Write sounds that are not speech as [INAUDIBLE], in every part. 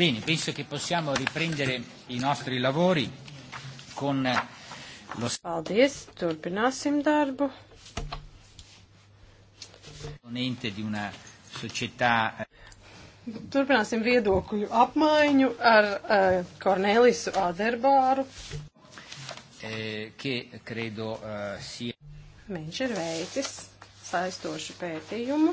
Bene, penso che possiamo riprendere i nostri lavori con eh, lo... Paldies, turpināsim darbu. Di una società... Eh, turpināsim viedokļu apmaiņu ar uh, eh, Kornelisu Aderbāru. Eh, che credo uh, sia. Viņš ir veicis saistošu pētījumu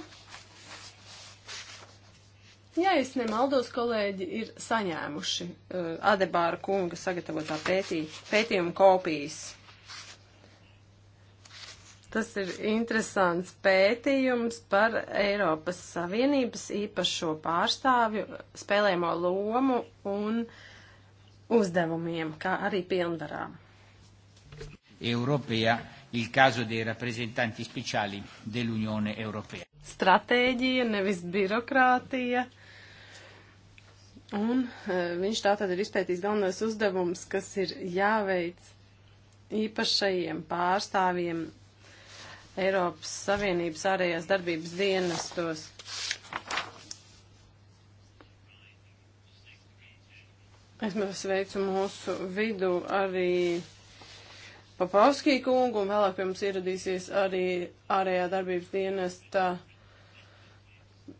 Ja es nemaldos, kolēģi ir saņēmuši uh, Adebāra kunga sagatavotā pētī, pētījuma kopijas. Tas ir interesants pētījums par Eiropas Savienības īpašo pārstāvju spēlēmo lomu un uzdevumiem, kā arī pilnvarām. Europea il caso dei rappresentanti speciali dell'Unione Europea. Stratēģija, nevis birokrātija. Uh, Un e, viņš tātad ir izpētījis galvenos uzdevumus, kas ir jāveic īpašajiem pārstāvjiem Eiropas Savienības ārējās darbības dienestos. Es sveicu mūsu vidu arī Papauskī kungu, un vēlāk pie mums ieradīsies arī ārējā darbības dienesta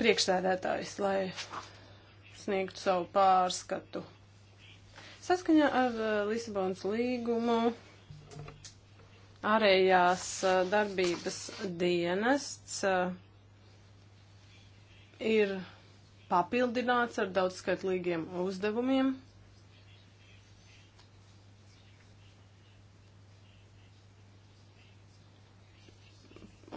priekšsēdētājs, lai sniegtu savu pārskatu. Saskaņā ar eh, Lisabonas līgumu ārējās eh, darbības dienests eh, ir papildināts ar daudzskaitlīgiem uzdevumiem.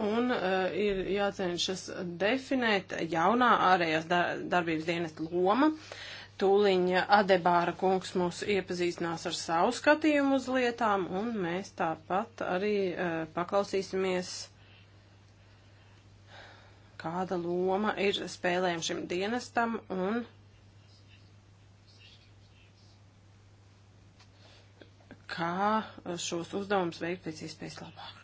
un uh, ir jācenšas definēt jaunā ārējās dar darbības dienesta loma. Tūliņa Adebāra kungs mūs iepazīstinās ar savu skatījumu uz lietām, un mēs tāpat arī uh, paklausīsimies, kāda loma ir spēlējama šim dienestam un kā šos uzdevumus veikt pēc iespējas labāk.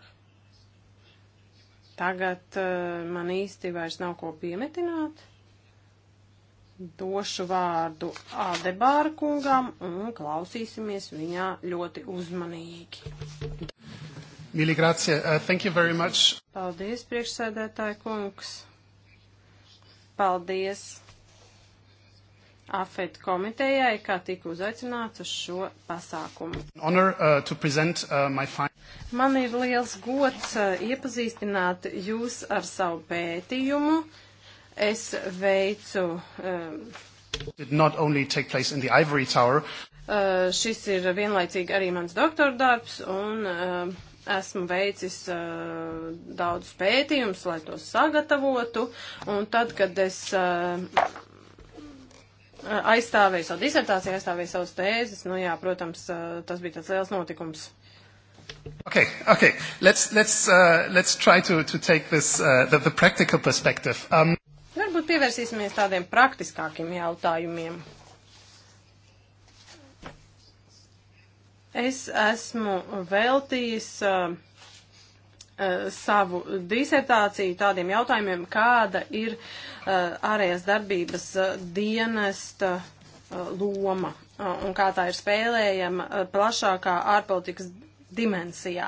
Tagad uh, man īsti vairs nav ko piemetināt. Došu vārdu Adebāra kungam un klausīsimies viņā ļoti uzmanīgi. Mīļi, grazie. Uh, thank you very much. Paldies, priekšsēdētāji kungs. Paldies AFET komitejai, kā tika uzaicināts uz šo pasākumu. Honor, uh, present, uh, Man ir liels gods uh, iepazīstināt jūs ar savu pētījumu. Es veicu. Um, Tower, Uh, šis ir vienlaicīgi arī mans doktora darbs, un uh, esmu veicis uh, daudz pētījumus, lai tos sagatavotu, un tad, kad es uh, aizstāvēju savu disertāciju, aizstāvēju savus tēzes. Nu jā, protams, tas bija tāds liels notikums. Okay, okay. Let's, let's, uh, let's try to, to take this, uh, the, the practical perspective. Um... Varbūt pievērsīsimies tādiem praktiskākiem jautājumiem. Es esmu veltījis uh, Eh, savu disertāciju tādiem jautājumiem, kāda ir eh, ārējās darbības eh, dienesta loma un kā tā ir spēlējama plašākā ārpolitikas dimensijā.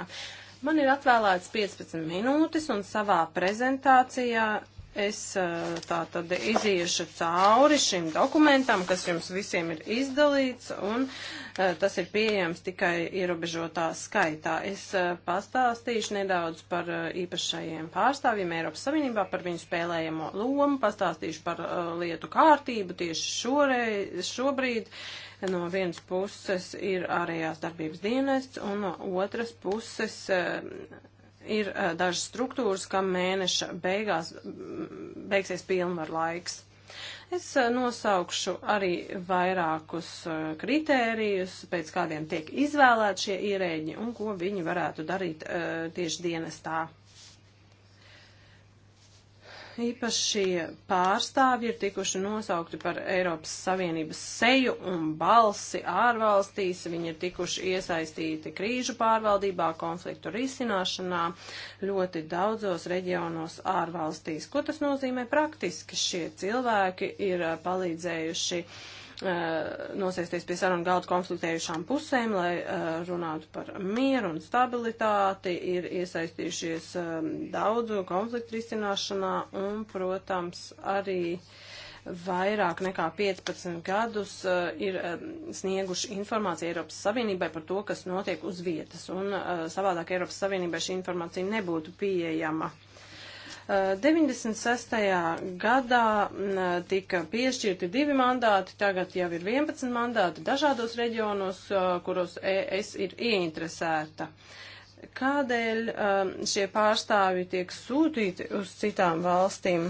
Man ir atvēlēts 15 minūtes, un savā prezentācijā Es tā tad iziešu cauri šim dokumentam, kas jums visiem ir izdalīts, un tas ir pieejams tikai ierobežotā skaitā. Es pastāstīšu nedaudz par īpašajiem pārstāvjiem Eiropas Savienībā, par viņu spēlējamo lomu, pastāstīšu par lietu kārtību tieši šoreiz, šobrīd. No vienas puses ir ārējās darbības dienests, un no otras puses ir uh, dažas struktūras, kam mēneša beigās beigsies pilnvar laiks. Es nosaukšu arī vairākus kritērijus, pēc kādiem tiek izvēlēti šie ierēģi un ko viņi varētu darīt tieši dienestā īpašie pārstāvji ir tikuši nosaukti par Eiropas Savienības seju un balsi ārvalstīs. Viņi ir tikuši iesaistīti krīžu pārvaldībā, konfliktu risināšanā ļoti daudzos reģionos ārvalstīs. Ko tas nozīmē praktiski? Šie cilvēki ir palīdzējuši uh, Uh, nosēsties pie sarunu galda konfliktējušām pusēm, lai uh, runātu par mieru un stabilitāti, ir iesaistījušies um, daudzu konfliktu risināšanā un, protams, arī vairāk nekā 15 gadus uh, ir uh, snieguši informāciju Eiropas Savienībai par to, kas notiek uz vietas, un uh, savādāk Eiropas Savienībai šī informācija nebūtu pieejama. Uh, 96. gadā tika piešķirti divi mandāti, tagad jau ir 11 mandāti dažādos reģionos, kuros es ir ieinteresēta. Kādēļ šie pārstāvji tiek sūtīti uz citām valstīm?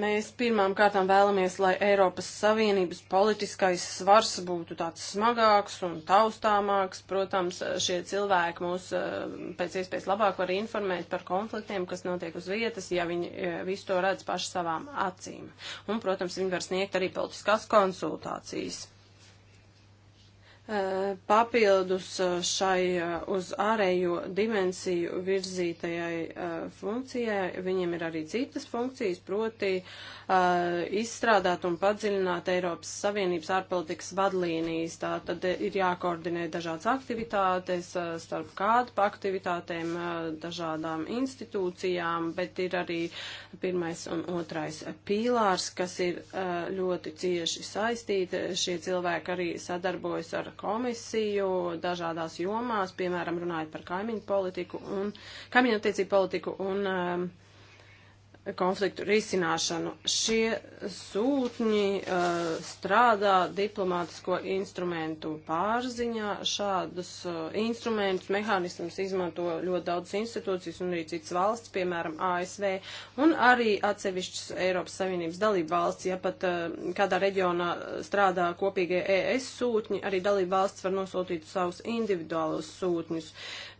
Mēs pirmām kārtām vēlamies, lai Eiropas Savienības politiskais svars būtu tāds smagāks un taustāmāks. Protams, šie cilvēki mūs pēc iespējas labāk var informēt par konfliktiem, kas notiek uz vietas, ja viņi visu to redz paši savām acīm. Un, protams, viņi var sniegt arī politiskās konsultācijas papildus uh, šai uh, uz ārējo dimensiju virzītajai uh, funkcijai, viņiem ir arī citas funkcijas, proti izstrādāt un padziļināt Eiropas Savienības ārpolitikas vadlīnijas. Tā tad ir jākoordinē dažādas aktivitātes starp kādu pa aktivitātēm, dažādām institūcijām, bet ir arī pirmais un otrais pīlārs, kas ir ļoti cieši saistīti. Šie cilvēki arī sadarbojas ar komisiju dažādās jomās, piemēram, runājot par kaimiņu politiku un kaimiņu attiecību politiku un uh, konfliktu risināšanu. Šie sūtņi uh, strādā diplomātisko instrumentu pārziņā. Šādus uh, instrumentus, mehānismus izmanto ļoti daudz institūcijas un arī citas valsts, piemēram, ASV, un arī atsevišķas Eiropas Savienības dalību valsts. Ja pat uh, kādā reģionā strādā kopīgie ES sūtņi, arī dalību valsts var nosūtīt savus individuālos sūtņus.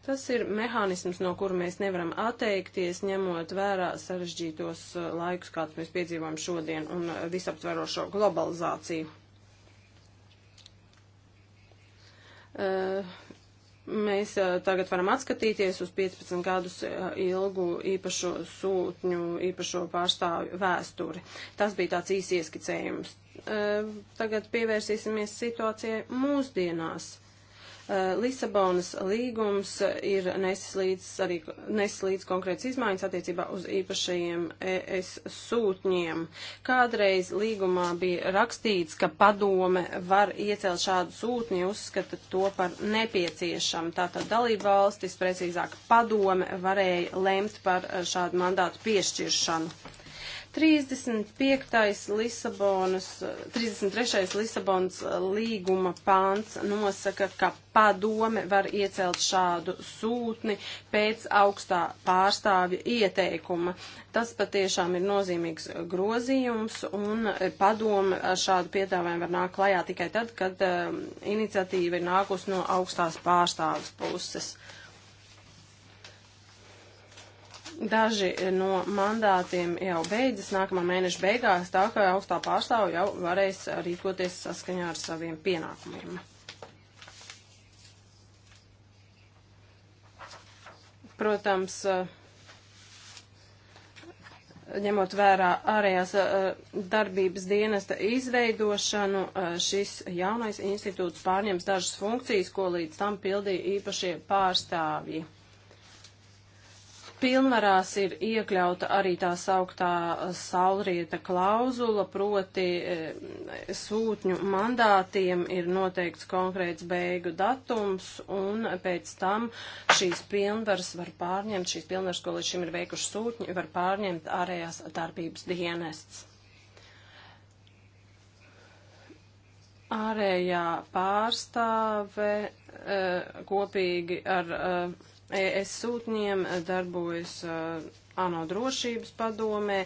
Tas ir mehānisms, no kura mēs nevaram atteikties, ņemot vērā sarežģītos uh, laikus, kādus mēs piedzīvām šodien, un uh, visaptverošo globalizāciju. Uh, mēs tagad varam atskatīties uz 15 gadus ilgu īpašo sūtņu, īpašo pārstāvju vēsturi. Tas bija tāds īsi ieskicējums. Tagad pievērsīsimies situācijai mūsdienās Eh, Lisabonas līgums ir nesis līdz, arī, nesis līdz konkrēts izmaiņas attiecībā uz īpašajiem ES sūtņiem. Kādreiz līgumā bija rakstīts, ka padome var iecelt šādu sūtņi, uzskata to par nepieciešamu. Tātad dalība valstis, precīzāk padome, varēja lemt par eh, šādu mandātu piešķiršanu. 35. Lisabonas, 33. Lisabonas uh, līguma pāns nosaka, ka padome var iecelt šādu sūtni pēc augstā pārstāvja ieteikuma. Tas patiešām ir nozīmīgs grozījums, un padome ar šādu piedāvājumu var nākt klajā tikai tad, kad um, iniciatīva ir nākus no augstās pārstāvjas puses. Uh, Daži no mandātiem jau beidzas nākamā mēneša beigās, tā ka augstā pārstāva jau varēs rīkoties saskaņā ar saviem pienākumiem. Protams, eh, ņemot vērā ārējās eh, darbības dienesta izveidošanu, eh, šis jaunais institūts pārņems dažas funkcijas, ko līdz tam pildīja īpašie pārstāvji pilnvarās ir iekļauta arī tā sauktā eh, saulrieta klauzula, proti eh, sūtņu mandātiem ir noteikts konkrēts beigu datums, un pēc tam šīs pilnvaras var pārņemt, šīs pilnvaras, ko līdz šim ir veikuši sūtņi, var pārņemt ārējās darbības dienests. Ārējā pārstāve eh, kopīgi ar uh, ES sūtņiem darbojas uh, ANO drošības padomē.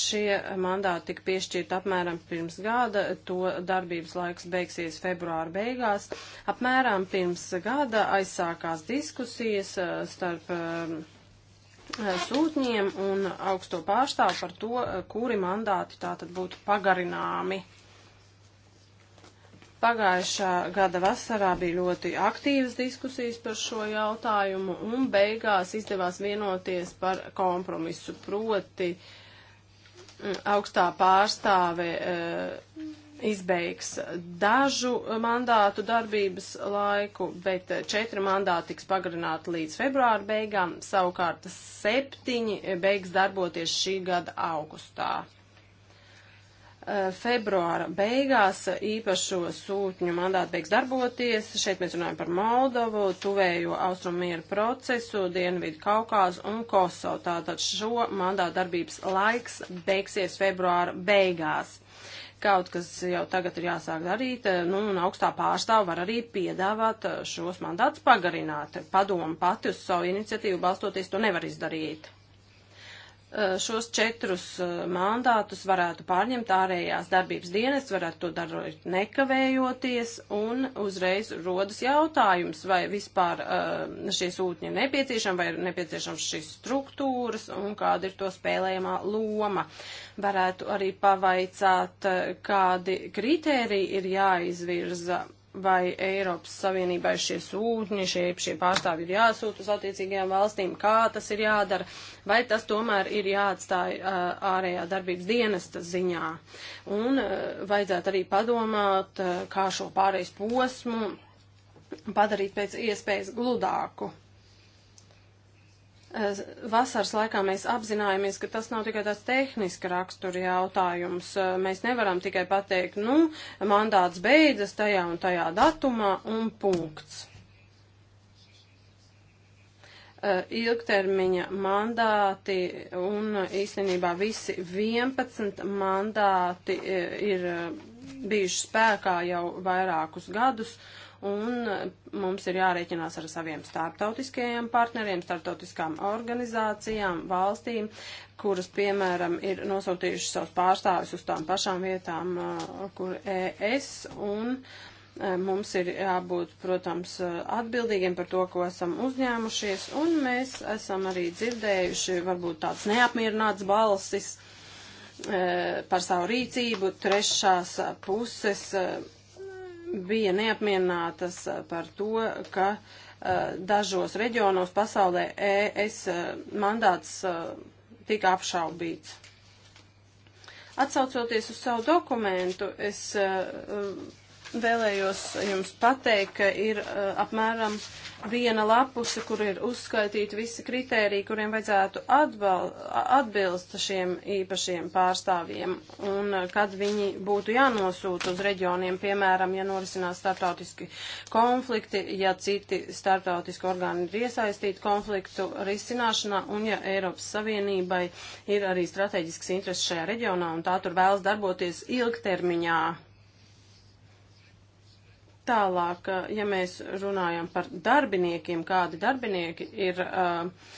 Šie mandāti tika piešķirti apmēram pirms gada, to darbības laiks beigsies februāra beigās. Apmēram pirms gada aizsākās diskusijas uh, starp uh, sūtņiem un augsto pārstāvu par to, kuri mandāti tātad būtu pagarināmi. Pagājušā gada vasarā bija ļoti aktīvas diskusijas par šo jautājumu un beigās izdevās vienoties par kompromisu. Proti mm, augstā pārstāve eh, izbeigs dažu mandātu darbības laiku, bet eh, četri mandāti tiks pagarināti līdz februāra beigām, savukārt septiņi beigs darboties šī gada augustā. Eh, februāra beigās īpašo sūtņu mandāti beigs darboties. Šeit mēs runājam par Moldovu, tuvējo austrumieru procesu, Dienvidu Kaukāzu un Kosovu. Tātad šo mandātu darbības laiks beigsies februāra beigās. Kaut kas jau tagad ir jāsāk darīt, eh, nu, un augstā pārstāva var arī piedāvāt eh, šos mandātus pagarināt. Padoma pati uz savu iniciatīvu balstoties to nevar izdarīt. Eh, šos četrus eh, mandātus varētu pārņemt ārējās darbības dienas, varētu to darīt nekavējoties, un uzreiz rodas jautājums, vai vispār eh, šie sūtņi ir nepieciešami, vai ir nepieciešams šīs struktūras, un kāda ir to spēlējumā loma. Varētu arī pavaicāt, kādi kriteriji ir jāizvirza vai Eiropas Savienībai šie sūtņi, šie, šie pārstāvji ir jāsūt uz attiecīgajām valstīm, kā tas ir jādara, vai tas tomēr ir jāatstāj uh, ārējā darbības dienesta ziņā. Un uh, vajadzētu arī padomāt, uh, kā šo pārejas posmu padarīt pēc iespējas gludāku. Vasaras laikā mēs apzināmies, ka tas nav tikai tāds tehniska rakstura jautājums. Eh, mēs nevaram tikai pateikt, nu, mandāts beidzas tajā un tajā datumā un punkts. Eh, ilgtermiņa mandāti un īstenībā visi 11 mandāti eh, ir bijuši spēkā jau vairākus gadus. Uh, un eh, mums ir jārēķinās ar saviem starptautiskajiem partneriem, starptautiskām organizācijām, valstīm, kuras, piemēram, ir nosūtījušas savus pārstāvis uz tām pašām vietām, eh, kur ES, un eh, mums ir jābūt, protams, atbildīgiem par to, ko esam uzņēmušies, un mēs esam arī dzirdējuši varbūt tāds neapmierināts balsis par savu rīcību trešās puses bija neapmierinātas uh, par to, ka uh, dažos reģionos pasaulē ES uh, mandāts tika apšaubīts. Atsaucoties uz savu dokumentu, es uh, Vēlējos jums pateikt, ka ir uh, apmēram viena lapuse, kur ir uzskaitīti visi kritēriji, kuriem vajadzētu atbal, atbilst šiem īpašiem pārstāvjiem un uh, kad viņi būtu jānosūta uz reģioniem, piemēram, ja norisinās startautiski konflikti, ja citi startautiski orgāni ir iesaistīti konfliktu risināšanā un ja Eiropas Savienībai ir arī strateģisks interesi šajā reģionā un tā tur vēlas darboties ilgtermiņā. Tālāk, eh, ja mēs runājam par darbiniekiem, kādi darbinieki ir uh,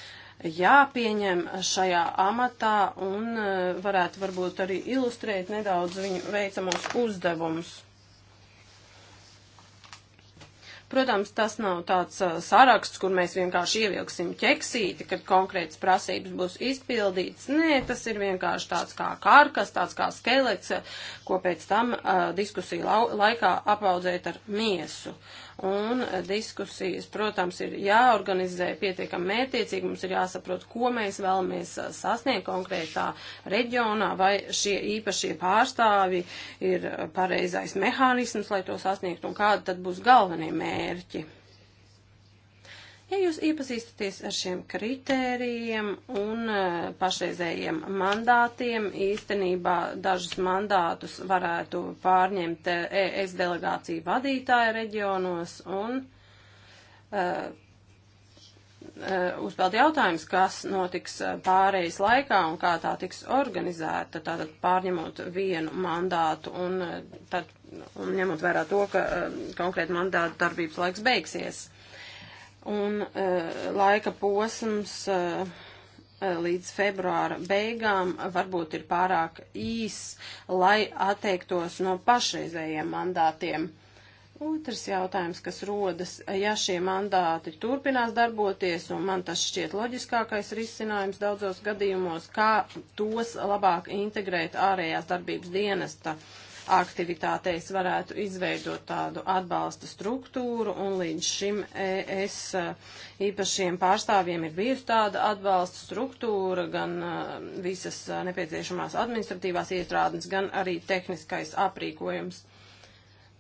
jāpieņem šajā amatā un eh, varētu varbūt arī ilustrēt nedaudz viņu veicamos uzdevumus. Protams, tas nav tāds uh, saraksts, kur mēs vienkārši ievilksim ķeksīti, kad konkrētas prasības būs izpildītas. Nē, tas ir vienkārši tāds kā kārkas, tāds kā skelets, ko pēc tam uh, diskusiju laikā apaudzēt ar miesu. Uh, un diskusijas, protams, ir jāorganizē pietiekami mērtiecīgi, mums ir jāsaprot, ko mēs vēlamies uh, sasniegt konkrētā reģionā, vai šie īpašie pārstāvi ir uh, pareizais mehānisms, lai to sasniegtu, un kādi tad būs galvenie mērķi. Ja jūs iepazīstaties ar šiem kritērijiem un e, pašreizējiem mandātiem, īstenībā dažus mandātus varētu pārņemt e, ES delegāciju vadītāja reģionos un uh, uzpeld jautājums, kas notiks pārējais laikā un kā tā tiks organizēta, tātad pārņemot vienu mandātu un, tad, un ņemot vērā to, ka uh, konkrēti mandātu darbības laiks beigsies un uh, laika posms uh, līdz februāra beigām varbūt ir pārāk īs, lai atteiktos no pašreizējiem mandātiem. Otrs jautājums, kas rodas, ja šie mandāti turpinās darboties, un man tas šķiet loģiskākais risinājums daudzos gadījumos, kā tos labāk integrēt ārējās darbības dienesta uh, aktivitātēs varētu izveidot tādu atbalsta struktūru, un līdz šim ES eh, īpašiem pārstāvjiem ir bijusi tāda atbalsta struktūra, gan eh, visas eh, nepieciešamās administratīvās iestrādes, gan arī tehniskais aprīkojums.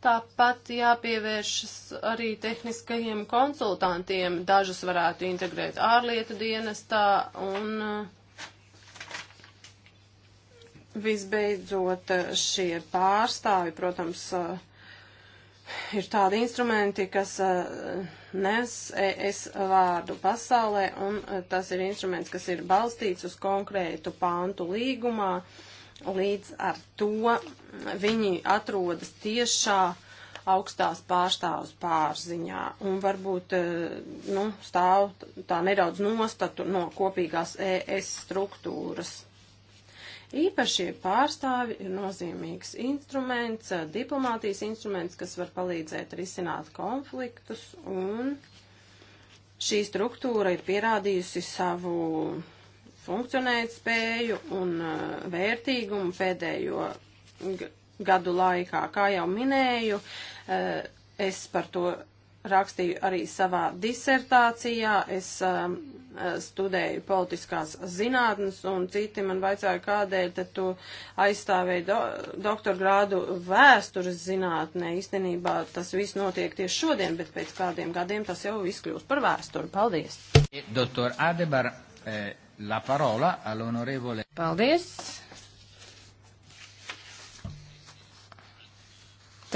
Tāpat jāpievēršas arī tehniskajiem konsultantiem. Dažus varētu integrēt ārlietu dienestā un uh, Visbeidzot, šie pārstāvi, protams, eh, ir tādi instrumenti, kas eh, nes es vārdu pasaulē, un eh, tas ir instruments, kas ir balstīts uz konkrētu pāntu līgumā. Līdz ar to mm, viņi atrodas tiešā augstās pārstāvs pārziņā un varbūt nu, stāv tā nedaudz nostatu no kopīgās ES struktūras. Īpašie pārstāvi ir nozīmīgs instruments, eh, diplomātijas instruments, kas var palīdzēt risināt konfliktus, un šī struktūra ir pierādījusi savu funkcionēt spēju un eh, vērtīgumu pēdējo gadu laikā. Kā jau minēju, eh, es par to rakstīju arī savā disertācijā. Es um, studēju politiskās zinātnes, un citi man vaicāja, kādēļ tad tu aizstāvēji do, doktora grādu vēstures zinātnē. Īstenībā tas viss notiek tieši šodien, bet pēc kādiem gadiem tas jau viss kļūst par vēsturi. Paldies! Doktor Adebar, eh, la parola all'onorevole. Paldies!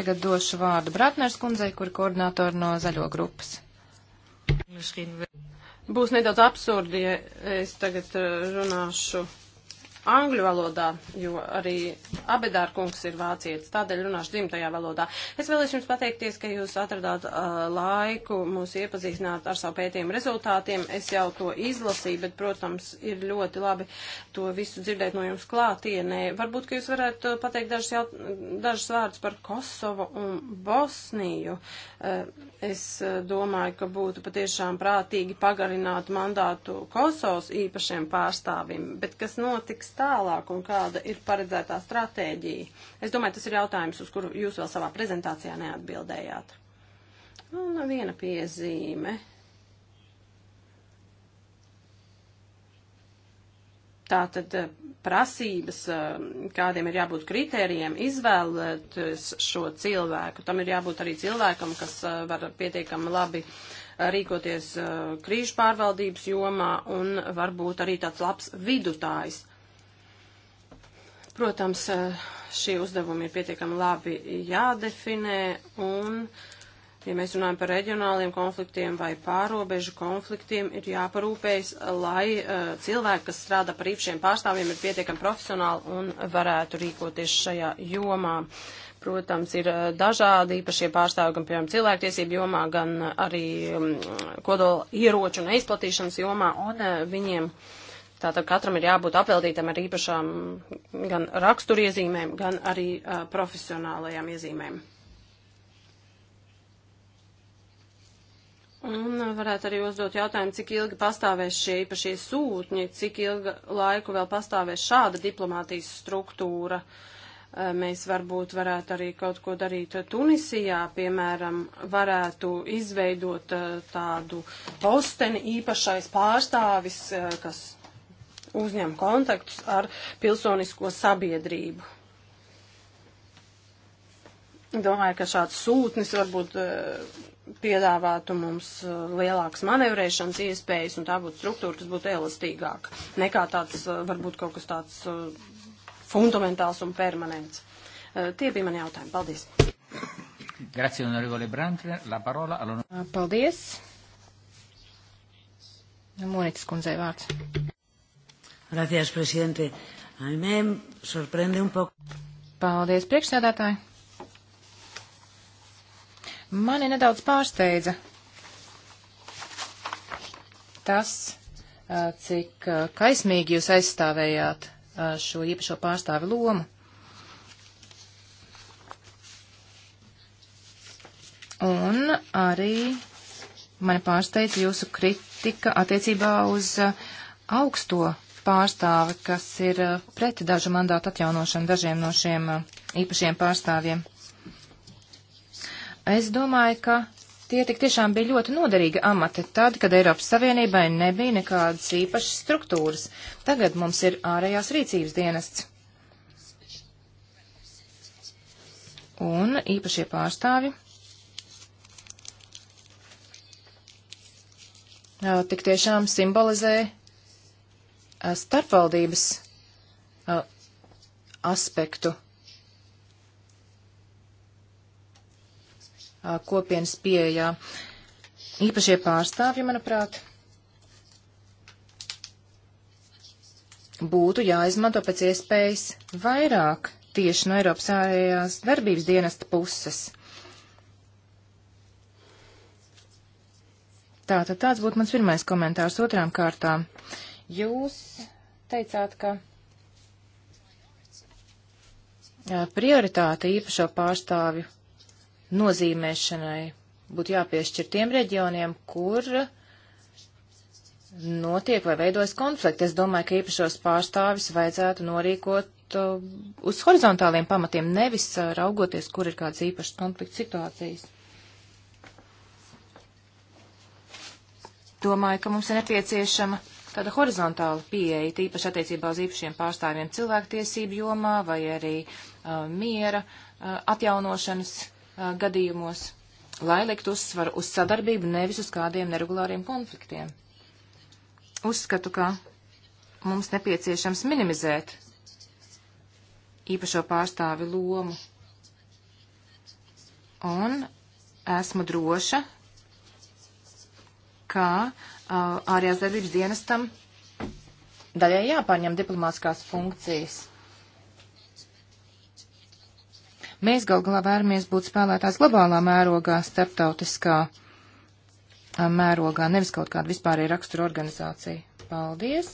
Tagad došu vārdu Bratners kundzei, kur koordinātori no zaļo grupas. Būs nedaudz absurdi, ja es tagad eh, runāšu angļu valodā, jo arī Abedārkungs ir vācietis, tādēļ runāšu dzimtajā valodā. Es vēlēšu jums pateikties, ka jūs atradāt uh, laiku mūs iepazīstināt ar savu pētījumu rezultātiem. Es jau to izlasīju, bet, protams, ir ļoti labi to visu dzirdēt no jums klātienē. Varbūt, ka jūs varētu pateikt dažus, jaut... dažus vārdus par Kosovu un Bosniju. Uh, es uh, domāju, ka būtu patiešām prātīgi pagarināt mandātu Kosovas īpašiem pārstāvim, bet kas notiks? tālāk un kāda ir paredzētā stratēģija? Es domāju, tas ir jautājums, uz kuru jūs vēl savā prezentācijā neatbildējāt. Un nu, nu, viena piezīme. Tātad eh, prasības, eh, kādiem ir jābūt kritērijiem, izvēlēt šo cilvēku. Tam ir jābūt arī cilvēkam, kas eh, var pietiekami labi rīkoties krīžu pārvaldības jomā un varbūt arī tāds labs vidutājs. Protams, eh, šie uzdevumi ir pietiekami labi jādefinē un, ja mēs runājam par reģionāliem konfliktiem vai pārobežu konfliktiem, ir jāparūpējas, lai uh, cilvēki, kas strādā par īpašiem pārstāvjiem, ir pietiekami profesionāli un varētu rīkoties šajā jomā. Protams, ir eh, dažādi īpašie pārstāvji, gan, piemēram, cilvēktiesību jomā, gan arī um, kodola ieroču un izplatīšanas jomā, un uh, viņiem uh, Tātad katram ir jābūt apeltītam ar īpašām gan raksturiezīmēm, gan arī uh, profesionālajām iezīmēm. Un varētu arī uzdot jautājumu, cik ilgi pastāvēs šie īpašie sūtņi, cik ilgu laiku vēl pastāvēs šāda diplomātijas struktūra. Uh, mēs varbūt varētu arī kaut ko darīt Tunisijā, piemēram, varētu izveidot uh, tādu posteni īpašais pārstāvis, uh, kas uzņem kontaktus ar pilsonisko sabiedrību. Domāju, ka šāds sūtnis varbūt eh, piedāvātu mums eh, lielākas manevrēšanas iespējas, un tā būtu struktūra, kas būtu elastīgāka nekā tāds, eh, varbūt kaut kas tāds fundamentāls un permanents. Tie bija mani jautājumi. Paldies! Grazie, onorevole Brantner. La parola all'onorevole. Paldies. Monētas kundzei vārds. Gracias, presidente. A mí me sorprende un poco. Paldies, priekšsēdētāji. Mani nedaudz pārsteidza tas, cik kaismīgi jūs aizstāvējāt šo īpašo pārstāvi lomu. Un arī mani pārsteidza jūsu kritika attiecībā uz augsto pārstāvi, kas ir uh, pret dažu mandātu atjaunošanu dažiem no šiem uh, īpašiem pārstāvjiem. Es domāju, ka tie tik tiešām bija ļoti noderīgi amati tad, kad Eiropas Savienībai nebija nekādas īpašas struktūras. Tagad mums ir ārējās rīcības dienests. Un īpašie pārstāvi tik tiešām simbolizē Uh, starpvaldības uh, aspektu uh, kopienas pieejā. Īpašie pārstāvji, manuprāt, būtu jāizmanto pēc iespējas vairāk tieši no Eiropas ārējās darbības dienesta puses. Tātad tāds būtu mans pirmais komentārs otrām kārtām. Uh, Jūs teicāt, ka prioritāte īpašo pārstāvju nozīmēšanai būtu jāpiešķir tiem reģioniem, kur notiek vai veidojas konflikti. Es domāju, ka īpašos pārstāvis vajadzētu norīkot uh, uz horizontāliem pamatiem, nevis uh, raugoties, kur ir kāds īpašs konflikts situācijas. Domāju, ka mums ir nepieciešama tāda horizontāla pieeja, tīpaši attiecībā uz īpašiem pārstāvjiem cilvēktiesību jomā vai arī uh, miera uh, atjaunošanas uh, gadījumos, lai likt uzsvaru uz sadarbību, nevis uz kādiem neregulāriem konfliktiem. Uzskatu, ka mums nepieciešams minimizēt īpašo pārstāvi lomu. Un esmu droša, ka ārējās darbības dienestam daļai jāpārņem diplomātskās funkcijas. Mēs gal galā vēlamies būt spēlētājs globālā mērogā, starptautiskā mērogā, nevis kaut kāda vispārēja rakstura organizācija. Paldies!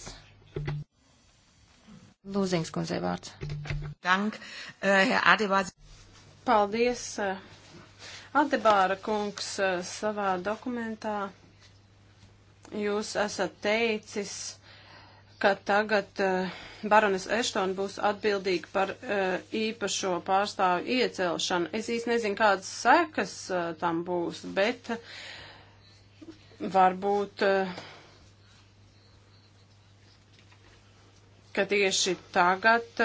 Lūzīngas kundzei vārds. Dank, Adebārs. Paldies, Adebāra kungs, savā dokumentā Jūs esat teicis, ka tagad uh, eh, Baronis Eštona būs atbildīga par uh, īpašo pārstāvu iecelšanu. Es īsti nezinu, kādas sekas uh, tam būs, bet varbūt, ka tieši tagad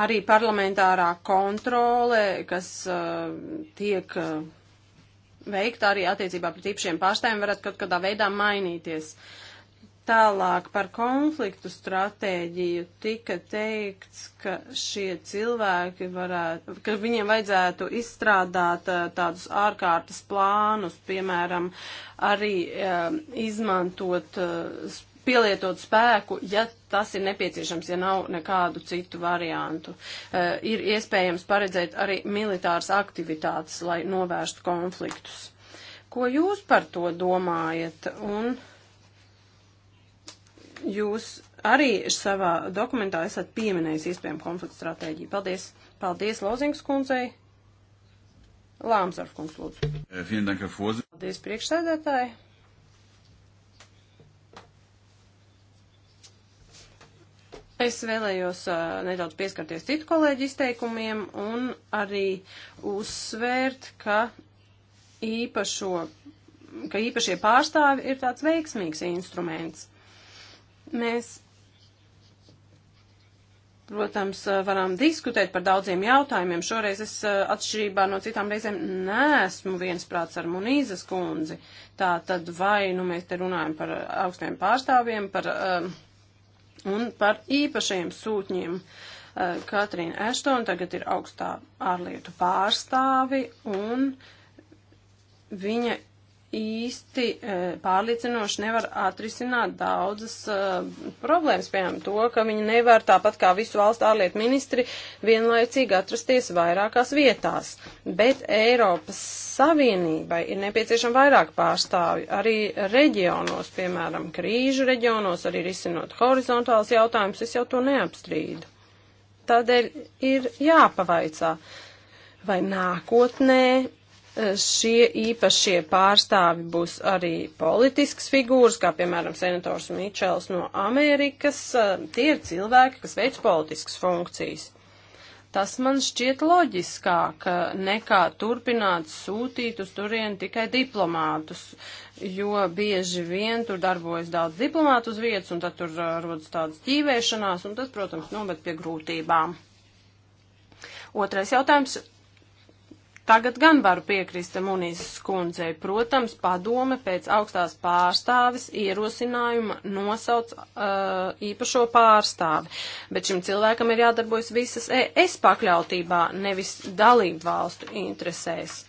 arī parlamentārā kontrole, kas tiek veikt arī attiecībā pret īpašiem pārstāvjiem, varat kaut kādā veidā mainīties. Tālāk par konfliktu stratēģiju tika teikts, ka šie cilvēki varētu, ka viņiem vajadzētu izstrādāt eh, tādus ārkārtas plānus, piemēram, arī um, izmantot uh, pielietot spēku, ja tas ir nepieciešams, ja nav nekādu citu variantu. Uh, ir iespējams paredzēt arī militāras aktivitātes, lai novērstu konfliktus. Ko jūs par to domājat? Un jūs arī savā dokumentā esat pieminējis iespējamu konfliktu stratēģiju. Paldies! Paldies Lozings kundzei! Lāmsarf kungs lūdzu. Eh, Paldies priekšsēdētāji! Es vēlējos uh, nedaudz pieskarties citu kolēģu izteikumiem un arī uzsvērt, ka, īpašo, ka īpašie pārstāvi ir tāds veiksmīgs instruments. Mēs, protams, varam diskutēt par daudziem jautājumiem. Šoreiz es atšķirībā no citām reizēm neesmu viensprāts ar Munīzas kundzi. Tā tad vai nu mēs te runājam par augstiem pārstāvjiem, par. Uh, un par īpašiem sūtņiem. Eh, Katrīna Eštona tagad ir augstā ārlietu pārstāvi un viņa īsti e, pārliecinoši nevar atrisināt daudzas e, problēmas, piemēram, to, ka viņi nevar tāpat kā visu valstu ārlietu ministri vienlaicīgi atrasties vairākās vietās. Bet Eiropas Savienībai ir nepieciešama vairāk pārstāvju arī reģionos, piemēram, krīžu reģionos, arī risinot horizontāls jautājumus, es jau to neapstrīdu. Tādēļ ir jāpavaicā, vai nākotnē šie īpašie pārstāvi būs arī politisks figūras, kā piemēram senators Mičels no Amerikas. Eh, tie ir cilvēki, kas veic politiskas funkcijas. Tas man šķiet loģiskāk, eh, nekā turpināt sūtīt uz turien tikai diplomātus, jo bieži vien tur darbojas daudz diplomātu uz vietas, un tad tur eh, rodas tādas ķīvēšanās, un tas, protams, noved pie grūtībām. Otrais jautājums Tagad gan varu piekrist Munīzes skundzei. Protams, padome pēc augstās pārstāvis ierosinājuma nosauc uh, īpašo pārstāvi, bet šim cilvēkam ir jādarbojas visas ES pakļautībā, nevis dalību valstu interesēs.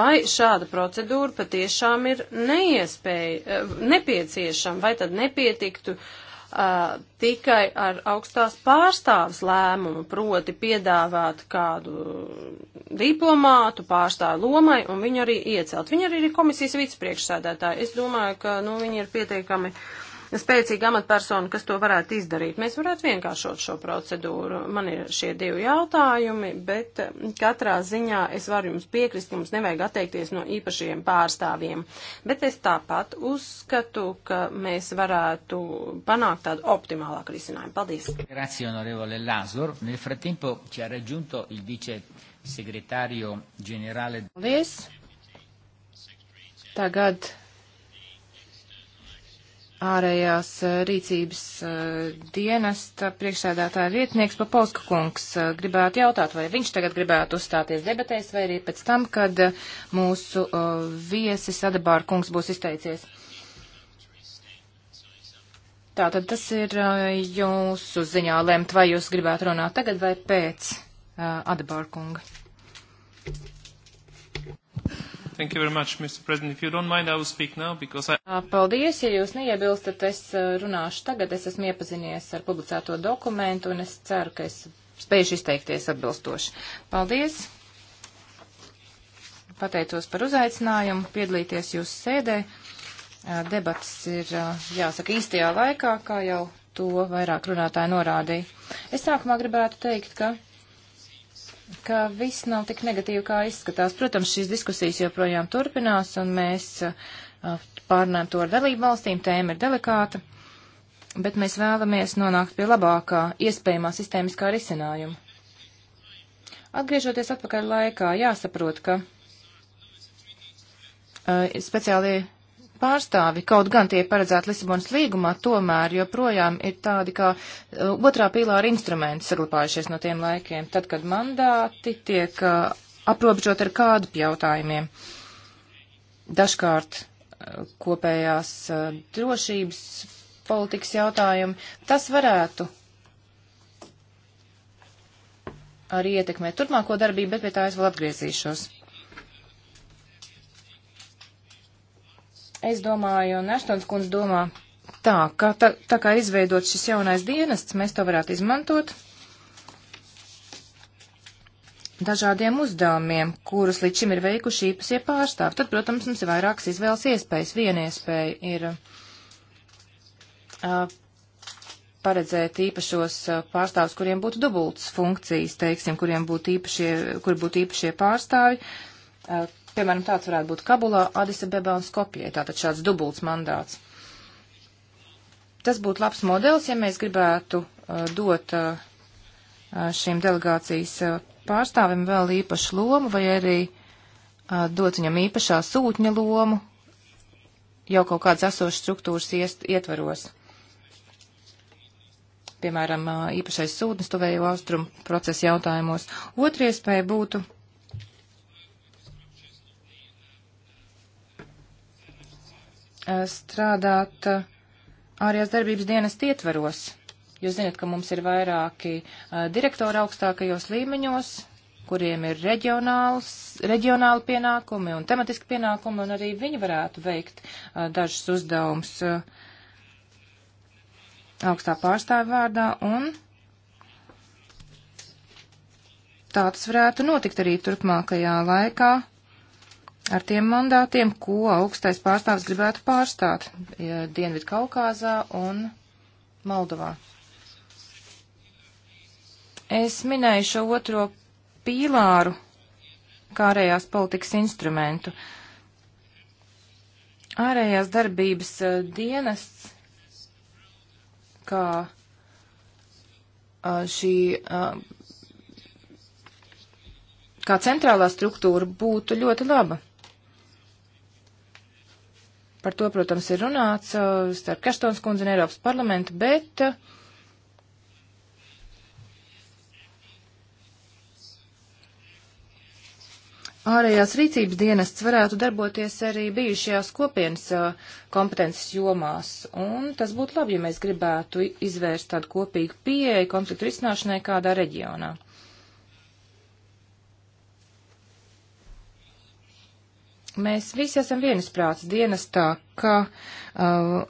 Vai šāda procedūra patiešām ir neiespēja, uh, nepieciešama, vai tad nepietiktu uh, uh, tikai ar augstās pārstāvs lēmumu, proti piedāvāt kādu diplomātu pārstāvu lomai un viņu arī iecelt. Viņa arī ir komisijas vicepriekšsēdētāja. Es domāju, ka nu, viņi ir pietiekami uh, spēcīga amatpersona, kas to varētu izdarīt. Mēs varētu vienkāršot šo procedūru. Man ir šie divi jautājumi, bet eh, katrā ziņā es varu jums piekrist, ka mums nevajag atteikties no īpašiem pārstāvjiem. Bet es tāpat uzskatu, ka mēs varētu panākt tādu optimālāku risinājumu. Paldies! Grazie, onorevole Lazur. Nel frattempo ci ha raggiunto il vice segretario generale. Paldies. Tagad ārējās eh, rīcības eh, dienesta priekšsēdētāja vietnieks Papauska kungs. Eh, gribētu jautāt, vai viņš tagad gribētu uzstāties debatēs, vai arī pēc tam, kad mūsu viesis Adabāra kungs būs izteicies. Tātad tas ir jūsu ziņā lemt, vai jūs gribētu runāt tagad vai pēc Adabāra kunga. Thank you very much, Mr. President. If you don't mind, I will speak now because I... Uh, paldies, ja jūs neiebilstat, es uh, runāšu tagad. Es esmu iepazinies ar publicēto dokumentu un es ceru, ka es spējuši izteikties atbilstoši. Paldies. Pateicos par uzaicinājumu piedalīties jūsu sēdē. Uh, debats ir jāsaka īstajā laikā, kā jau to vairāk runātāji norādīja. Es sākumā gribētu teikt, ka ka viss nav tik negatīvi, kā izskatās. Protams, šīs diskusijas joprojām turpinās, un mēs uh, pārnēm to ar dalību valstīm, tēma ir delikāta, bet mēs vēlamies nonākt pie labākā iespējamā sistēmiskā risinājuma. Atgriežoties atpakaļ laikā, jāsaprot, ka uh, speciāli pārstāvi, kaut gan tie paredzēti Lisabonas līgumā, tomēr joprojām ir tādi kā uh, otrā pīlāra instrumenti saglabājušies no tiem laikiem, tad, kad mandāti tiek uh, aprobežot ar kādu jautājumiem. Dažkārt uh, kopējās uh, drošības politikas jautājumi, tas varētu arī ietekmēt turpmāko darbību, bet pie tā es vēl atgriezīšos. Es domāju, un Aštons kundz domā tā, ka tā, tā kā izveidot šis jaunais dienests, mēs to varētu izmantot dažādiem uzdevumiem, kurus līdz šim ir veikuši īpašie pārstāvi. Tad, protams, mums ir vairākas izvēles iespējas. Viena iespēja ir uh, paredzēt īpašos pārstāvus, kuriem būtu dubultas funkcijas, teiksim, kuriem būtu īpašie, kur būtu īpašie pārstāvi, uh, Piemēram, tāds varētu būt Kabulā, Adisabebā un Skopijai, tātad šāds dubults mandāts. Tas būtu labs modelis, ja mēs gribētu uh, dot uh, uh, šīm delegācijas uh, pārstāvim vēl īpašu lomu vai arī uh, dot viņam īpašā sūtņa lomu jau kaut kādas esošas struktūras iest, ietvaros. Piemēram, uh, īpašais sūtnis tuvējo austrumu procesu jautājumos. Otra iespēja būtu Eh, strādāt eh, ārējās darbības dienas ietveros. Jūs zinat, ka mums ir vairāki eh, direktori augstākajos līmeņos, kuriem ir reģionāli pienākumi un tematiski pienākumi, un arī viņi varētu veikt dažus uzdevumus augstā pārstāvja vārdā, un tā tas varētu notikt arī turpmākajā laikā ar tiem mandātiem, ko augstais pārstāvs gribētu pārstāt Dienvidu Kaukāzā un Moldovā. Es minēju šo otro pīlāru kārējās politikas instrumentu. Ārējās darbības eh, dienests, kā eh, šī eh, kā centrālā struktūra būtu ļoti laba. Par to, protams, ir runāts uh, starp Keštons kundzi un Eiropas parlamentu, bet uh, ārējās rīcības dienests varētu darboties arī bijušajās kopienas uh, kompetences jomās, un tas būtu labi, ja mēs gribētu izvērst tādu kopīgu pieeju konfliktu risināšanai kādā reģionā. Mēs visi esam vienisprāts dienestā, ka uh,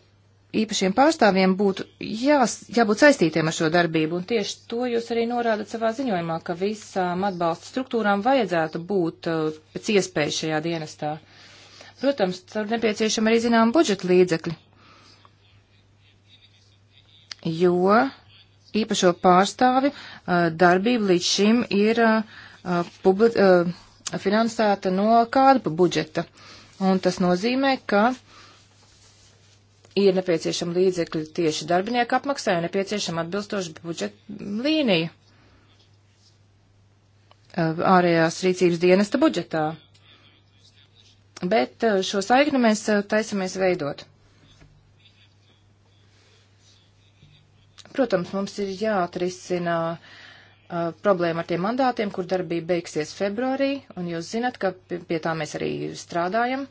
īpašiem pārstāvjiem būtu jās, jābūt saistītiem ar šo darbību, un tieši to jūs arī norādat savā ziņojumā, ka visām atbalsta struktūrām vajadzētu būt uh, pēc iespējas šajā dienestā. Protams, tur nepieciešama arī zinām budžeta līdzekļi, jo īpašo pārstāvi uh, darbība līdz šim ir uh, publika. Uh, uh finansēta no kāda budžeta. Un tas nozīmē, ka ir nepieciešama līdzekļi tieši darbinieku apmaksai un nepieciešama atbilstoša budžeta līnija eh, ārējās rīcības dienesta budžetā. Bet eh, šo saikni mēs eh, taisamies veidot. Protams, mums ir jāatrisina uh, Uh, problēma ar tiem mandātiem, kur darbība beigsies februārī, un jūs zinat, ka pie, pie tā mēs arī strādājam.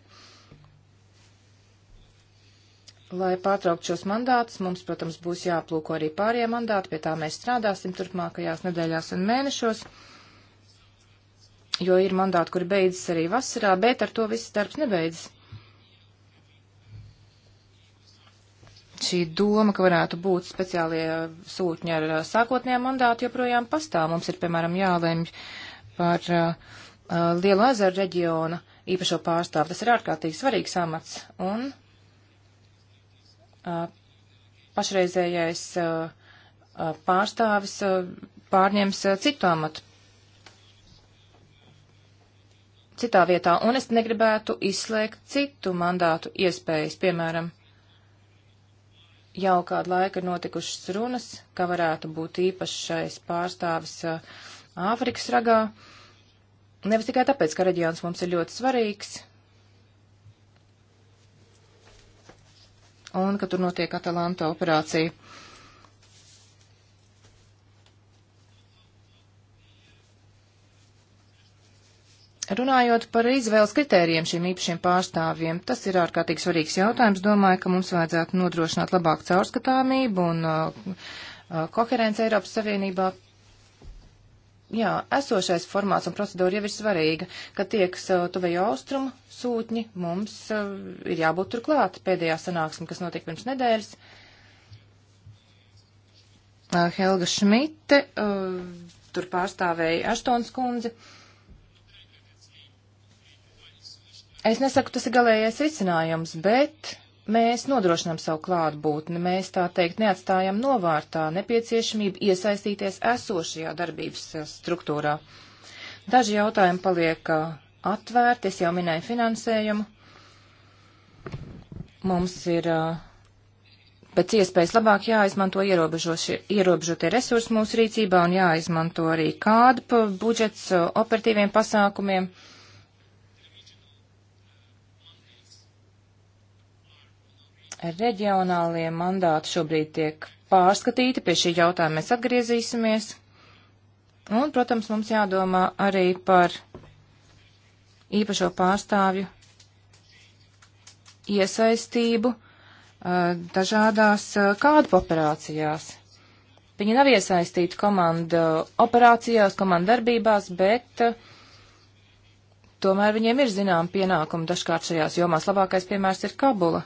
Lai pārtraukt šos mandātus, mums, protams, būs jāplūko arī pārējie mandāti, pie tā mēs strādāsim turpmākajās nedēļās un mēnešos, jo ir mandāti, kuri beidzas arī vasarā, bet ar to viss darbs nebeidzas. šī doma, ka varētu būt speciālie sūtņi ar sākotnējā mandātu, joprojām pastāv. Mums ir, piemēram, jālemj par uh, Lielu ezeru reģiona īpašo pārstāvu. Tas ir ārkārtīgi svarīgs amats. Un uh, pašreizējais uh, pārstāvis pārņems citu amatu citā vietā, un es negribētu izslēgt citu mandātu iespējas, piemēram, jau kādu laiku notikušas runas, ka varētu būt īpašais pārstāvis Āfrikas ragā. Nevis tikai tāpēc, ka reģions mums ir ļoti svarīgs un ka tur notiek Atalanta operācija. Runājot par izvēles kritērijiem šiem īpašiem pārstāvjiem, tas ir ārkārtīgi svarīgs jautājums. Domāju, ka mums vajadzētu nodrošināt labāku caurskatāmību un uh, uh koherenci Eiropas Savienībā. Jā, esošais formāts un procedūra jau ir svarīga, ka tiek uh, tuvējo austrumu sūtņi, mums uh, ir jābūt turklāt pēdējā sanāksme, kas notika pirms nedēļas. Uh, Helga Šmite uh, tur pārstāvēja Aštons kundzi. Uh, Es nesaku, tas ir galējais risinājums, bet mēs nodrošinām savu klātbūtni, mēs tā teikt neatstājam novārtā nepieciešamību iesaistīties esošajā darbības eh, struktūrā. Daži jautājumi paliek eh, atvērti, es jau minēju finansējumu. Mums ir eh, pēc iespējas labāk jāizmanto ierobežotie resursi mūsu rīcībā un jāizmanto arī kādu budžets operatīviem pasākumiem. Reģionālie mandāti šobrīd tiek pārskatīti, pie šī jautājuma mēs atgriezīsimies. Un, protams, mums jādomā arī par īpašo pārstāvju iesaistību dažādās kādu operācijās. Viņi nav iesaistīti komandu operācijās, komandu darbībās, bet tomēr viņiem ir zinām pienākumi dažkārt šajās jomās. Labākais piemērs ir Kabula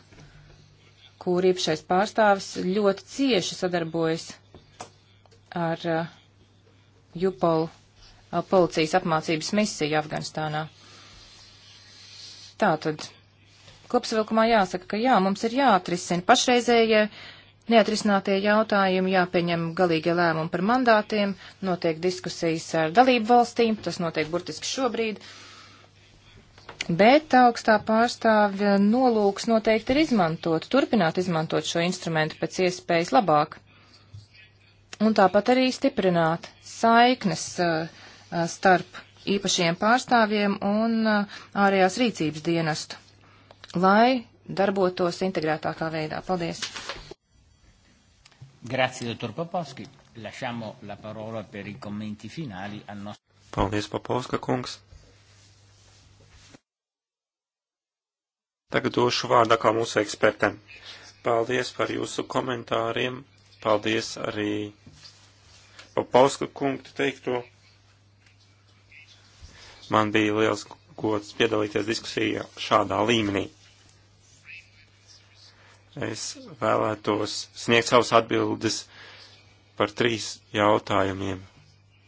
kur īpašais pārstāvis ļoti cieši sadarbojas ar uh, Jupol uh, policijas apmācības misiju Afganistānā. Tātad, kopsavilkumā jāsaka, ka jā, mums ir jāatrisina pašreizējie neatrisinātie jautājumi, jāpieņem galīgie lēmumi par mandātiem, notiek diskusijas ar dalību valstīm, tas notiek burtiski šobrīd. Uh, Bet augstā pārstāvja nolūks noteikti ir izmantot, turpināt izmantot šo instrumentu pēc iespējas labāk. Un tāpat arī stiprināt saiknes uh, uh starp īpašiem pārstāvjiem un uh, ārējās rīcības dienestu, lai darbotos integrētākā veidā. Paldies! Grazie, doktor Papovski. Lasciamo la parola per i commenti finali al nostro. Paldies, Papovska kungs. Tagad došu vārdu kā mūsu ekspertam. Paldies par jūsu komentāriem. Paldies arī Papauska kungu teikto. Man bija liels gods piedalīties diskusijā šādā līmenī. Es vēlētos sniegt savus atbildes par trīs jautājumiem.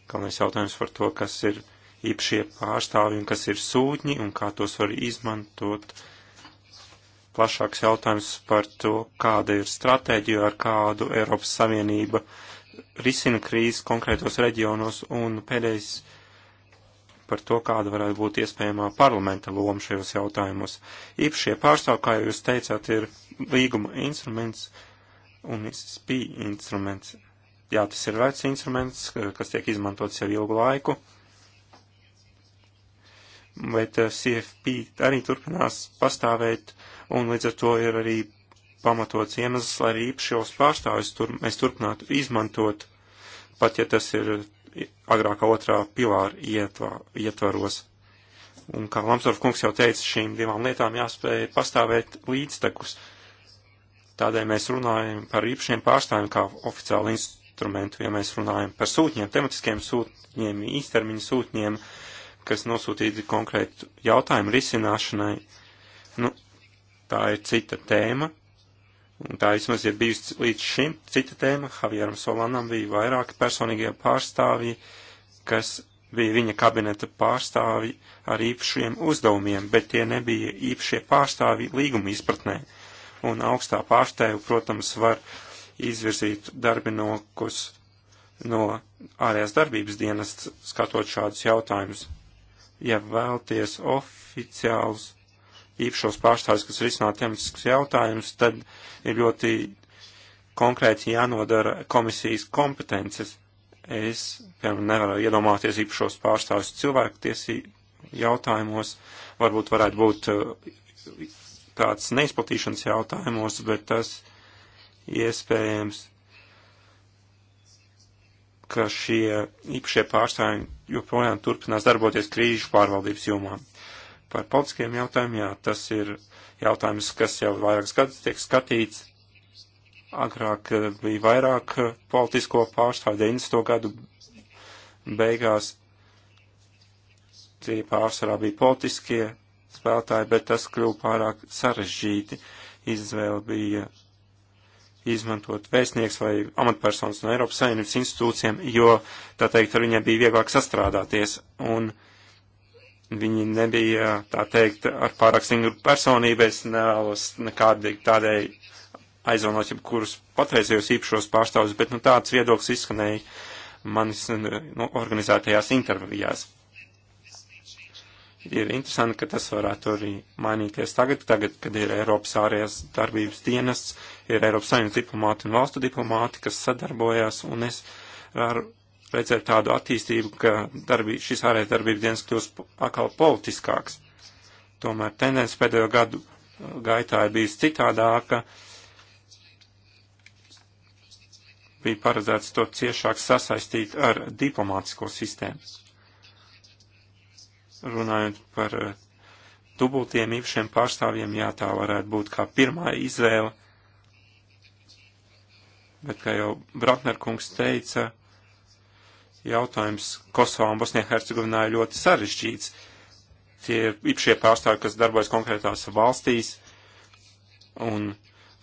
Galvenais jautājums par to, kas ir īpašie pārstāvji un kas ir sūtņi un kā tos var izmantot uh, plašāks jautājums par to, kāda ir stratēģija, ar kādu Eiropas Savienība risina krīzes konkrētos reģionos, un pēdējais par to, kāda varētu būt iespējamā parlamenta loma šajos jautājumos. Īpašie pārstāv, kā jūs teicāt, ir līguma instruments un SPI instruments. Jā, tas ir vecs instruments, kas tiek izmantots jau ilgu laiku bet eh, CFP arī turpinās pastāvēt un līdz ar to ir arī pamatots iemesls, lai arī īpašos pārstāvis tur, mēs turpinātu izmantot, pat ja tas ir agrākā otrā pilāra ietva, ietvaros. Un kā Lamsdorf kungs jau teica, šīm divām lietām jāspēj pastāvēt līdztekus. Tādēļ mēs runājam par īpašiem pārstāvjiem kā oficiālu instrumentu, ja mēs runājam par sūtņiem, tematiskiem sūtņiem, īstermiņu sūtņiem, kas nosūtīti konkrētu jautājumu risināšanai. Nu, tā ir cita tēma, un tā vismaz ir bijusi līdz šim cita tēma. Javieram Solanam bija vairāki personīgie pārstāvji, kas bija viņa kabineta pārstāvji ar īpašiem uzdevumiem, bet tie nebija īpašie pārstāvji līguma izpratnē. Un augstā pārstāvju, protams, var izvirzīt darbinokus no ārējās darbības dienas, skatot šādus jautājumus. Ja vēlties oficiālus īpašos pārstāvis, kas risinātu tematiskus jautājumus, tad ir ļoti konkrēti jānodara komisijas kompetences. Es, piemēram, nevaru iedomāties īpašos pārstāvis cilvēktiesību jautājumos, varbūt varētu būt uh, kāds neizplatīšanas jautājumos, bet tas iespējams ka šie īpašie pārstāvji joprojām turpinās darboties krīžu pārvaldības jomā par politiskiem jautājumiem, jā, tas ir jautājums, kas jau vairākas gadus tiek skatīts. Agrāk eh, bija vairāk eh, politisko pārstāvju 90. gadu beigās. Tie pārsvarā bija politiskie spēlētāji, bet tas kļuva pārāk sarežģīti. Izvēle bija izmantot vēstnieks vai amatpersonas no Eiropas Savienības institūcijiem, jo, tā teikt, ar viņiem bija vieglāk sastrādāties. Un, uh, viņi nebija, tā teikt, ar pārāk stingru personību, es nevēlos nekādi tādēļ aizvainot jau kurus patreizējos īpašos pārstāvus, bet nu, tāds viedoklis izskanēja manis nu, organizētajās intervijās. Ir interesanti, ka tas varētu arī mainīties tagad, tagad, kad ir Eiropas ārējās darbības dienests, ir Eiropas saimnes diplomāti un valstu diplomāti, kas sadarbojās, un es varu redzēt tādu attīstību, ka darbī, šis ārējais darbības dienas kļūst atkal politiskāks. Tomēr tendence pēdējo gadu uh, gaitā ir bijusi citādāka. Bija paredzēts to ciešāk sasaistīt ar diplomātisko sistēmu. Runājot par uh, dubultiem īpašiem pārstāvjiem, jā, tā varētu būt kā pirmā izvēle. Bet, kā jau Bratnerkungs teica, jautājums Kosovā un Bosnijā-Hercegovinā ir ļoti sarežģīts. Tie ir īpašie pārstāvji, kas darbojas konkrētās valstīs, un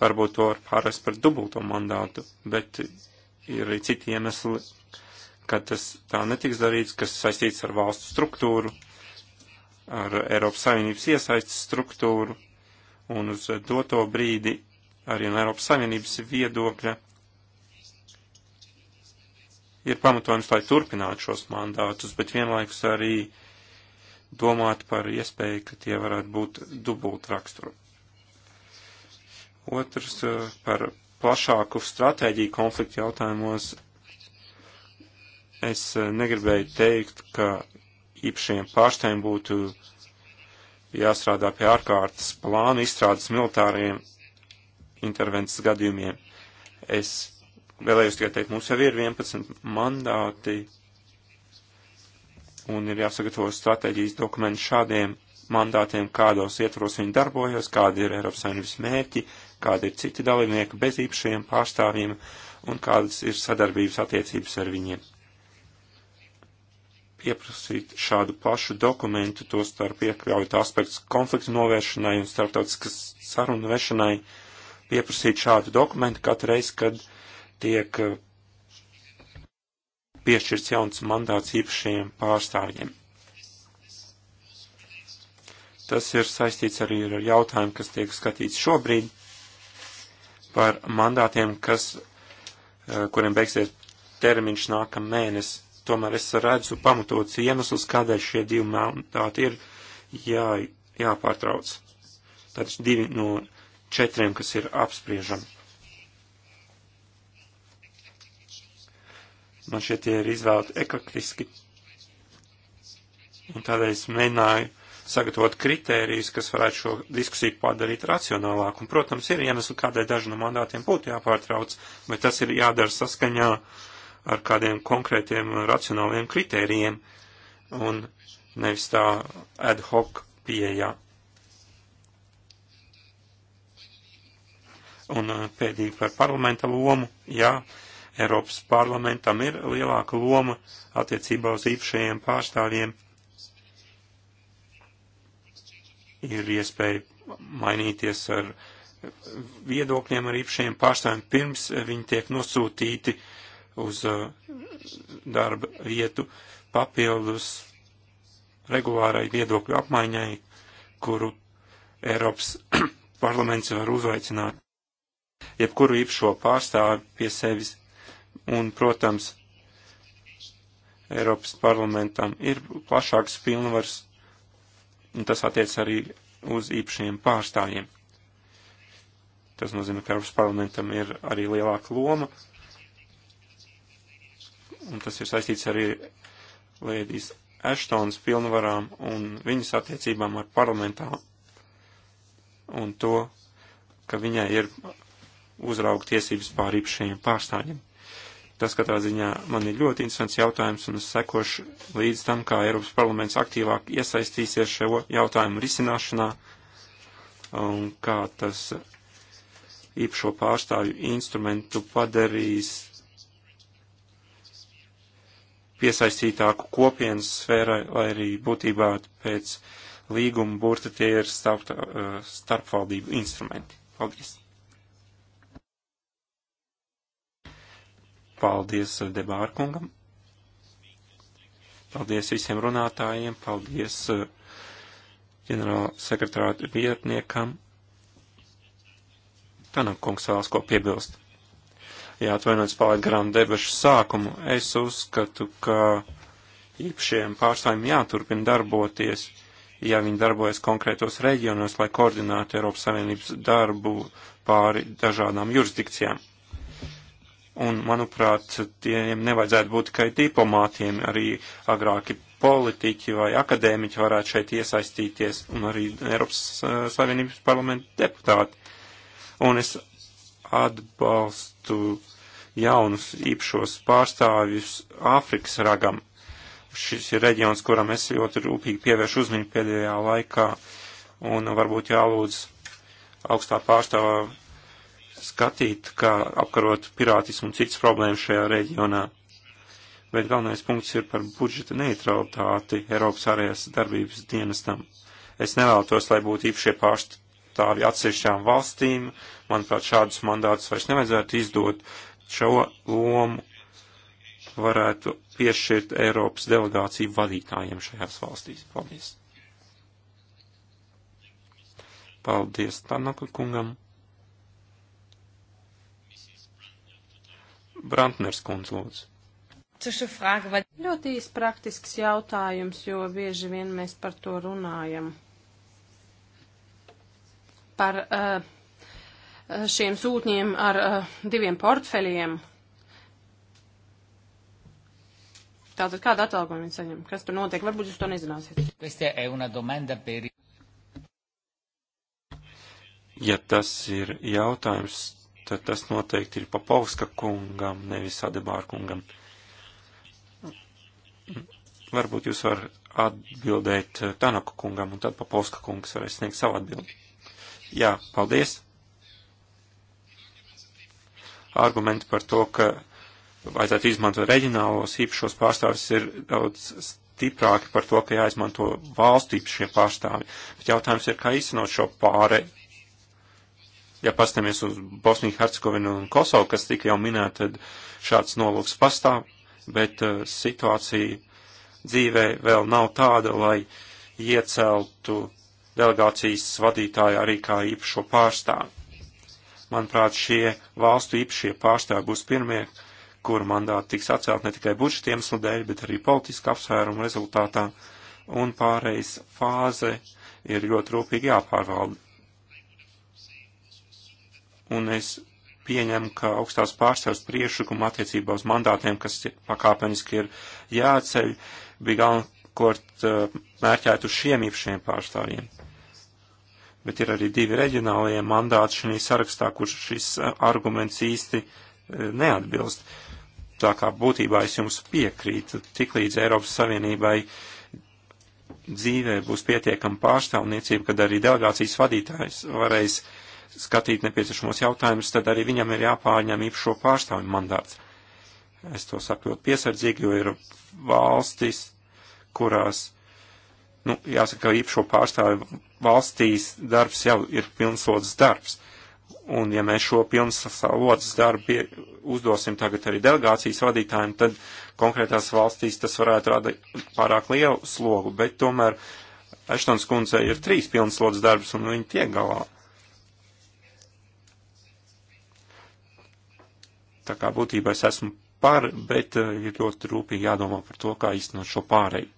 varbūt to var pārēst par dubulto mandātu, bet ir arī citi iemesli, ka tas tā netiks darīts, kas saistīts ar valstu struktūru, ar Eiropas Savienības iesaistas struktūru, un uz doto brīdi arī no Eiropas Savienības viedokļa ir pamatojums, lai turpinātu šos mandātus, bet vienlaikus arī domāt par iespēju, ka tie varētu būt dubult raksturu. Otrs eh, par plašāku stratēģiju konfliktu jautājumos. Es eh, negribēju teikt, ka īpašiem pārstāvjiem būtu jāstrādā pie ārkārtas plāna izstrādes militāriem intervences gadījumiem. Es Vēlējos tikai teikt, mums jau ir 11 mandāti un ir jāsagatavo stratēģijas dokumenti šādiem mandātiem, kādos ietvaros viņi darbojas, kādi ir Eiropas Savienības mērķi, kādi ir citi dalībnieki bez īpašajiem pārstāvjiem un kādas ir sadarbības attiecības ar viņiem. Pieprasīt šādu plašu dokumentu, to starp iekļaut aspektus konfliktu novēršanai un starptautiskas sarunu vešanai, pieprasīt šādu dokumentu katru reizi, kad uh, tiek eh, piešķirts jauns mandāts īpašajiem pārstāvjiem. Tas ir saistīts arī ar jautājumu, kas tiek skatīts šobrīd par mandātiem, kas, eh, kuriem beigsies termiņš nākam mēnesis. Tomēr es redzu pamatots iemeslus, kādēļ šie divi mandāti ir jā, jāpārtrauc. Tad divi no četriem, kas ir apspriežami. Man šie tie ir izvēlēti eklektiski. Un tādēļ es mēģināju sagatavot kritērijus, kas varētu šo diskusiju padarīt racionālāku. Un, protams, ir iemesli, kādēļ daži no mandātiem būtu jāpārtrauc, bet tas ir jādara saskaņā ar kādiem konkrētiem racionāliem kritērijiem un nevis tā ad hoc pieejā. Un eh, pēdīgi par parlamenta lomu, jā, ja Eiropas parlamentam ir lielāka loma attiecībā uz īpašajiem pārstāvjiem. Ir iespēja mainīties ar viedokļiem ar īpašajiem pārstāvjiem pirms viņi tiek nosūtīti uz uh, darba vietu papildus regulārai viedokļu apmaiņai, kuru Eiropas [CLEARS THROAT] parlaments var uzveicināt jebkuru īpašo pārstāvi pie sevis un, protams, Eiropas parlamentam ir plašāks pilnvars, un tas attiec arī uz īpašiem pārstāvjiem. Tas nozīmē, ka Eiropas parlamentam ir arī lielāka loma, un tas ir saistīts arī Lēdijas Eštons pilnvarām un viņas attiecībām ar parlamentām, un to, ka viņai ir uzrauga tiesības pār īpašajiem pārstāvjiem. Tas katrā ziņā man ir ļoti interesants jautājums, un es sekošu līdz tam, kā Eiropas parlaments aktīvāk iesaistīsies šo jautājumu risināšanā, un kā tas īpašo pārstāvju instrumentu padarīs piesaistītāku kopienas sfērai, lai arī būtībā pēc līguma burta tie ir starp, eh, starpvaldību instrumenti. Paldies! Paldies eh, Debārkungam. Paldies visiem runātājiem. Paldies eh, ģenerāla sekretārāta vietniekam. Tanakungs vēlas ko piebilst. Jā, atvainojos palaid garām debašu sākumu. Es uzskatu, ka īpašiem pārstāvjiem jāturpina darboties, ja viņi darbojas konkrētos reģionos, lai koordinātu Eiropas Savienības darbu pāri dažādām jurisdikcijām. Un, manuprāt, tiem nevajadzētu būt tikai diplomātiem, arī agrāki politiķi vai akadēmiķi varētu šeit iesaistīties, un arī Eiropas eh, Savienības parlamenta deputāti. Un es atbalstu jaunus īpašos pārstāvjus Āfrikas ragam. Šis ir reģions, kuram es ļoti rūpīgi pievēršu uzmanību pēdējā laikā, un varbūt jālūdz augstā pārstāvā skatīt, kā apkarot pirātismu un citas problēmas šajā reģionā. Bet galvenais punkts ir par budžeta neutralitāti Eiropas ārējās darbības dienestam. Es nevēlētos, lai būtu īpašie pārstāvji atsevišķām valstīm. Manuprāt, šādus mandātus vairs nevajadzētu izdot. Šo lomu varētu piešķirt Eiropas delegāciju vadītājiem šajās valstīs. Paldies! Paldies Tanaka kungam! Brantners kundz lūdzu. Ļoti īsts praktisks jautājums, jo bieži vien mēs par to runājam. Par uh, šiem sūtņiem ar uh, diviem portfeļiem. Tātad kādu atalgojumu viņi saņem? Kas tur notiek? Varbūt jūs to nezināsiet. Ja tas ir jautājums tad tas noteikti ir Papovska kungam, nevis Adebāra kungam. Varbūt jūs varat atbildēt eh, Tanaka kungam, un tad Papovska kungs varēs sniegt savu atbildi. Jā, paldies. Argumenti par to, ka vajadzētu izmantot reģionālos īpašos pārstāvis, ir daudz stiprāki par to, ka jāizmanto valstu īpašie pārstāvi. Bet jautājums ir, kā īstenot šo pāre Ja pastamies uz Bosniju, Hercegovinu un Kosovu, kas tika jau minēta, tad šāds nolūks pastāv, bet uh, situācija dzīvē vēl nav tāda, lai ieceltu delegācijas vadītāju arī kā īpašo pārstāvu. Manuprāt, šie valstu īpašie pārstāvi būs pirmie, kuru mandāti tiks atcelt ne tikai budžeta iemeslu dēļ, bet arī politiska apsvēruma rezultātā, un pārejas fāze ir ļoti rūpīgi jāpārvalda un es pieņemu, ka augstās pārstāvs priešlikuma attiecībā uz mandātiem, kas pakāpeniski ir jāceļ, bija galvenokārt uh, mērķēt uz šiem īpašiem pārstāvjiem. Bet ir arī divi reģionālie mandāti šī sarakstā, kur šis uh, arguments īsti uh, neatbilst. Tā kā būtībā es jums piekrītu, tiklīdz Eiropas Savienībai dzīvē būs pietiekama pārstāvniecība, kad arī delegācijas vadītājs varēs uh, skatīt nepieciešamos jautājumus, tad arī viņam ir jāpārņem īpašo pārstāvju mandāts. Es to saku ļoti piesardzīgi, jo ir valstis, kurās, nu, jāsaka, īpašo pārstāvju valstīs darbs jau ir pilnsodas darbs. Un ja mēs šo pilnsalodas darbu uzdosim tagad arī delegācijas vadītājiem, tad konkrētās valstīs tas varētu radīt pārāk lielu slogu, bet tomēr Eštons kundze ir trīs pilnslodas darbs un viņi tiek galā. Tā kā būtībā es esmu par, bet eh, ir ļoti rūpīgi jādomā par to, kā īstenot šo pāreju.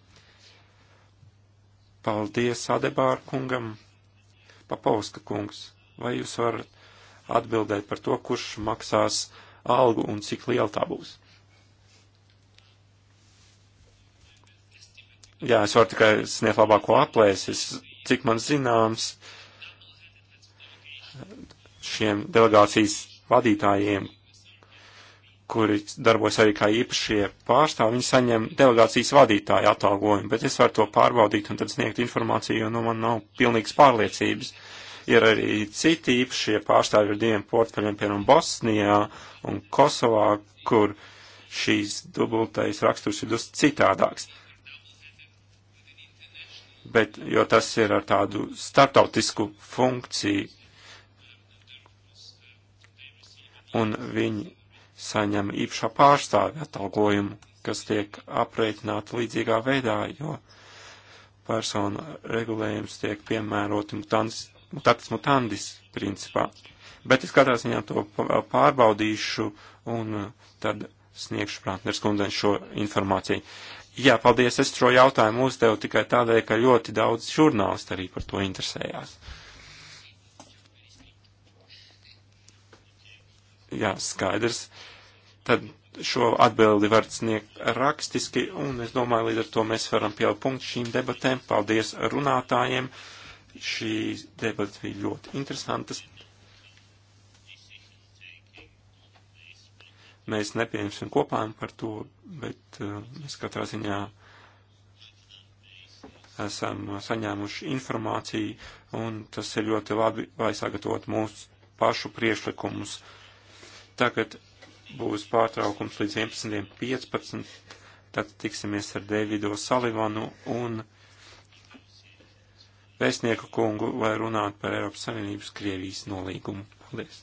Paldies Adebāra kungam. Papauska kungs, vai jūs varat atbildēt par to, kurš maksās algu un cik liela tā būs? Jā, es varu tikai sniegt labāko aplēsis, cik man zināms, šiem delegācijas vadītājiem kuri darbojas arī kā īpašie pārstāvji, viņi saņem delegācijas vadītāju atalgojumu, bet es varu to pārbaudīt un tad sniegt informāciju, jo nu man nav pilnīgas pārliecības. Ir arī citi īpašie pārstāvji ar diviem portfeļiem, piemēram, Bosnijā un Kosovā, kur šīs dubultais raksturs ir dus citādāks. Bet, jo tas ir ar tādu startautisku funkciju, un viņi saņem īpašā pārstāvja atalgojumu, kas tiek aprēķināta līdzīgā veidā, jo persona regulējums tiek piemēroti mutants, mutantis mutandis principā. Bet es katrā ziņā to pārbaudīšu un uh, tad sniegšu prātners kundzei šo informāciju. Jā, paldies, es šo jautājumu uzdevu tikai tādēļ, ka ļoti daudz žurnālisti arī par to interesējās. Uh, jā, skaidrs, tad šo atbildi var sniegt rakstiski, un es domāju, līdz ar to mēs varam pielikt punktu šīm debatēm. Paldies runātājiem. Šīs debatas bija ļoti interesantas. Mēs nepieņemsim kopā par to, bet uh, mēs katrā ziņā esam saņēmuši informāciju, un tas ir ļoti labi, lai sagatavot mūsu pašu priešlikumus. Tagad būs pārtraukums līdz 11.15. Tad tiksimies ar Deivido Salivanu un Vēstnieku kungu, lai runātu par Eiropas Savienības Krievijas nolīgumu. Paldies!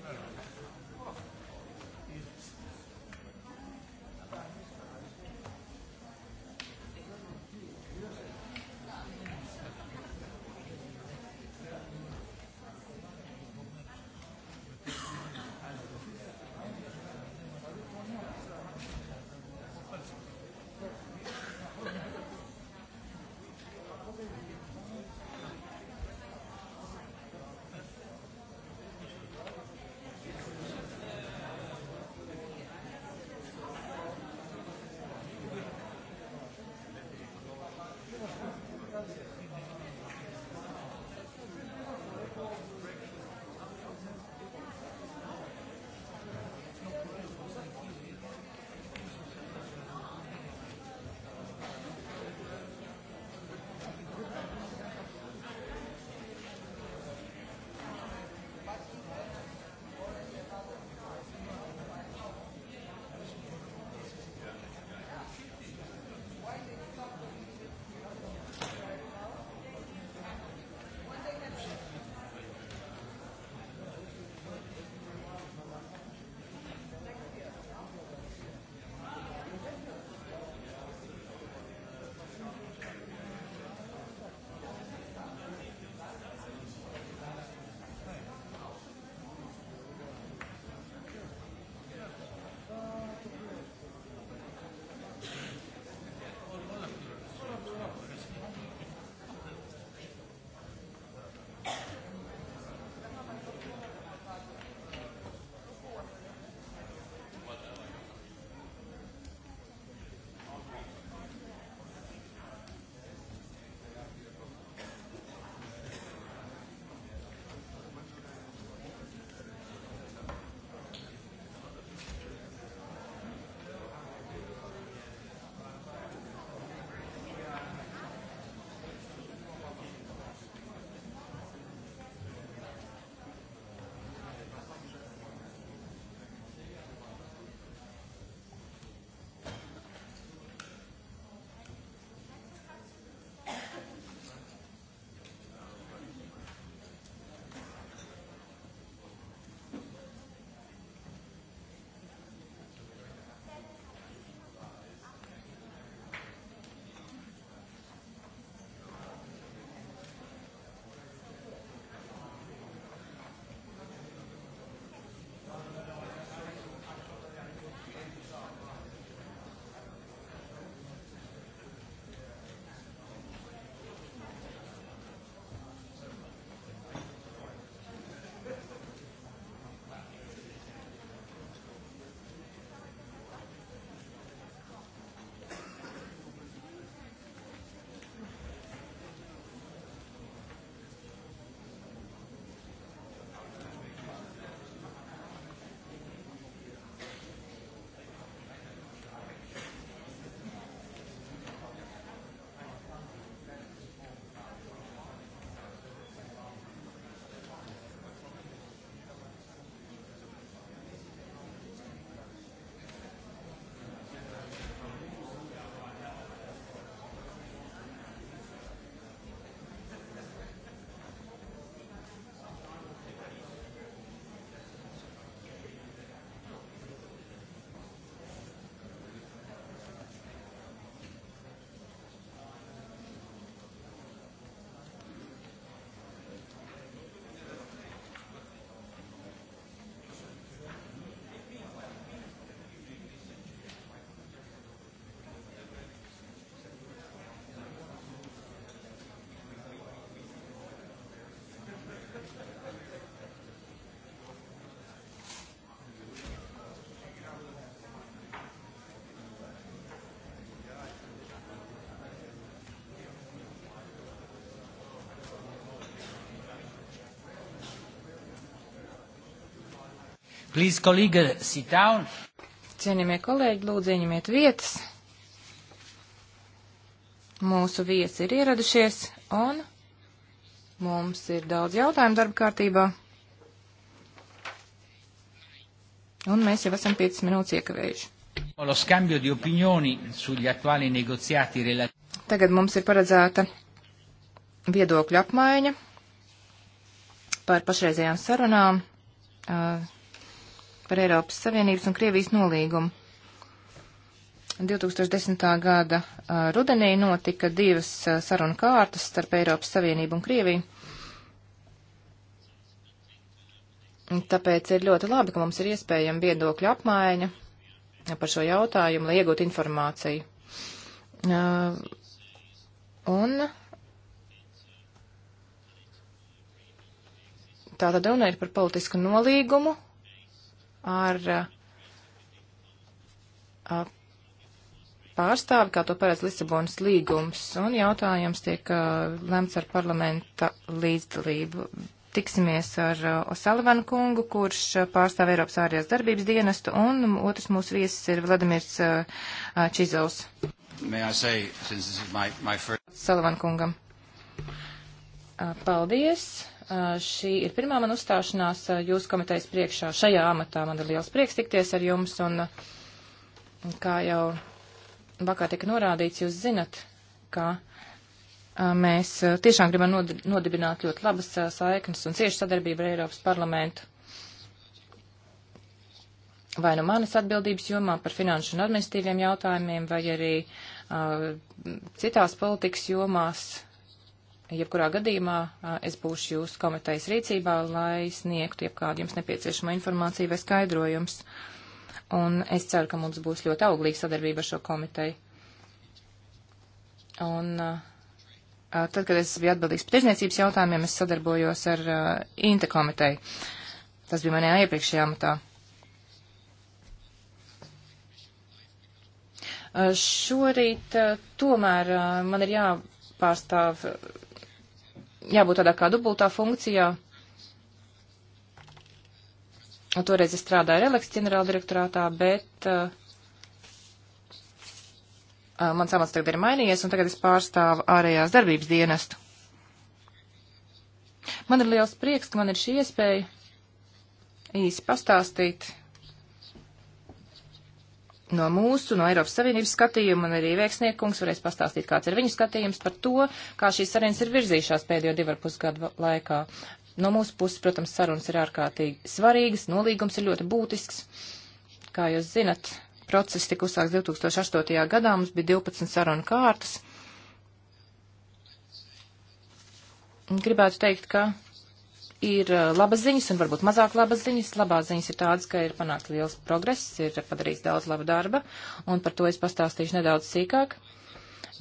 Please, kolīga, sit down. Cienījamie kolēģi, lūdzu, ieņemiet vietas. Mūsu viesi ir ieradušies un mums ir daudz jautājumu darba kārtībā. Un mēs jau esam 5 minūtes iekavējuši. Tagad mums ir paredzēta viedokļu apmaiņa par pašreizējām sarunām. Uh, par Eiropas Savienības un Krievijas nolīgumu. 2010. gada rudenī notika divas sarunu kārtas starp Eiropas Savienību un Krieviju. Tāpēc ir ļoti labi, ka mums ir iespējama viedokļu apmaiņa par šo jautājumu, lai iegūtu informāciju. Un tā tad runa ir par politisku nolīgumu, ar a, pārstāvi, kā to paredz Lisabonas līgums, un jautājums tiek uh, lemts ar parlamenta līdzdalību. Tiksimies ar uh, Osalivanu kungu, kurš uh, pārstāv Eiropas ārējās darbības dienestu, un otrs mūsu viesis ir Vladimirs Čizovs. First... Salavan kungam. Paldies. Šī ir pirmā man uzstāšanās jūsu komitejas priekšā. Šajā amatā man ir liels prieks tikties ar jums, un kā jau vakar tika norādīts, jūs zinat, ka mēs tiešām gribam nodibināt ļoti labas saiknes un ciešu sadarbību ar Eiropas parlamentu. Vai nu manas atbildības jomā par finanšu un administīviem jautājumiem, vai arī uh, citās politikas jomās, jebkurā gadījumā es būšu jūsu komitejas rīcībā, lai sniegtu jebkādu jums nepieciešamo informāciju vai skaidrojums. Un es ceru, ka mums būs ļoti auglīga sadarbība ar šo komiteju. Un tad, kad es biju atbildīgs par tirzniecības jautājumiem, es sadarbojos ar Inte komiteju. Tas bija manajā iepriekšējā matā. Šorīt tomēr man ir jāpārstāv jābūt tādā kā dubultā funkcijā. Un toreiz es strādāju Releks ģenerāldirektorātā, bet uh, uh, mans amats tagad ir mainījies, un tagad es pārstāvu ārējās darbības dienestu. Man ir liels prieks, ka man ir šī iespēja īsi pastāstīt no mūsu, no Eiropas Savienības skatījuma, un arī Vēksniekungs varēs pastāstīt, kāds ir viņu skatījums par to, kā šīs sarunas ir virzījušās pēdējo divu ar pusgadu laikā. No mūsu puses, protams, sarunas ir ārkārtīgi svarīgas, nolīgums ir ļoti būtisks. Kā jūs zinat, process tika uzsāks 2008. gadā, mums bija 12 sarunu kārtas. Gribētu teikt, ka ir eh, labas ziņas un varbūt mazāk labas ziņas. Labās ziņas ir tādas, ka ir panākts liels progress, ir padarīts daudz laba darba, un par to es pastāstīšu nedaudz sīkāk.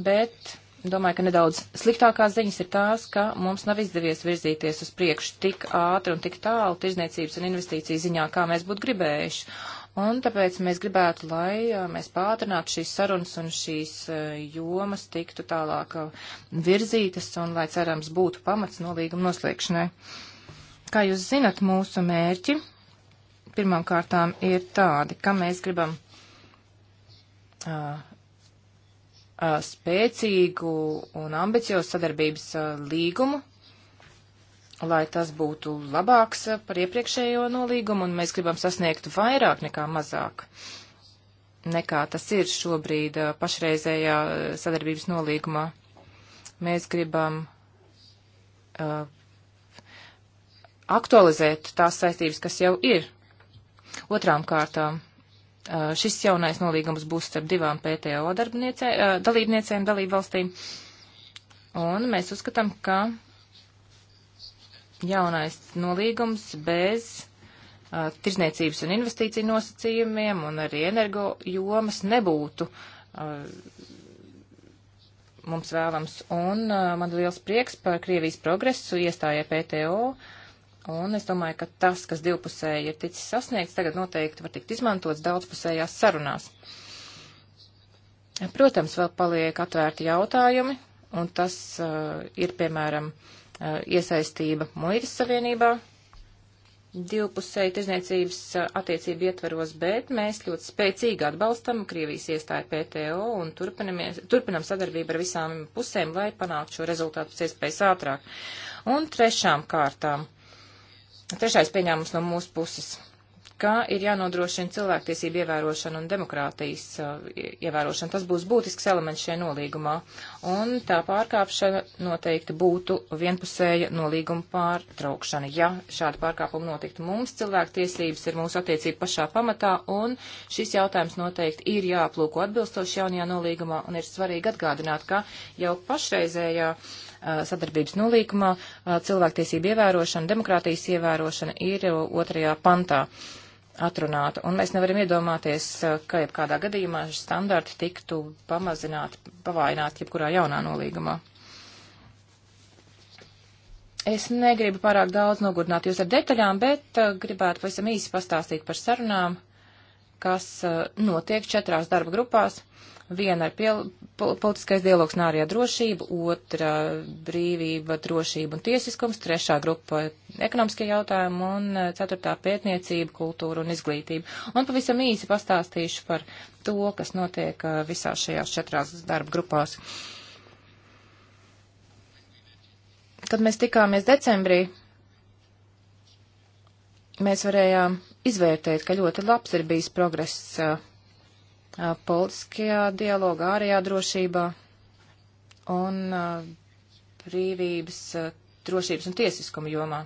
Bet domāju, ka nedaudz sliktākās ziņas ir tās, ka mums nav izdevies virzīties uz priekšu tik ātri un tik tālu tirzniecības un investīciju ziņā, kā mēs būtu gribējuši. Un tāpēc mēs gribētu, lai eh, mēs pātrinātu šīs sarunas un šīs eh, jomas tiktu tālāk virzītas un lai cerams būtu pamats nolīguma noslēgšanai. Uh, Kā jūs zinat, mūsu mērķi pirmām kārtām ir tādi, ka mēs gribam uh, spēcīgu un ambiciozu sadarbības līgumu, lai tas būtu labāks par iepriekšējo nolīgumu, un mēs gribam sasniegt vairāk nekā mazāk nekā tas ir šobrīd pašreizējā sadarbības nolīgumā. Mēs gribam uh, aktualizēt tās saistības, kas jau ir. Otrām kārtām šis jaunais nolīgums būs starp divām PTO dalībniecēm, dalību valstīm. Un mēs uzskatām, ka jaunais nolīgums bez uh, tirzniecības un investīciju nosacījumiem un arī energo jomas nebūtu uh, mums vēlams. Un uh, man liels prieks par Krievijas progresu iestājai PTO. Uh, Un es domāju, ka tas, kas divpusēji ir ticis sasniegts, tagad noteikti var tikt izmantots daudzpusējās sarunās. Protams, vēl paliek atvērti jautājumi, un tas uh, ir, piemēram, uh, iesaistība muitas savienībā divpusēji tirzniecības uh, attiecību ietveros, bet mēs ļoti spēcīgi atbalstam Krievijas iestāju PTO un turpinam sadarbību ar visām pusēm, lai panāktu šo rezultātu pēc iespējas ātrāk. Un trešām kārtām. Uh, Trešais pieņēmums no mūsu puses ka ir jānodrošina cilvēktiesību ievērošana un demokrātijas uh, ievērošana. Tas būs būtisks elements šajā nolīgumā, un tā pārkāpšana noteikti būtu vienpusēja nolīguma pārtraukšana. Ja šāda pārkāpuma notiktu mums, cilvēktiesības ir mūsu attiecība pašā pamatā, un šis jautājums noteikti ir jāaplūko atbilstoši jaunajā nolīgumā, un ir svarīgi atgādināt, ka jau pašreizējā uh, Uh, sadarbības nolīkumā uh, cilvēktiesība ievērošana, demokrātijas ievērošana ir otrajā pantā atrunāta. Un mēs nevaram iedomāties, uh, ka jebkādā gadījumā standarti tiktu pamazināti, pavājināti jebkurā jaunā nolīgumā. Es negribu pārāk daudz nogurdināt jūs ar detaļām, bet gribētu pavisam īsi pastāstīt par sarunām, kas notiek četrās darba grupās Viena ir piel, politiskais dialogs un ārējā drošība, otra brīvība, drošība un tiesiskums, trešā grupa ekonomiskie jautājumi un eh, ceturtā pētniecība, kultūra un izglītība. Un pavisam īsi pastāstīšu par to, kas notiek eh, visās šajās četrās darba grupās. Kad mēs tikāmies decembrī, mēs varējām izvērtēt, ka ļoti labs ir bijis progress eh, politiskajā dialogā, ārējā drošībā un brīvības, drošības un tiesiskuma jomā.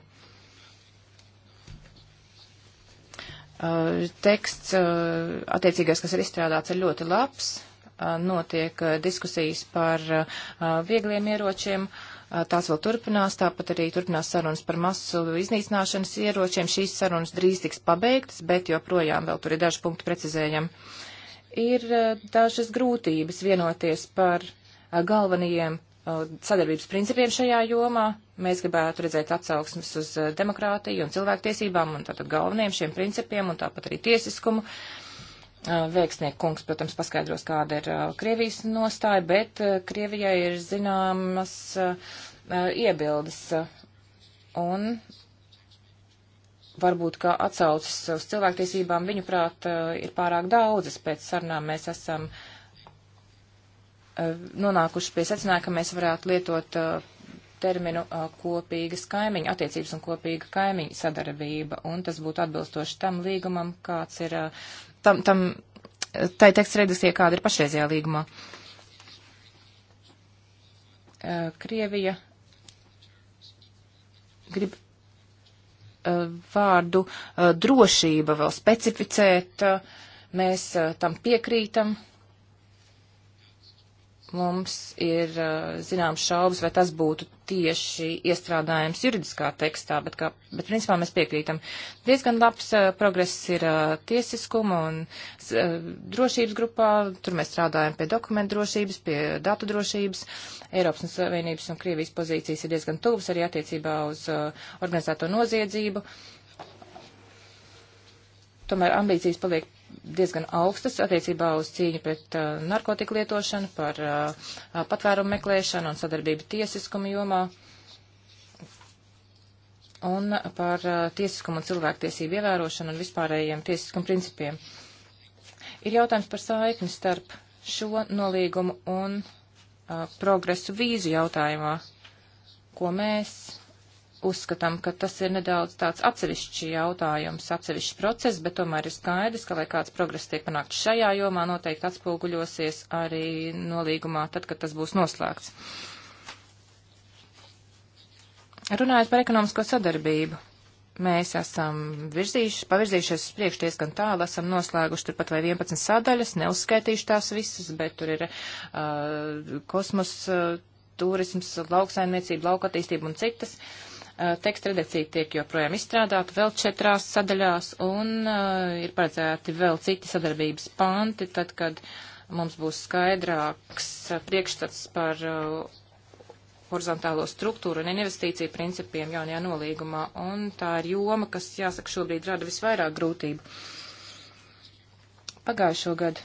Teksts attiecīgais, kas ir izstrādāts, ir ļoti labs. Notiek diskusijas par viegliem ieročiem. Tās vēl turpinās, tāpat arī turpinās sarunas par masu iznīcināšanas ieročiem. Šīs sarunas drīz tiks pabeigtas, bet joprojām vēl tur ir daži punkti precizējami ir e, dažas grūtības vienoties par e, galvenajiem e, sadarbības principiem šajā jomā. Mēs gribētu redzēt atsauksmes uz demokrātiju un cilvēktiesībām un tātad galvenajiem šiem principiem un tāpat arī tiesiskumu. Vēksnieku kungs, protams, paskaidros, kāda ir Krievijas nostāja, bet Krievijai ir zināmas iebildes. Un varbūt kā atsaucas uz cilvēktiesībām, viņuprāt, eh, ir pārāk daudzas. Pēc sarunām mēs esam eh, nonākuši pie secinājuma, ka mēs varētu lietot eh, terminu kopīgas kaimiņa attiecības un kopīga kaimiņa sadarbība, un tas būtu atbilstoši tam līgumam, kāds ir, tam, tam, tai teksts redakcija, kāda ir pašreizajā līgumā. Krievija grib vārdu eh, drošība vēl specificēt. Eh, mēs eh, tam piekrītam mums ir zināms šaubas, vai tas būtu tieši iestrādājums juridiskā tekstā, bet, kā, bet principā mēs piekrītam. Diezgan labs uh, progress ir uh, tiesiskuma un uh, drošības grupā, tur mēs strādājam pie dokumentu drošības, pie datu drošības. Eiropas un Savienības un Krievijas pozīcijas ir diezgan tuvas arī attiecībā uz organizēto noziedzību. Tomēr ambīcijas paliek diezgan augstas attiecībā uz cīņu pret uh, narkotiku lietošanu, par uh, uh patvērumu meklēšanu un sadarbību tiesiskumu jomā un par uh, tiesiskumu un cilvēktiesību ievērošanu un vispārējiem tiesiskumu principiem. Ir jautājums par saikni starp šo nolīgumu un uh, progresu vīzu jautājumā, ko mēs uzskatām, ka tas ir nedaudz tāds atsevišķs jautājums, atsevišķs process, bet tomēr ir skaidrs, ka lai kāds progress tiek panākts šajā jomā, noteikti atspoguļosies arī nolīgumā, tad, kad tas būs noslēgts. Runājot par ekonomisko sadarbību, mēs esam virzījuši, pavirzījušies uz priekšu diezgan tālu, esam noslēguši turpat vai 11 sadaļas, neuzskaitīšu tās visas, bet tur ir uh, kosmos. Uh, turisms, lauksaimniecība, lauka attīstība un citas. Uh, Eh, teksta redakcija tiek joprojām izstrādāta vēl četrās sadaļās un eh, ir paredzēti vēl citi sadarbības panti, tad, kad mums būs skaidrāks eh, priekšstats par horizontālo struktūru un investīciju principiem jaunajā nolīgumā, un tā ir joma, kas, jāsaka, šobrīd rada visvairāk grūtību. Pagājušo gadu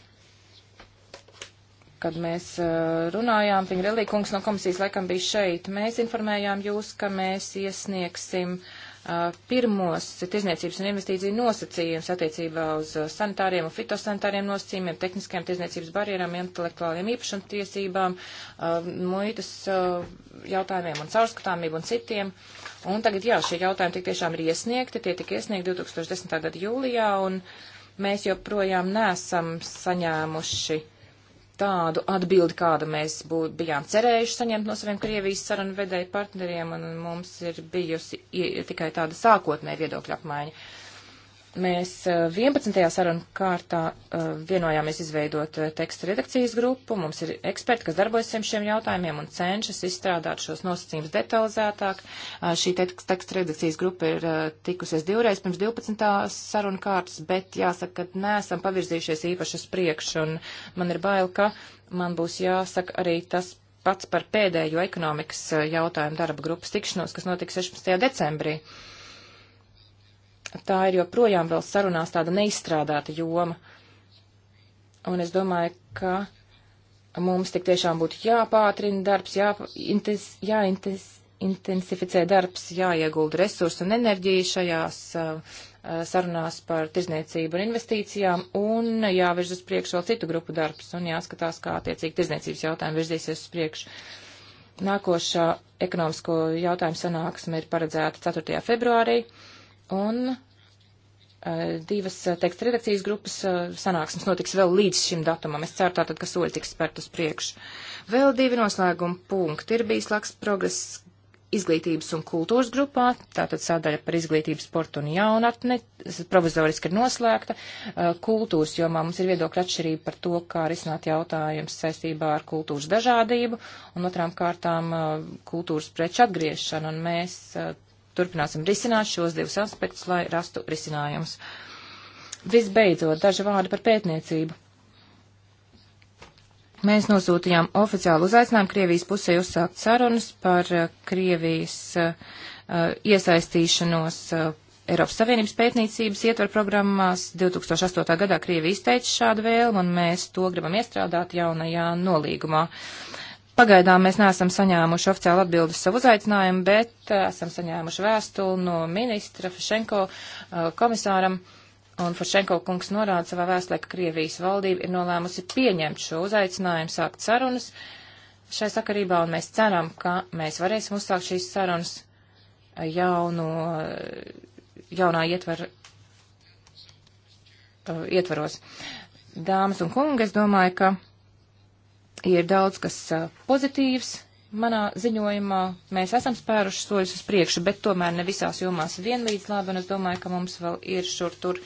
kad mēs eh, runājām, viņa relīkungs no komisijas laikam bija šeit. Mēs informējām jūs, ka mēs iesniegsim uh, pirmos tirzniecības un investīciju nosacījums attiecībā uz eh, sanitāriem un fitosanitāriem nosacījumiem, tehniskajām tirzniecības barjerām, intelektuāliem īpašuma tiesībām, uh, muitas uh, jautājumiem un caurskatāmību un citiem. Un tagad, jā, šie jautājumi tik tiešām ir iesniegti, tie tika iesniegti 2010. gada jūlijā, un mēs joprojām nesam saņēmuši uh, tādu atbildi, kādu mēs bū, bijām cerējuši saņemt no saviem Krievijas sarunu vedēju partneriem, un mums ir bijusi tikai tāda sākotnē viedokļa apmaiņa. Uh, Mēs 11. Eh, sarunu kārtā eh, vienojāmies izveidot eh, teksta redakcijas grupu. Mums ir eksperti, kas darbojas šiem jautājumiem un cenšas izstrādāt šos nosacījumus detalizētāk. Šī teksta redakcijas grupa ir tikusies divreiz pirms 12. sarunu kārtas, bet jāsaka, ka neesam pavirzījušies īpaši uz priekšu un man ir bail, ka man būs jāsaka arī tas pats par pēdējo ekonomikas jautājumu darba grupas tikšanos, kas notiks 16. decembrī. Uh, tā ir joprojām vēl sarunās tāda neizstrādāta joma. Un es domāju, ka mums tik tiešām būtu jāpātrina darbs, jāintensificē jāintes, darbs, jāiegulda resursi un enerģija šajās uh, uh, sarunās par tirzniecību un investīcijām un jāvirz uz priekšu vēl citu grupu darbs un jāskatās, kā attiecīgi tirzniecības jautājumi virzīsies uz priekšu. Nākošā ekonomisko jautājumu sanāksme ir paredzēta 4. februārī. Uh, un eh, divas eh, teksta redakcijas grupas eh, sanāksmes notiks vēl līdz šim datumam. Es ceru tātad, ka soļi tiks spērt uz priekšu. Vēl divi noslēguma punkti ir bijis laks progress izglītības un kultūras grupā, tātad sādaļa par izglītību, sportu un jaunatni, provizoriski ir noslēgta. Kultūras jomā mums ir viedokļa atšķirība par to, kā risināt jautājums saistībā ar kultūras dažādību un otrām kārtām kultūras preču atgriešanu, un mēs turpināsim risināt šos divus aspektus, lai rastu risinājumus. Visbeidzot, daži vārdi par pētniecību. Mēs nosūtījām oficiālu uzaicinājumu Krievijas pusē uzsākt sarunas par eh, Krievijas uh, iesaistīšanos uh, Eiropas Savienības pētniecības ietver programmās. 2008. gadā Krievija izteica šādu vēlmu, un mēs to gribam iestrādāt jaunajā nolīgumā. Uh, Pagaidām mēs neesam saņēmuši oficiālu atbildi uz savu uzaicinājumu, bet eh, esam saņēmuši vēstuli no ministra Fašenko eh, komisāram. Un Fašenko kungs norāda savā vēstulē, ka Krievijas valdība ir nolēmusi pieņemt šo uzaicinājumu, sākt sarunas šai sakarībā, un mēs ceram, ka mēs varēsim uzsākt šīs sarunas eh, jauno, jaunā ietver, ietvaros. Dāmas un kungi, es domāju, ka ir daudz kas pozitīvs. Manā ziņojumā mēs esam spēruši soļus uz priekšu, bet tomēr ne visās jomās vienlīdz labi, un es domāju, ka mums vēl ir šur tur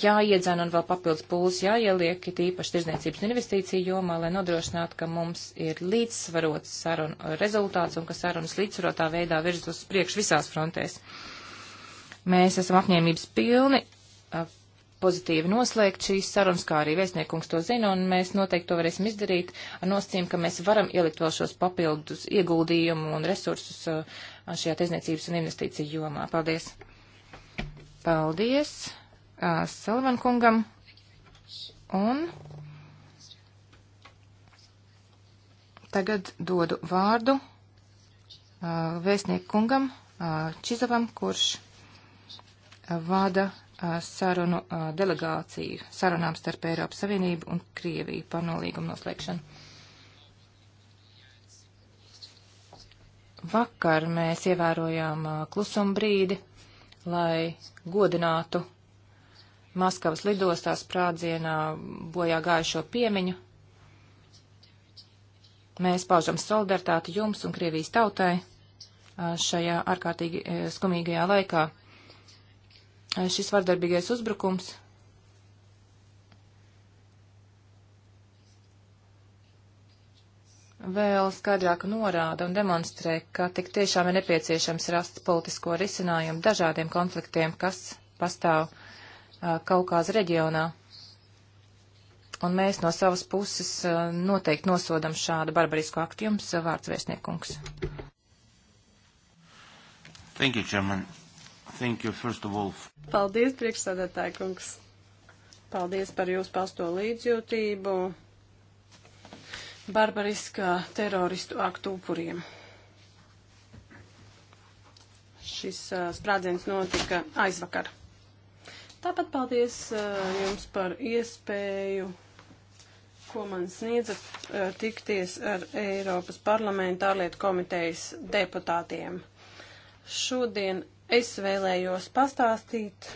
jāiedzena un vēl papildus pūles jāieliek, it īpaši tirzniecības investīciju jomā, lai nodrošinātu, ka mums ir līdzsvarots sarunu rezultāts un ka sarunas līdzsvarotā veidā virzas uz priekšu visās frontēs. Mēs esam apņēmības pilni pozitīvi noslēgt šīs sarunas, kā arī vēstniekums to zina, un mēs noteikti to varēsim izdarīt ar nosacījumu, ka mēs varam ielikt vēl šos papildus ieguldījumu un resursus uh, šajā tiesniecības un investīciju jomā. Paldies! Paldies uh, Salvan kungam! Un tagad dodu vārdu uh, vēstnieku kungam Čizavam, kurš vada Uh, sarunu uh, delegāciju sarunām starp Eiropas Savienību un Krieviju par nolīgumu noslēgšanu. Vakar mēs ievērojām uh, klusuma brīdi, lai godinātu Maskavas lidostā sprādzienā bojā gājušo piemiņu. Mēs paužam solidaritāti jums un Krievijas tautai šajā ārkārtīgi skumīgajā laikā šis vardarbīgais uzbrukums vēl skaidrāk norāda un demonstrē, ka tik tiešām ir nepieciešams rast politisko risinājumu dažādiem konfliktiem, kas pastāv uh, Kaukāza reģionā. Un mēs no savas puses uh, noteikti nosodam šādu barbarisku aktu jums, uh, vārds vēstniekungs. Thank you, Chairman. Thank you, first of all. Paldies, priekšsādātāji kungs. Paldies par jūsu pasto līdzjūtību barbariskā teroristu aktu upuriem. Šis uh, sprādziens notika aizvakar. Tāpat paldies uh, jums par iespēju ko man sniedzat uh, tikties ar Eiropas parlamenta ārlietu komitejas deputātiem. Šodien Es vēlējos pastāstīt,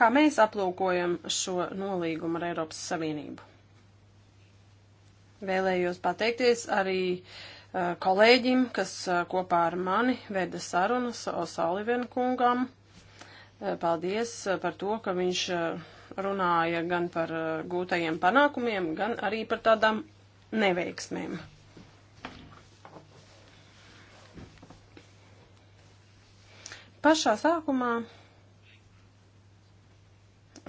kā mēs aplūkojam šo nolīgumu ar Eiropas Savienību. Vēlējos pateikties arī uh, kolēģim, kas uh, kopā ar mani veda sarunas O'Sullivan kungam. Uh, paldies uh, par to, ka viņš uh, runāja gan par uh, gūtajiem panākumiem, gan arī par tādām neveiksmēm. Pašā sākumā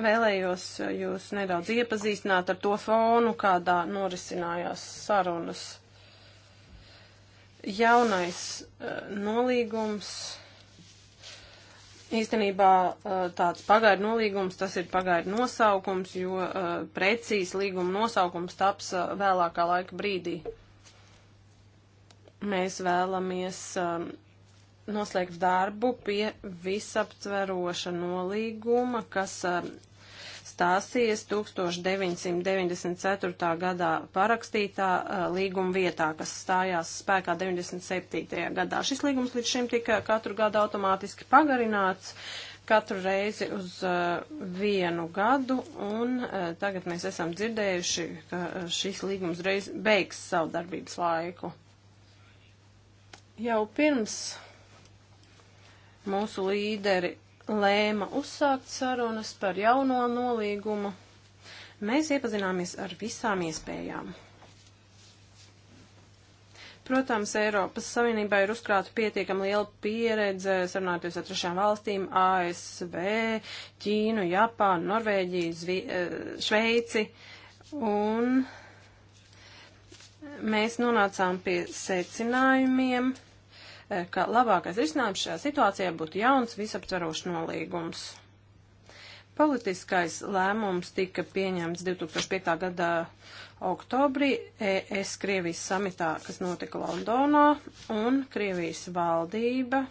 vēlējos jūs nedaudz iepazīstināt ar to fonu, kādā norisinājās sarunas. Jaunais uh, nolīgums, īstenībā uh, tāds pagaidu nolīgums, tas ir pagaidu nosaukums, jo uh, precīzi līguma nosaukums taps uh, vēlākā laika brīdī. Mēs vēlamies. Uh, noslēgt darbu pie visaptveroša nolīguma, kas um, stāsies 1994. gadā parakstītā uh, līguma vietā, kas stājās spēkā 97. gadā. Šis līgums līdz šim tika katru gadu automātiski pagarināts katru reizi uz uh, vienu gadu, un uh, tagad mēs esam dzirdējuši, ka šis līgums reiz beigs savu darbības laiku. Jau pirms Mūsu līderi lēma uzsākt sarunas par jauno nolīgumu. Mēs iepazināmies ar visām iespējām. Protams, Eiropas Savienībā ir uzkrāta pietiekami liela pieredze sarunājoties ar trešām valstīm - ASV, Ķīnu, Japānu, Norvēģiju, Zvi eh, Šveici. Un mēs nonācām pie secinājumiem, E, ka labākais risinājums šajā situācijā būtu jauns visaptverošs nolīgums. Politiskais lēmums tika pieņemts 2005. gada oktobrī ES Krievijas samitā, kas notika Londonā, un Krievijas valdība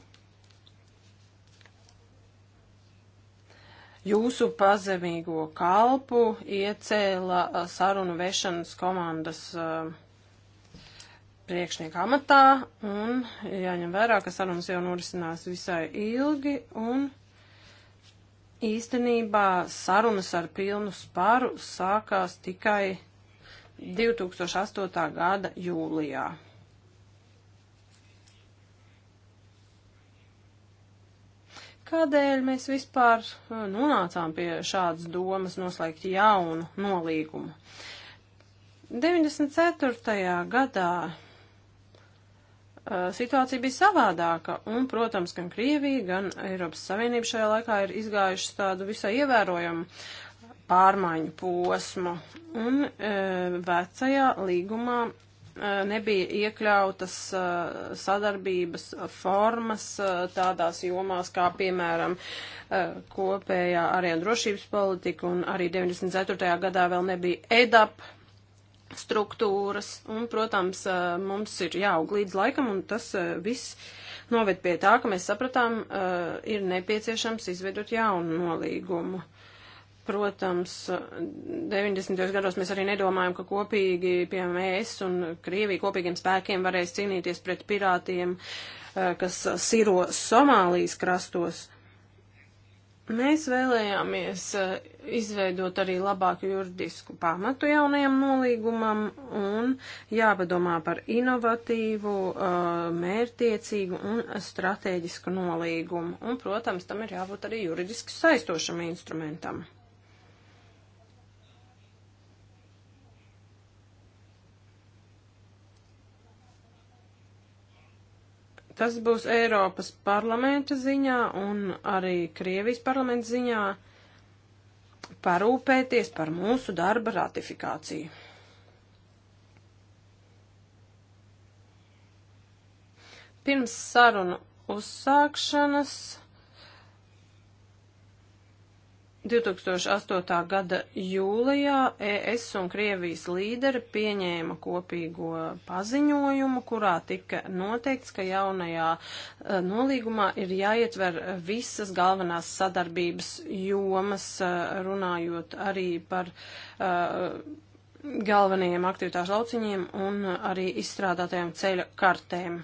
jūsu pazemīgo kalpu iecēla sarunu vešanas komandas uh, priekšnieka amatā, un jāņem vērā, ka sarunas jau norisinās visai ilgi, un īstenībā sarunas ar pilnu spāru sākās tikai 2008. gada jūlijā. Kādēļ mēs vispār nu, nonācām pie šādas domas noslēgt jaunu nolīgumu? 94. gadā situācija bija savādāka, un, protams, gan Krievija, gan Eiropas Savienība šajā laikā ir izgājušas tādu visai ievērojamu pārmaiņu posmu, un e, vecajā līgumā e, nebija iekļautas e, sadarbības formas e, tādās jomās kā, piemēram, e, kopējā arī drošības politika, un arī 94. gadā vēl nebija EDAP struktūras, un, protams, mums ir jāaug līdz laikam, un tas viss noved pie tā, ka mēs sapratām, ir nepieciešams izveidot jaunu nolīgumu. Protams, 90. gados mēs arī nedomājam, ka kopīgi, piemēram, mēs un Krievija kopīgiem spēkiem varēs cīnīties pret pirātiem, kas siro Somālijas krastos. Mēs vēlējāmies eh, izveidot arī labāku juridisku pamatu jaunajam nolīgumam un jāpadomā par inovatīvu, eh, mērtiecīgu un strateģisku nolīgumu. Un, protams, tam ir jābūt arī juridiski saistošam instrumentam. Tas būs Eiropas parlamenta ziņā un arī Krievijas parlamenta ziņā parūpēties par mūsu darba ratifikāciju. Pirms sarunu uzsākšanas 2008. gada jūlijā ES un Krievijas līderi pieņēma kopīgo paziņojumu, kurā tika noteikts, ka jaunajā eh, nolīgumā ir jāietver visas galvenās sadarbības jomas, eh, runājot arī par eh, galvenajiem aktivitāšu lauciņiem un arī izstrādātajām ceļa kartēm.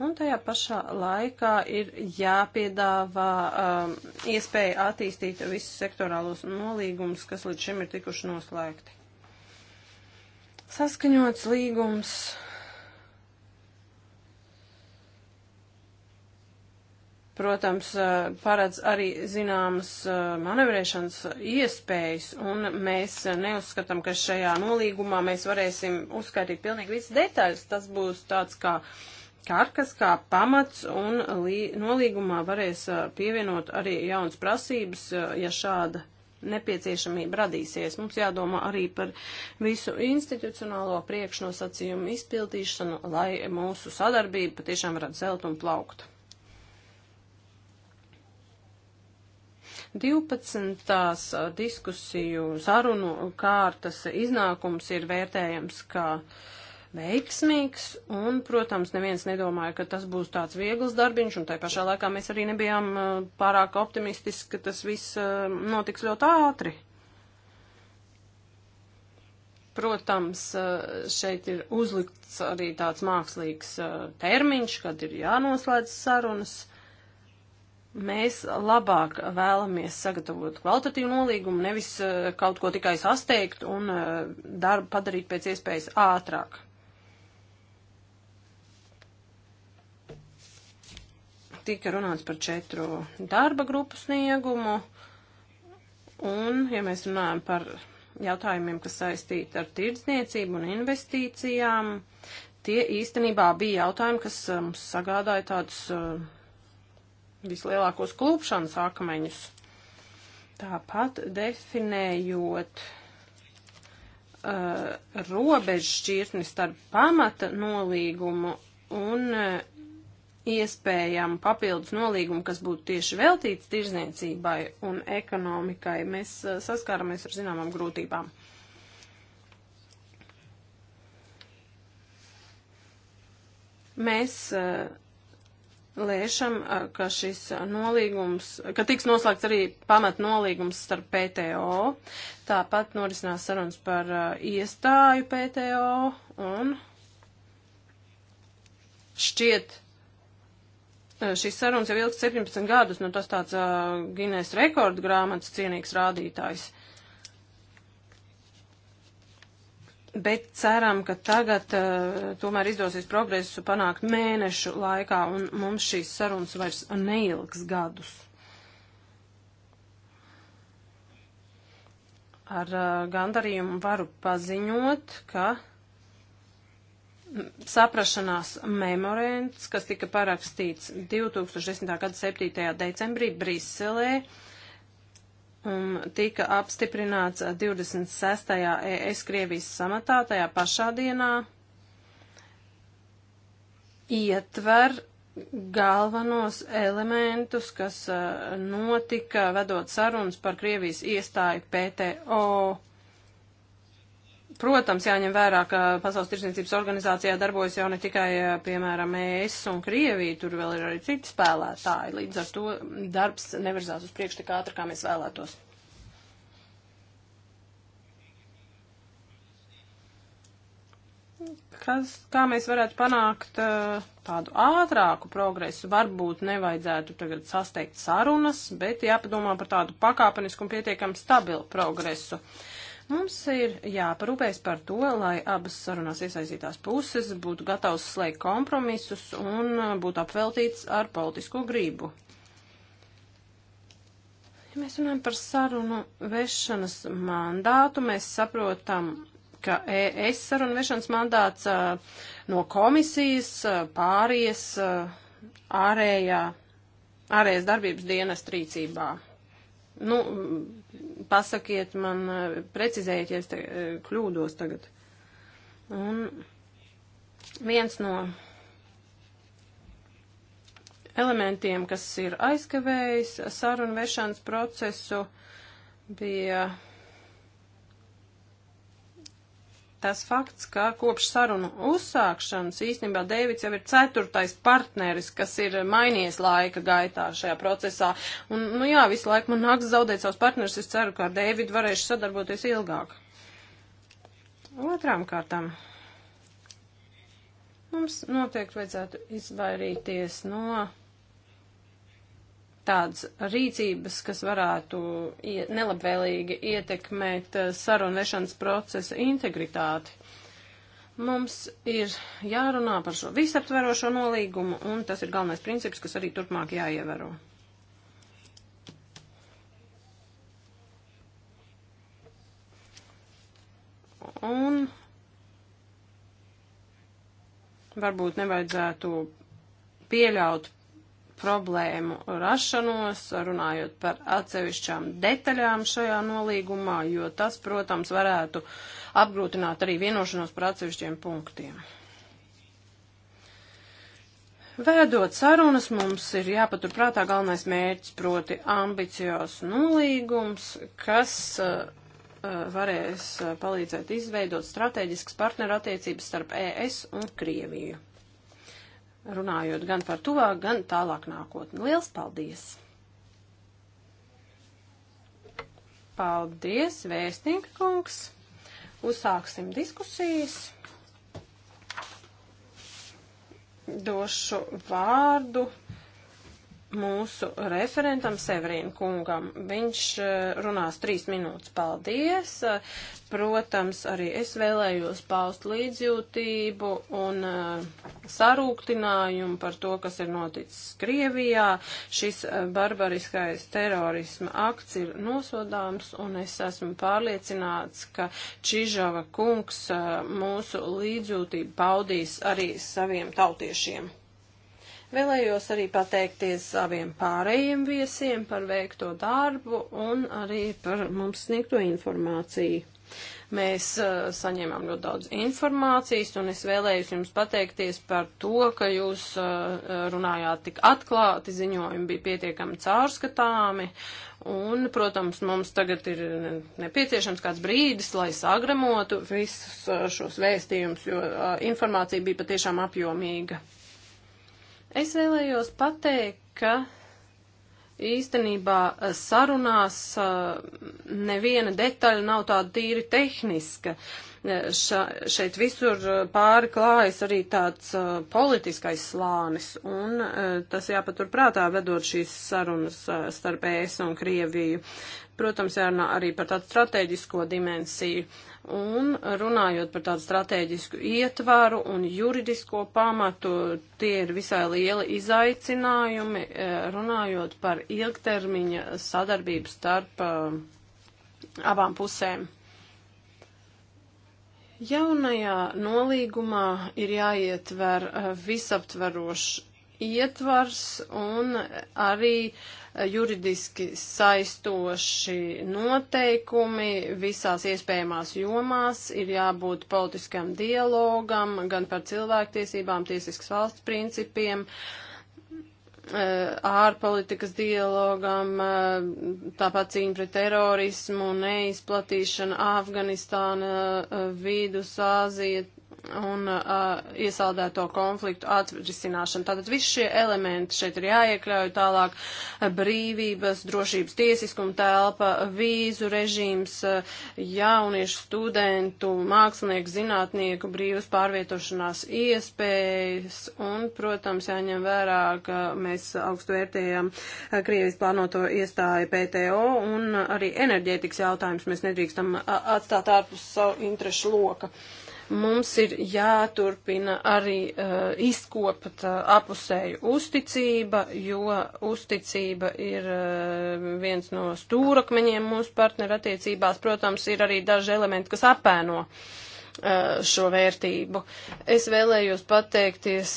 Un tajā pašā laikā ir jāpiedāvā um, iespēja attīstīt visus sektorālos nolīgumus, kas līdz šim ir tikuši noslēgti. Saskaņots līgums. protams, uh, paredz arī zināmas uh, manevrēšanas iespējas, un mēs neuzskatām, ka šajā nolīgumā mēs varēsim uzskaitīt pilnīgi visas detaļas. Tas būs tāds kā uh, karkas kā pamats un nolīgumā varēs pievienot arī jaunas prasības, ja šāda nepieciešamība radīsies. Mums jādomā arī par visu institucionālo priekšnosacījumu izpildīšanu, lai mūsu sadarbība patiešām varētu zelt un plaukt. 12. diskusiju sarunu kārtas iznākums ir vērtējams kā uh, veiksmīgs, un, protams, neviens nedomāja, ka tas būs tāds viegls darbiņš, un tai pašā laikā mēs arī nebijām uh, pārāk optimistiski, ka tas viss uh, notiks ļoti ātri. Protams, uh, šeit ir uzlikts arī tāds mākslīgs termiņš, kad ir jānoslēdz sarunas. Mēs labāk vēlamies sagatavot kvalitatīvu nolīgumu, nevis kaut ko tikai sasteigt un darbu padarīt pēc iespējas ātrāk. tika runāts par četru darba grupu sniegumu, un, ja mēs runājam par jautājumiem, kas saistīti ar tirdzniecību un investīcijām, tie īstenībā bija jautājumi, kas eh, mums sagādāja tādus eh, vislielākos klūpšanas akmeņus. Tāpat definējot uh, eh, robežu šķirtni starp pamata nolīgumu un uh, iespējama papildus nolīguma, kas būtu tieši veltīts tirzniecībai un ekonomikai, mēs eh, saskāramies ar zināmām grūtībām. Mēs eh, lēšam, eh, ka šis nolīgums, ka tiks noslēgts arī pamat nolīgums starp PTO, tāpat norisinās sarunas par iestāju PTO un šķiet, Šīs sarunas jau ilgst 17 gadus, nu tas tāds uh, Ginēs rekordu grāmatas cienīgs rādītājs. Bet ceram, ka tagad uh, tomēr izdosies progresu panākt mēnešu laikā, un mums šīs sarunas vairs neilgs gadus. Ar uh, gandarījumu varu paziņot, ka saprašanās memorants, kas tika parakstīts 2010. gada 7. decembrī Briselē un tika apstiprināts 26. ES Krievijas samatā tajā pašā dienā, ietver galvenos elementus, kas uh, notika vedot sarunas par Krievijas iestāju PTO Protams, jāņem vērā, ka Pasaules tirsniecības organizācijā darbojas jau ne tikai, eh, piemēram, ES un Krievija, tur vēl ir arī citi spēlētāji. Līdz ar to darbs nevirzās uz priekšu tik ātri, kā mēs vēlētos. Kas, kā mēs varētu panākt eh, tādu ātrāku progresu? Varbūt nevajadzētu tagad sasteigt sarunas, bet jāpadomā par tādu pakāpenisku un pietiekami stabilu progresu. Uh, Mums ir jāparūpējas par to, lai abas sarunās iesaistītās puses būtu gatavs slēgt kompromisus un uh, būtu apveltīts ar politisko gribu. Ja mēs runājam par sarunu vešanas mandātu, mēs saprotam, ka ES sarunu vešanas mandāts uh, no komisijas uh, pāries ārējā, ārējas darbības dienas rīcībā. Nu, pasakiet man, eh, precizējiet, ja es te, eh, kļūdos tagad. Un viens no elementiem, kas ir aizkavējis sarunu vešanas procesu, bija tas fakts, ka kopš sarunu uzsākšanas īstenībā Deivids jau ir ceturtais partneris, kas ir mainījies laika gaitā šajā procesā. Un, nu jā, visu laiku man nāks zaudēt savus partnerus, es ceru, ka ar Deividu varēšu sadarboties ilgāk. Otrām kārtām. Mums noteikti vajadzētu izvairīties no tādas rīcības, kas varētu nelabvēlīgi ietekmēt eh, sarunu vešanas procesa integritāti. Mums ir jārunā par šo visaptverošo nolīgumu, un tas ir galvenais princips, kas arī turpmāk jāievēro. Un varbūt nevajadzētu pieļaut problēmu rašanos, runājot par atsevišķām detaļām šajā nolīgumā, jo tas, protams, varētu apgrūtināt arī vienošanos par atsevišķiem punktiem. Vēdot sarunas, mums ir jāpaturprātā galvenais mērķis, proti ambiciozs nolīgums, kas uh, uh varēs uh, palīdzēt izveidot strateģiskas partnerattiecības starp ES un Krieviju runājot gan par tuvāk, gan tālāk nākotni. Liels paldies! Paldies, vēstnieka kungs! Uzsāksim diskusijas. Došu vārdu mūsu referentam Severīnu kungam. Viņš eh, runās trīs minūtes. Paldies! Eh, protams, arī es vēlējos paust līdzjūtību un eh, sarūktinājumu par to, kas ir noticis Krievijā. Šis barbariskais terorisma akts ir nosodāms, un es esmu pārliecināts, ka Čižava kungs mūsu līdzjūtību paudīs arī saviem tautiešiem. Vēlējos arī pateikties abiem pārējiem viesiem par veikto darbu un arī par mums sniegto informāciju. Mēs uh, saņēmām ļoti daudz informācijas, un es vēlējos jums pateikties par to, ka jūs uh, runājāt tik atklāti, ziņojumi bija pietiekami caurskatāmi, un, protams, mums tagad ir nepieciešams kāds brīdis, lai sagramotu visus uh, šos vēstījumus, jo uh, informācija bija patiešām apjomīga. Es vēlējos pateikt, ka īstenībā sarunās neviena detaļa nav tāda tīri tehniska. Uh, ša, šeit visur eh, pāri klājas arī tāds uh, politiskais slānis, un uh, tas jāpatur prātā vedot šīs sarunas uh, starp ES un Krieviju. Protams, jārunā arī par tādu strateģisko dimensiju. Un runājot par tādu strateģisku ietvaru un juridisko pamatu, tie ir visai lieli izaicinājumi, runājot par ilgtermiņa sadarbību starp abām pusēm. Jaunajā nolīgumā ir jāietver eh, visaptverošs ietvars un arī eh, juridiski saistoši noteikumi visās iespējamās jomās, ir jābūt politiskam dialogam gan par cilvēktiesībām, tiesiskas valsts principiem, uh, Eh, ārpolitikas dialogam, eh, tāpat cīņa pret terorismu, neizplatīšana Afganistāna, eh, Vīdus, Āzija, un uh, iesaldēto konfliktu atrisināšanu. Tātad visi šie elementi šeit ir jāiekļauj tālāk brīvības, drošības tiesiskuma telpa, vīzu režīms, jauniešu studentu, mākslinieku, zinātnieku, brīvas pārvietošanās iespējas un, protams, jāņem vērā, ka mēs augstu vērtējam Krievijas plānoto iestāju PTO un arī enerģētikas jautājums mēs nedrīkstam atstāt ārpus savu interešu loka. Uh, Mums ir jāturpina arī uh, eh, izkopt uh, eh, apusēju uzticība, jo uzticība ir uh, viens no stūrakmeņiem mūsu partneru attiecībās. Protams, ir arī daži elementi, kas apēno. Uh, šo vērtību. Es vēlējos pateikties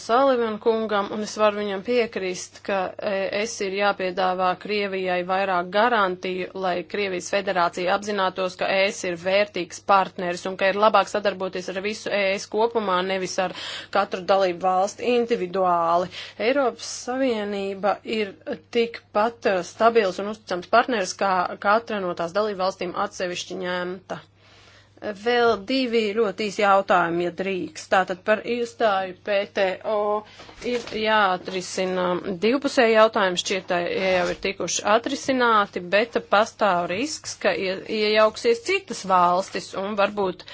Salivan kungam, un es varu viņam piekrist, ka es ir jāpiedāvā Krievijai vairāk garantiju, lai Krievijas federācija apzinātos, ka ES ir vērtīgs partneris un ka ir labāk sadarboties ar visu ES kopumā, nevis ar katru dalību valsti individuāli. Eiropas Savienība ir tikpat stabils un uzticams partneris, kā katra no tās dalību valstīm atsevišķi ņemta. Vēl divi ļoti īsi jautājumi, ja drīkst. Tātad par iestāju PTO ir jāatrisina divpusēji jautājumi, šķiet, ja jau ir tikuši atrisināti, bet pastāv risks, ka iejauksies citas valstis un varbūt m,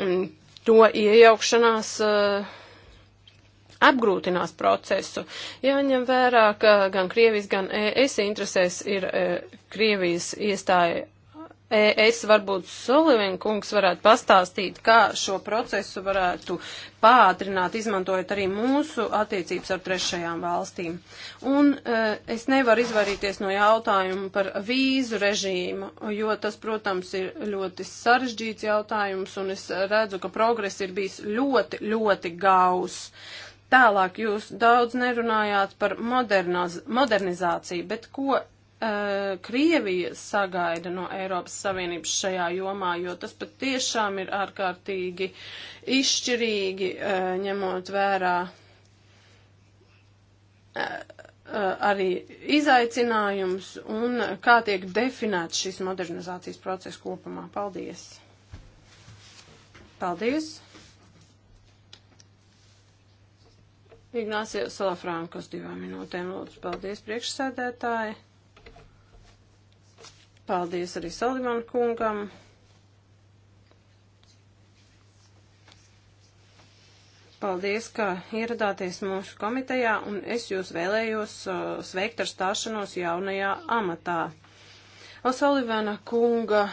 mm, to iejaukšanās. Uh, apgrūtinās procesu. Jāņem vērā, ka gan Krievijas, gan ES interesēs ir eh, Krievijas iestāja Es varbūt Solivin kungs varētu pastāstīt, kā šo procesu varētu pātrināt, izmantojot arī mūsu attiecības ar trešajām valstīm. Un e, es nevaru izvairīties no jautājumu par vīzu režīmu, jo tas, protams, ir ļoti sarežģīts jautājums, un es redzu, ka progress ir bijis ļoti, ļoti gaus. Tālāk jūs daudz nerunājāt par moderniz modernizāciju, bet ko uh, Krievija sagaida no Eiropas Savienības šajā jomā, jo tas pat tiešām ir ārkārtīgi izšķirīgi, uh, ņemot vērā uh, uh arī izaicinājums un kā tiek definēts šis modernizācijas process kopumā. Paldies! Paldies! Ignācija Salafrankos divām minūtēm lūdzu. Paldies, priekšsēdētāji! Paldies arī Salimanu kungam. Paldies, ka ieradāties mūsu komitejā, un es jūs vēlējos uh, sveikt ar stāšanos jaunajā amatā. Osalivana kunga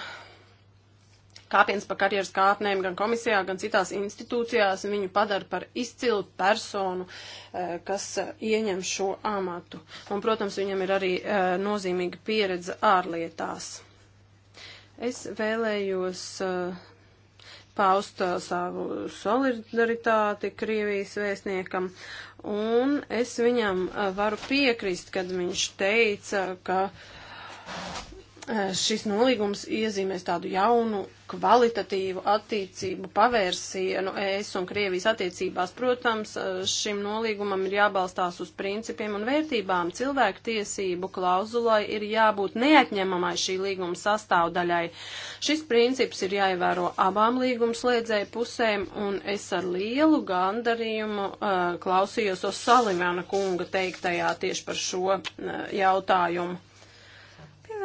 kāpiens pa karjeras kāpnēm gan komisijā, gan citās institūcijās viņu padara par izcilu personu, e, kas e, ieņem šo amatu. Un, protams, viņam ir arī e, nozīmīga pieredze ārlietās. Es vēlējos paust savu solidaritāti Krievijas vēstniekam, un es viņam varu piekrist, kad viņš teica, ka Eh, šis nolīgums iezīmēs tādu jaunu kvalitatīvu attīcību pavērsienu ES un Krievijas attiecībās. Protams, eh, šim nolīgumam ir jābalstās uz principiem un vērtībām. Cilvēku tiesību klauzulai ir jābūt neatņemamai šī līguma sastāvdaļai. Šis princips ir jāievēro abām līgumslēdzēju pusēm, un es ar lielu gandarījumu uh, klausījos Osalimana kunga teiktajā tieši par šo uh, jautājumu.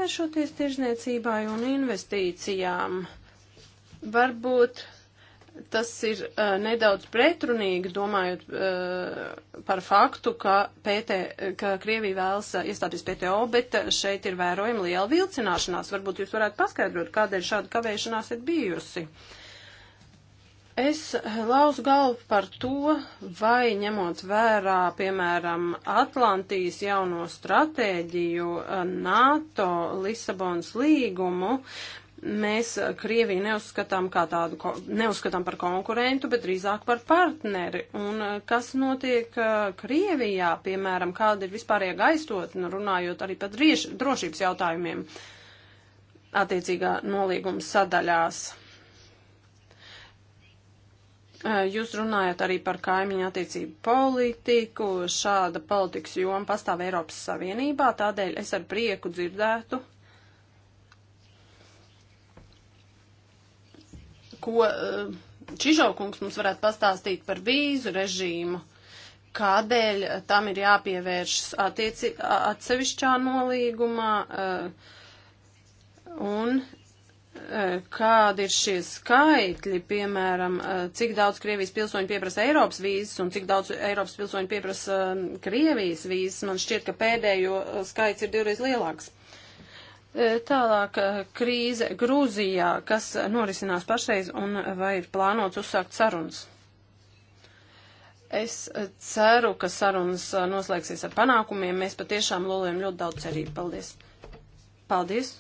Pievēršoties tirzniecībai un investīcijām, varbūt tas ir uh, nedaudz pretrunīgi, domājot uh, par faktu, ka, PT, ka Krievija vēlas uh, iestāties PTO, bet uh, šeit ir vērojama liela vilcināšanās. Varbūt jūs varētu paskaidrot, kādēļ šāda kavēšanās ir bijusi. Uh, Es lauzu galvu par to, vai ņemot vērā, piemēram, Atlantijas jauno stratēģiju, eh, NATO, Lisabonas līgumu, mēs Krieviju neuzskatām, tādu, neuzskatām par konkurentu, bet drīzāk par partneri. Un eh, kas notiek eh, Krievijā, piemēram, kāda ir vispārējā gaistotne, nu, runājot arī par drošības jautājumiem attiecīgā nolīguma sadaļās? Jūs runājat arī par kaimiņu attiecību politiku. Šāda politikas joma pastāv Eiropas Savienībā, tādēļ es ar prieku dzirdētu, ko Čižaukungs mums varētu pastāstīt par vīzu režīmu, kādēļ tam ir jāpievēršas attieci, atsevišķā nolīgumā. Uh, un Eh, kādi ir šie skaitļi, piemēram, eh, cik daudz Krievijas pilsoņu pieprasa Eiropas vīzes un cik daudz Eiropas pilsoņu pieprasa mm, Krievijas vīzes. Man šķiet, ka pēdējo eh, skaits ir divreiz lielāks. Tālāk krīze Grūzijā, kas norisinās pašreiz un vai ir plānots uzsākt sarunas? Es ceru, ka sarunas noslēgsies ar panākumiem. Mēs patiešām lolējam ļoti daudz cerību. Paldies! Paldies!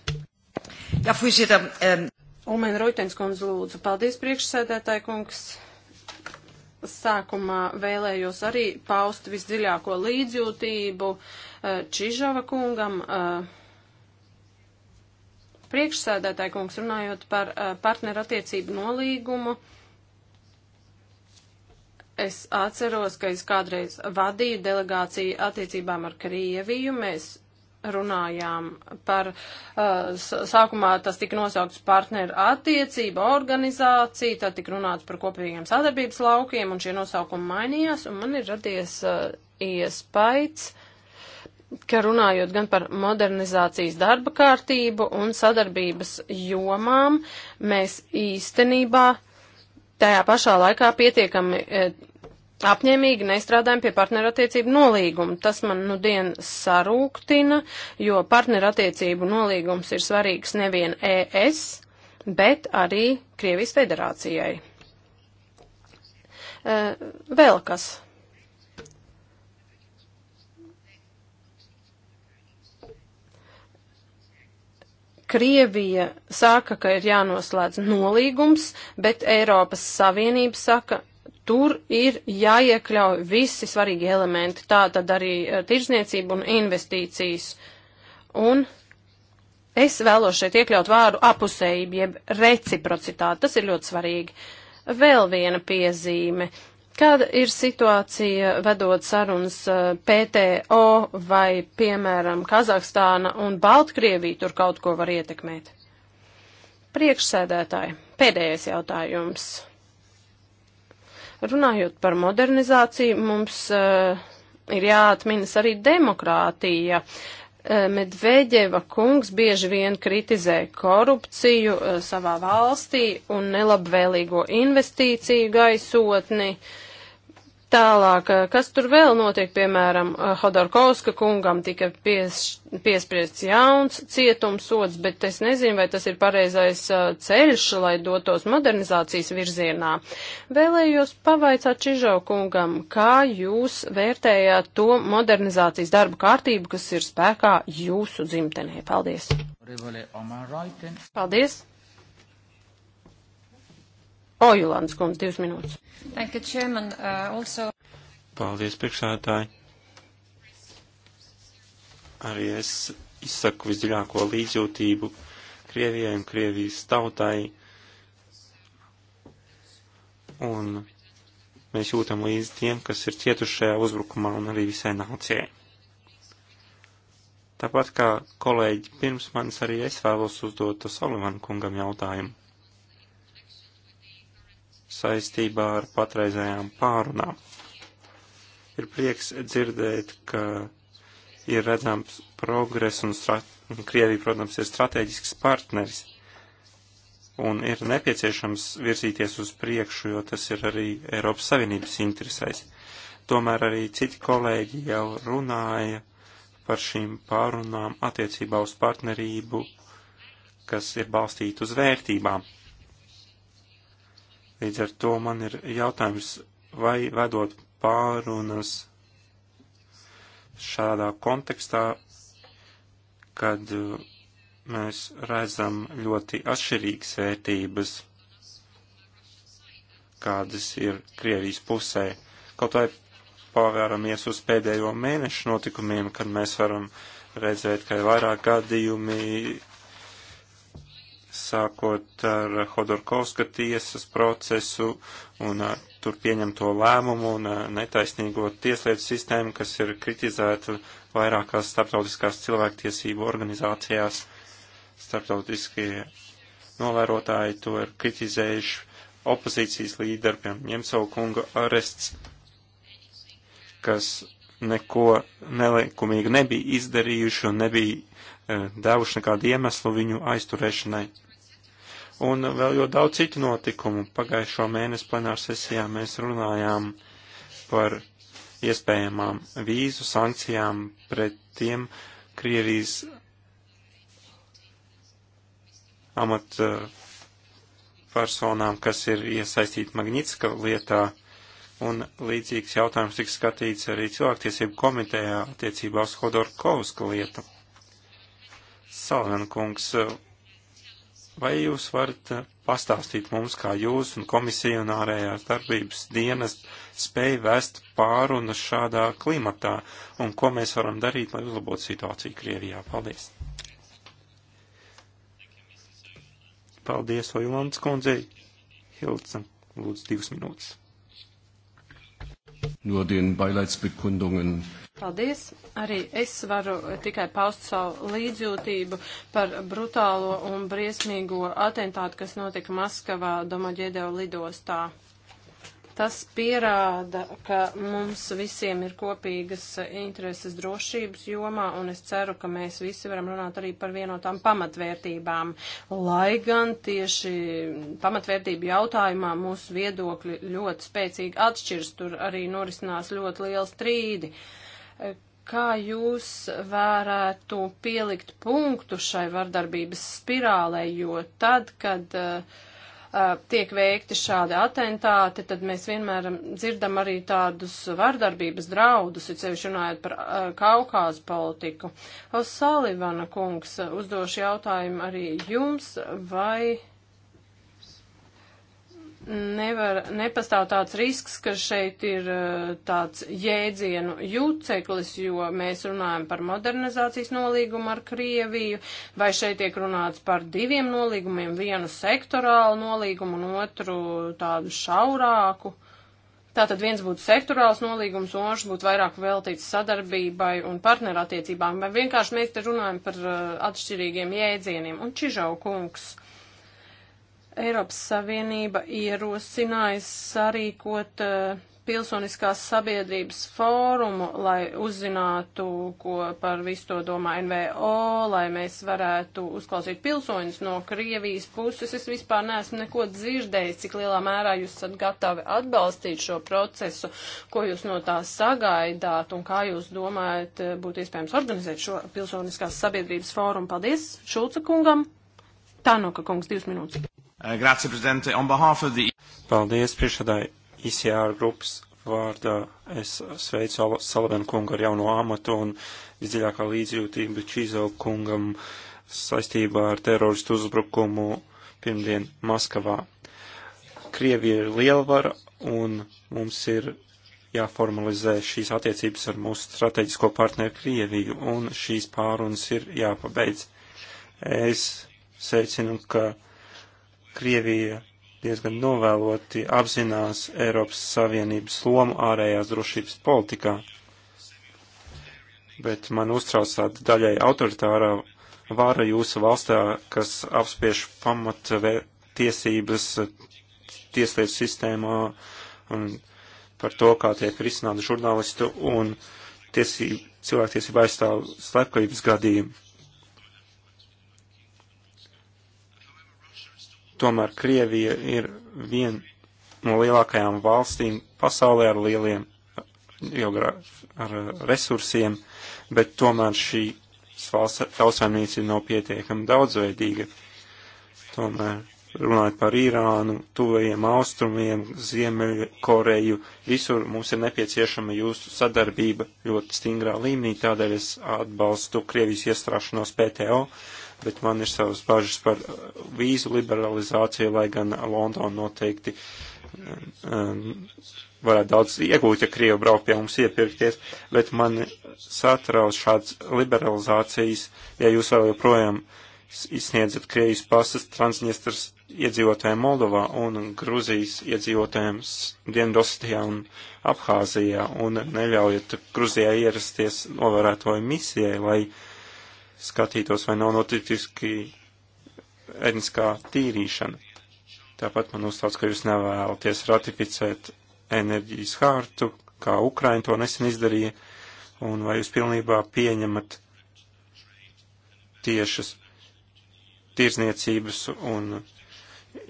Ja, voorzitter. Um... Omen Roitenskundz lūdzu. Paldies, priekšsēdētāji kungs sākumā vēlējos arī paust visdziļāko līdzjūtību eh, Čižava kungam. Eh, Priekšsēdētāja kungs runājot par eh, partnerattiecību nolīgumu. Es atceros, ka es kādreiz vadīju delegāciju attiecībām ar Krieviju. Mēs runājām par, uh, sākumā tas tika nosaukts partneru attiecība, organizācija, tad tika runāts par kopīgiem sadarbības laukiem, un šie nosaukumi mainījās, un man ir radies uh, iespējas, ka runājot gan par modernizācijas darba kārtību un sadarbības jomām, mēs īstenībā tajā pašā laikā pietiekami. Uh, apņēmīgi nestrādājam pie partnerattiecību nolīguma. Tas man nu dien sarūktina, jo partnerattiecību nolīgums ir svarīgs nevien ES, bet arī Krievijas federācijai. E, vēl kas Krievija saka, ka ir jānoslēdz nolīgums, bet Eiropas Savienība saka, tur ir jāiekļauj visi svarīgi elementi, tā tad arī eh, tirzniecība un investīcijas. Un es vēlos šeit iekļaut vārdu apusējību, jeb reciprocitāti, tas ir ļoti svarīgi. Vēl viena piezīme. Kāda ir situācija vedot sarunas eh, PTO vai, piemēram, Kazahstāna un Baltkrievija tur kaut ko var ietekmēt? Priekšsēdētāji, pēdējais jautājums. Runājot par modernizāciju, mums uh, ir jāatminas arī demokrātija. Uh, Medveģeva kungs bieži vien kritizē korupciju uh, savā valstī un nelabvēlīgo investīciju gaisotni. Uh, Tālāk, eh, kas tur vēl notiek, piemēram, eh, Hodorkovska kungam tika pies, piespriests jauns cietumsods, bet es nezinu, vai tas ir pareizais eh, ceļš, lai dotos modernizācijas virzienā. Vēlējos pavaicāt Čižau kungam, kā jūs vērtējāt to modernizācijas darbu kārtību, kas ir spēkā jūsu dzimtenē. Paldies! Paldies! Ojulands kundze, divas minūtes. Thank you, Chairman. Uh, also... Paldies, priekšsēdētāji. Arī es izsaku visdziļāko līdzjūtību Krievijai un Krievijas tautai. Un mēs jūtam līdz tiem, kas ir cietuši šajā uzbrukumā un arī visai nācijai. Tāpat kā kolēģi pirms manis arī es vēlos uzdot Solivan kungam jautājumu saistībā ar patreizējām pārunām. Ir prieks dzirdēt, ka ir redzams progress un Krievija, protams, ir strateģisks partneris un ir nepieciešams virzīties uz priekšu, jo tas ir arī Eiropas Savienības interesēs. Tomēr arī citi kolēģi jau runāja par šīm pārunām attiecībā uz partnerību, kas ir balstīta uz vērtībām. Līdz ar to man ir jautājums, vai vedot pārunas šādā kontekstā, kad uh, mēs redzam ļoti atšķirīgas vērtības, kādas ir Krievijas pusē. Kaut vai pavēramies uz pēdējo mēnešu notikumiem, kad mēs varam redzēt, ka ir vairāk gadījumi sākot ar Hodorkovska tiesas procesu un a, tur pieņemto lēmumu un a, netaisnīgo tieslietu sistēmu, kas ir kritizēta vairākās starptautiskās cilvēktiesību organizācijās. Starptautiskie novērotāji to ir kritizējuši. Opozīcijas līderi, piemēram, Ņemsau kunga arests, kas neko nelikumīgu nebija izdarījuši un nebija devuši nekādu iemeslu viņu aizturēšanai un vēl ļoti daudz citu notikumu. Pagājušo mēnesi plenāru sesijā mēs runājām par iespējamām vīzu sankcijām pret tiem Krievijas amat personām, kas ir iesaistīti Magnitska lietā, un līdzīgs jautājums tiks skatīts arī cilvēktiesību komitejā attiecībā uz Hodorkovska lietu. Salvenkungs, Vai jūs varat eh, pastāstīt mums, kā jūs un komisija un ārējās darbības dienas spēj vest pārunas šādā klimatā un ko mēs varam darīt, lai uzlabotu situāciju Krievijā? Paldies! Paldies, Ojulands kundzei! Hilsen, lūdzu, divas minūtes. Nur den Beileidsbekundungen Paldies! Arī es varu tikai paust savu līdzjūtību par brutālo un briesmīgo atentātu, kas notika Maskavā Domaģēdev lidostā. Tas pierāda, ka mums visiem ir kopīgas intereses drošības jomā, un es ceru, ka mēs visi varam runāt arī par vienotām pamatvērtībām. Lai gan tieši pamatvērtību jautājumā mūsu viedokļi ļoti spēcīgi atšķirs, tur arī norisinās ļoti liels strīdi. Uh, Kā jūs vērētu pielikt punktu šai vardarbības spirālē, jo tad, kad uh, uh, tiek veikti šādi atentāti, tad mēs vienmēr dzirdam arī tādus vardarbības draudus, ir sevišķi runājot par uh, Kaukāzu politiku. Osalivana kungs, uzdošu jautājumu arī jums, vai nevar, nepastāv tāds risks, ka šeit ir eh, tāds jēdzienu jūceklis, jo mēs runājam par modernizācijas nolīgumu ar Krieviju, vai šeit tiek runāts par diviem nolīgumiem, vienu sektorālu nolīgumu un otru tādu šaurāku. Tātad viens būtu sektorāls nolīgums, un otrs būtu vairāk veltīts sadarbībai un partnerattiecībām, vai vienkārši mēs te runājam par eh, atšķirīgiem jēdzieniem. Un Čižau kungs. Uh, Eiropas Savienība ierosinājas sarīkot uh, pilsoniskās sabiedrības fórumu, lai uzzinātu, ko par visu to domā NVO, lai mēs varētu uzklausīt pilsoņus no Krievijas puses. Es vispār neesmu neko dzirdējis, cik lielā mērā jūs esat gatavi atbalstīt šo procesu, ko jūs no tā sagaidāt un kā jūs domājat eh, būtu iespējams organizēt šo pilsoniskās sabiedrības fórumu. Paldies Šulca kungam! Tānoka kungs, divas minūtes. Eh, Grācija prezidente, on behalf of the... Paldies, priekšādāji ICR e grupas vārdā. Es sveicu Salavenu kungu ar jauno amatu un visdziļākā līdzjūtību Čīzel kungam saistībā ar teroristu uzbrukumu pirmdien Maskavā. Krievija ir lielvara un mums ir jāformalizē šīs attiecības ar mūsu strateģisko partneru Krieviju un šīs pārunas ir jāpabeidz. Es secinu, ka Krievija diezgan novēloti apzinās Eiropas Savienības lomu ārējās drošības politikā, bet man uztraucāt daļai autoritārā vāra jūsu valstā, kas apspiež pamattiesības tieslietu sistēmā un par to, kā tiek risināta žurnālistu un tiesību, cilvēktiesību aizstāvu slepkavības gadījumi. Tomēr Krievija ir viena no lielākajām valstīm pasaulē ar lieliem ar resursiem, bet tomēr šī valsts tautsēmniecība nav pietiekami daudzveidīga. Tomēr runājot par Irānu, tuvajiem austrumiem, Ziemeļkoreju, visur mums ir nepieciešama jūsu sadarbība ļoti stingrā līmenī, tādēļ es atbalstu Krievijas iestrāšanos PTO, bet man ir savas bažas par uh, vīzu liberalizāciju, lai gan Londona noteikti um, varētu daudz iegūt, ja Krievi brauk pie mums iepirkties, bet man satrauc šāds liberalizācijas, ja jūs vēl joprojām izsniedzat Krievijas pasas transnistras iedzīvotājiem Moldovā un Gruzijas iedzīvotājiem Dienvidostijā un Abhāzijā un neļaujat Gruzijai ierasties novērotāju misijai, lai uh, skatītos, vai nav noticiski etniskā tīrīšana. Tāpat man uzstāsts, ka jūs nevēlaties ratificēt enerģijas hārtu, kā Ukraina to nesen izdarīja, un vai jūs pilnībā pieņemat tiešas tirzniecības un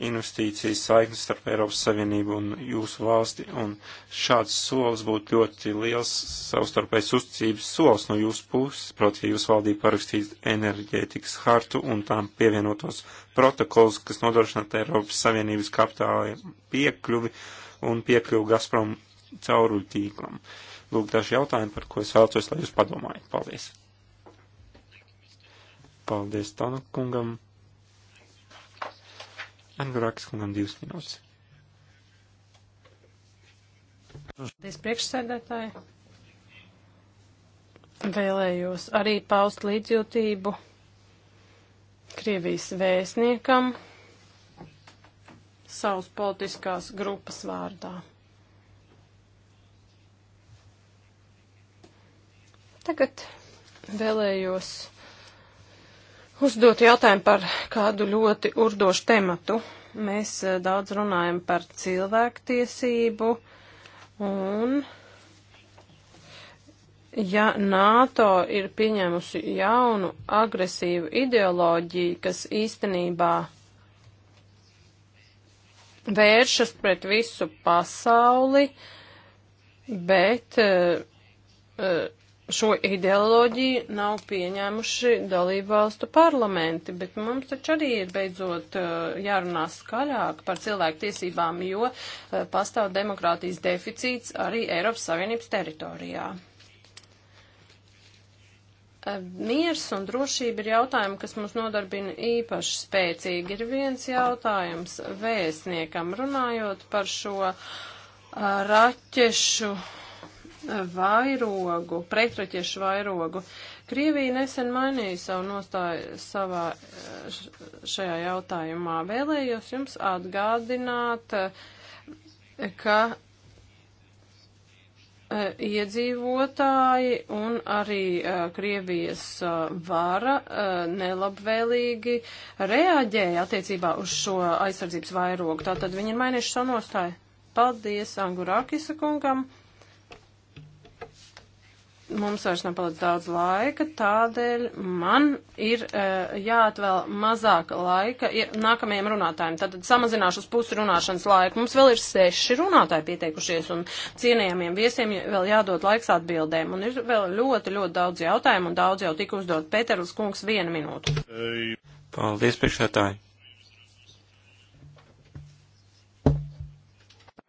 investīcijas saiknes starp Eiropas Savienību un jūsu valsti, un šāds solis būtu ļoti liels savstarpējas uzticības solis no jūsu puses, proti, ja jūs valdība parakstītu enerģētikas hartu un tām pievienotos protokols, kas nodrošinātu Eiropas Savienības kapitāla piekļuvi un piekļuvi Gazprom cauruļu tīklam. Lūk, daži jautājumi, par ko es vēlos, lai jūs padomājat. Paldies! Paldies Tanakungam! Angurākas kungam divas minūtes. Paldies priekšsēdētāji. Vēlējos arī paust līdzjūtību Krievijas vēstniekam savas politiskās grupas vārdā. Tagad vēlējos uzdot jautājumu par kādu ļoti urdošu tematu. Mēs eh, daudz runājam par cilvēktiesību un. Ja NATO ir pieņēmusi jaunu agresīvu ideoloģiju, kas īstenībā vēršas pret visu pasauli, bet uh, uh, šo ideoloģiju nav pieņēmuši dalībvalstu parlamenti, bet mums taču arī ir beidzot uh, jārunā skaļāk par cilvēku tiesībām, jo uh, pastāv demokrātijas deficīts arī Eiropas Savienības teritorijā. Uh, miers un drošība ir jautājumi, kas mums nodarbina īpaši spēcīgi. Ir viens jautājums vēstniekam runājot par šo raķešu uh, vairogu, pretraķiešu vairogu. Krievija nesen mainīja savu nostāju savā šajā jautājumā. Vēlējos jums atgādināt, ka e, iedzīvotāji un arī uh, Krievijas uh, vara uh, nelabvēlīgi reaģēja attiecībā uz šo aizsardzības vairogu. Tātad viņi ir mainījuši savu nostāju. Paldies Angurākisa kungam mums vairs nepaliec daudz laika, tādēļ man ir uh, jāatvēl mazāk laika nākamajiem runātājiem. Tad samazināšu uz pusi runāšanas laiku. Mums vēl ir seši runātāji pieteikušies un cienījamiem viesiem vēl jādod laiks atbildēm. Un ir vēl ļoti, ļoti daudz jautājumu un daudz jau tika uzdot. Pēterlis kungs, viena minūte. Paldies, priekšētāji.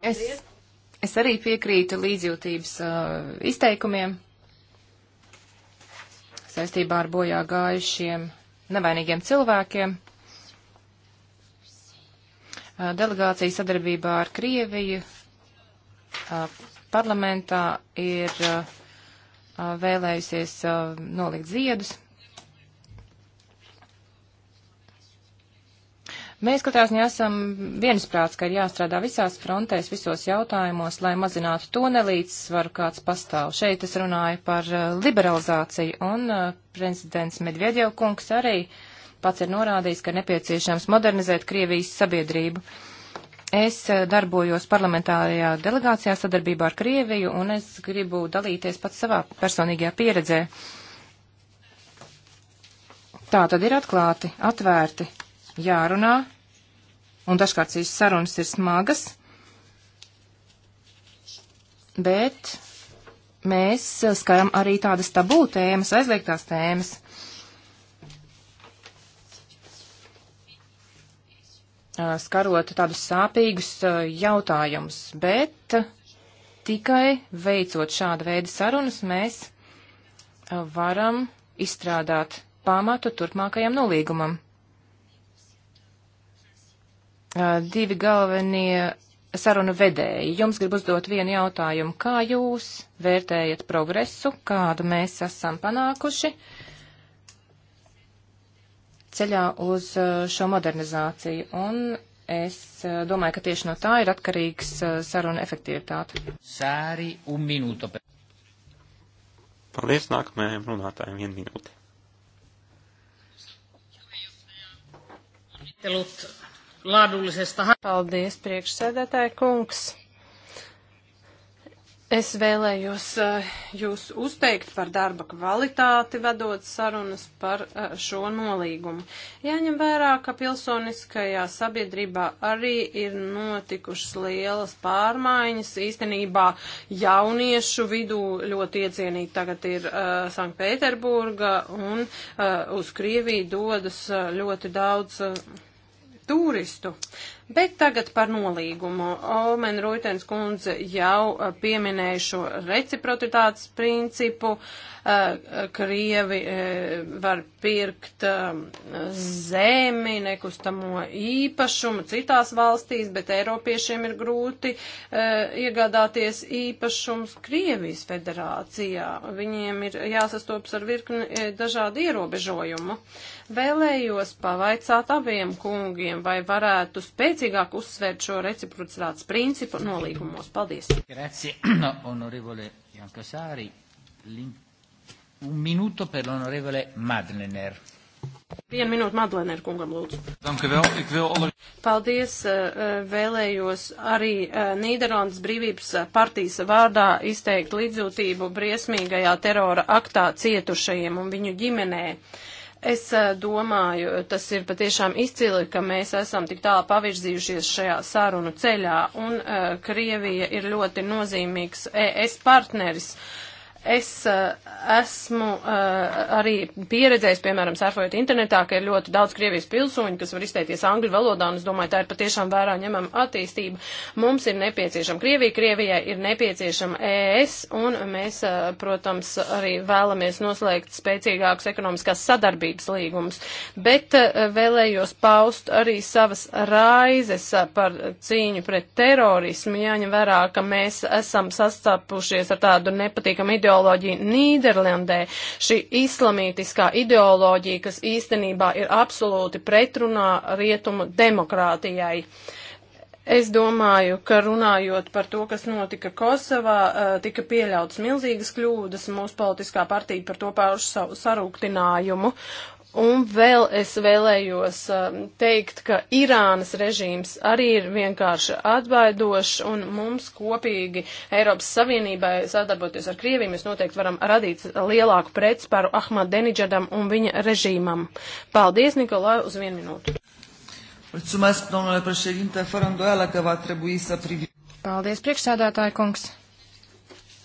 Es, es arī piekrītu līdzjūtības uh, izteikumiem saistībā ar bojā gājušiem nevainīgiem cilvēkiem. Delegācija sadarbībā ar Krieviju parlamentā ir vēlējusies nolikt ziedus Mēs katrā ziņā esam viensprāts, ka ir jāstrādā visās frontēs, visos jautājumos, lai mazinātu to nelīdzsvaru, kāds pastāv. Šeit es runāju par eh, liberalizāciju, un eh, prezidents Medvedjev kungs arī pats ir norādījis, ka nepieciešams modernizēt Krievijas sabiedrību. Es eh, darbojos parlamentārajā delegācijā sadarbībā ar Krieviju, un es gribu dalīties pats savā personīgajā pieredzē. Tā tad ir atklāti, atvērti jārunā, un dažkārt šīs sarunas ir smagas, bet mēs skaram arī tādas tabū tēmas, aizliegtās tēmas. skarot tādus sāpīgus jautājumus, bet tikai veicot šādu veidu sarunas mēs varam izstrādāt pamatu turpmākajam nolīgumam divi galvenie sarunu vedēji. Jums grib uzdot vienu jautājumu. Kā jūs vērtējat progresu, kādu mēs esam panākuši ceļā uz šo modernizāciju? Un es domāju, ka tieši no tā ir atkarīgs sarunu efektivitāte. Sāri un minūte. Paldies nākamajam runātājiem vienu minūti. Lūdzu laadullisesta... Paldies, priekšsēdētāja kungs. Es vēlējos eh, jūs uzteikt par darba kvalitāti, vedot sarunas par eh, šo nolīgumu. Jāņem vērā, ka pilsoniskajā sabiedrībā arī ir notikušas lielas pārmaiņas. Īstenībā jauniešu vidū ļoti iecienīgi tagad ir uh, Sanktpēterburga un uh, uz Krieviju dodas ļoti daudz. Uh, turistu. Bet tagad par nolīgumu. Omen Rūtens kundze jau uh, pieminēja šo reciprocitātes principu. Uh, uh, krievi var pirkt um, zemi, nekustamo īpašumu citās valstīs, bet Eiropiešiem ir grūti iegādāties īpašums Krievijas federācijā. Viņiem ir jāsastops ar virkni dažādu ierobežojumu. Vēlējos pavaicāt abiem kungiem, vai varētu spēc spēcīgāk uzsvērt šo reciprocitātes principu nolīgumos. Paldies! Grazie, [CLEARS THROAT] onorevole Jankasāri. Un minūto per l'onorevole Madlener. Vienu minūtu Madlener kungam lūdzu. Paldies, eh, eh, vēlējos arī eh, Nīderlandes brīvības partijas vārdā izteikt līdzjūtību briesmīgajā terora aktā cietušajiem un viņu ģimenē. Es eh, domāju, tas ir patiešām izcili, ka mēs esam tik tālu pavirzījušies šajā sarunu ceļā, un uh, Krievija ir ļoti nozīmīgs ES partneris. Uh, Es eh, esmu eh, arī pieredzējis, piemēram, sērfojot internetā, ka ir ļoti daudz Krievijas pilsoņu, kas var izteikties angļu valodā, un es domāju, tā ir patiešām vērā ņemama attīstība. Mums ir nepieciešama Krievija, Krievijai ir nepieciešama ES, un mēs, eh, protams, arī vēlamies noslēgt spēcīgākus ekonomiskās sadarbības līgumus. Bet vēlējos paust arī savas raizes par cīņu pret terorismu, jāņem vērā, ka mēs esam sastapušies ar tādu nepatīkamu ideju ideoloģija Nīderlandē, šī islamītiskā ideoloģija, kas īstenībā ir absolūti pretrunā rietumu demokrātijai. Es domāju, ka runājot par to, kas notika Kosovā, eh, tika pieļautas milzīgas kļūdas, mūsu politiskā partija par to pauž savu sarūktinājumu. Un vēl es vēlējos um, teikt, ka Irānas režīms arī ir vienkārši atbaidošs, un mums kopīgi Eiropas Savienībai sadarboties ar Krieviju, mēs noteikti varam radīt lielāku pretsparu Ahmad Denidžadam un viņa režīmam. Paldies, Nikolai, uz vienu minūtu. Paldies, priekšsēdētāji kungs.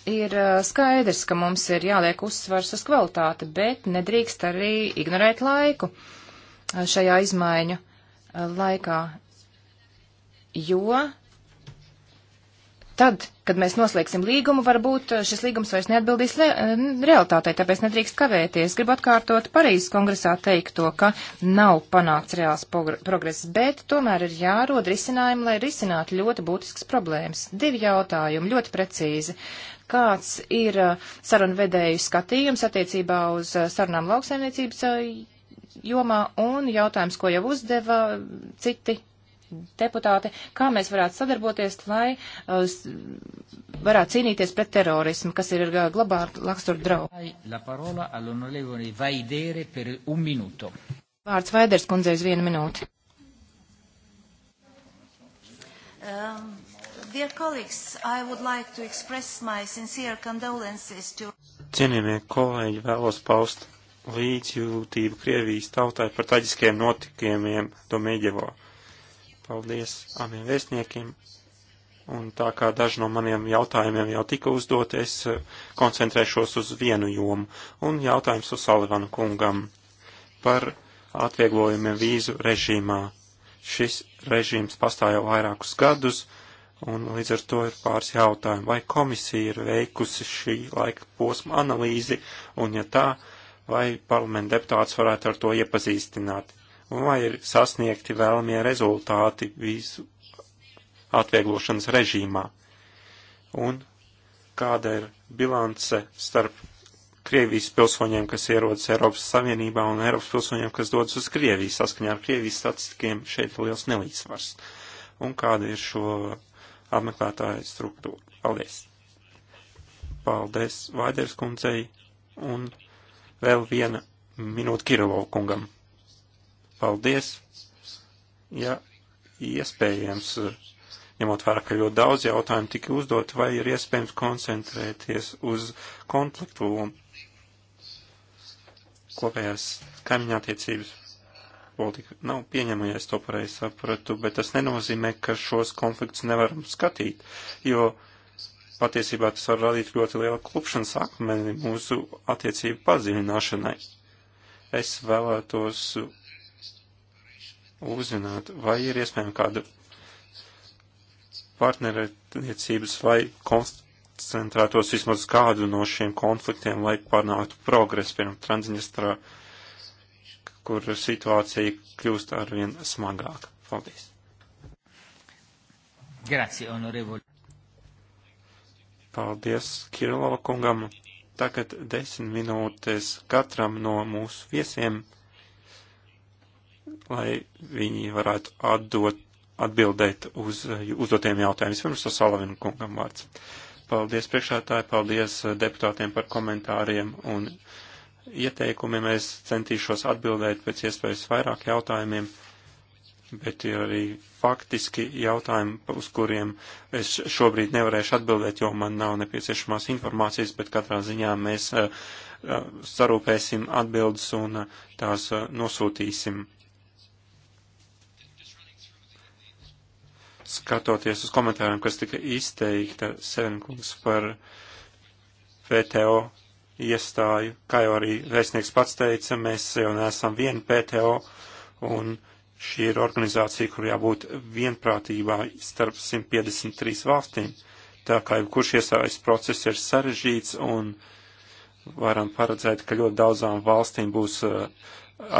Ir skaidrs, ka mums ir jāliek uzsvars uz kvalitāti, bet nedrīkst arī ignorēt laiku šajā izmaiņu laikā, jo tad, kad mēs noslēgsim līgumu, varbūt šis līgums vairs neatbildīs realitātei, tāpēc nedrīkst kavēties. Gribu atkārtot Parīzes kongresā teikto, ka nav panākts reāls progress, bet tomēr ir jārod risinājumi, lai risinātu ļoti būtiskas problēmas. Divi jautājumi ļoti precīzi kāds ir uh, sarunvedēju skatījums attiecībā uz uh, sarunām lauksaimniecības uh, jomā un jautājums, ko jau uzdeva citi deputāti, kā mēs varētu sadarboties, lai varētu cīnīties pret terorismu, kas ir globāli lakstur draudu. Vārds Vaiders kundzei uz vienu minūti. Um. Dear colleagues, I would like to express my sincere condolences to... Cienījamie kolēģi, vēlos paust līdzjūtību Krievijas tautai par taģiskajiem notikumiem Domēģevo. Paldies abiem vēstniekiem. Un tā kā daži no maniem jautājumiem jau tika uzdot, es eh, koncentrēšos uz vienu jomu. Un jautājums uz Salivanu kungam par atvieglojumiem vīzu režīmā. Šis režīms pastāv jau vairākus gadus Un līdz ar to ir pāris jautājumi. Vai komisija ir veikusi šī laika posma analīzi, un ja tā, vai parlamenta deputāts varētu ar to iepazīstināt? Un vai ir sasniegti vēlamie rezultāti vīzu atvieglošanas režīmā? Un kāda ir bilance starp Krievijas pilsoņiem, kas ierodas Eiropas Savienībā, un Eiropas pilsoņiem, kas dodas uz Krieviju? Saskaņā ar Krievijas statistikiem šeit ir liels nelīdzsvars. Un kāda ir šo apmeklētāju struktūru. Paldies! Paldies Vaiders kundzei un vēl viena minūte Kirilo kungam. Paldies! Ja iespējams, ņemot vērā, ka ļoti daudz jautājumu tika uzdot, vai ir iespējams koncentrēties uz konfliktu un kopējās kaimiņātiecības politika nav pieņemama, ja es to pareizi sapratu, bet tas nenozīmē, ka šos konfliktus nevaram skatīt, jo patiesībā tas var radīt ļoti lielu klupšanas akmeni mūsu attiecību padziļināšanai. Es vēlētos uzzināt, vai ir iespējama kāda partnerētniecības, lai koncentrētos vismaz kādu no šiem konfliktiem, lai panāktu progresu, piemēram, Transnistrā. Uh, kur situācija kļūst arvien smagāka. Paldies. Grazie, honorevoli. Paldies Kirilova kungam. Tagad desmit minūtes katram no mūsu viesiem, lai viņi varētu atdot, atbildēt uz uzdotiem jautājumiem. Pirms to Salavinu kungam vārds. Paldies priekšētāji, paldies eh, deputātiem par komentāriem un ieteikumi. Mēs centīšos atbildēt pēc iespējas vairāk jautājumiem, bet ir arī faktiski jautājumi, uz kuriem es šobrīd nevarēšu atbildēt, jo man nav nepieciešamās informācijas, bet katrā ziņā mēs eh, eh, sarūpēsim atbildes un eh, tās nosūtīsim. skatoties uz komentāriem, kas tika izteikta Sevenkungs par VTO iestāju. Kā jau arī vēstnieks pats teica, mēs jau neesam viena PTO, un šī ir organizācija, kur jābūt vienprātībā starp 153 valstīm. Tā kā jebkurš iesaistas process ir sarežģīts, un varam paredzēt, ka ļoti daudzām valstīm būs eh,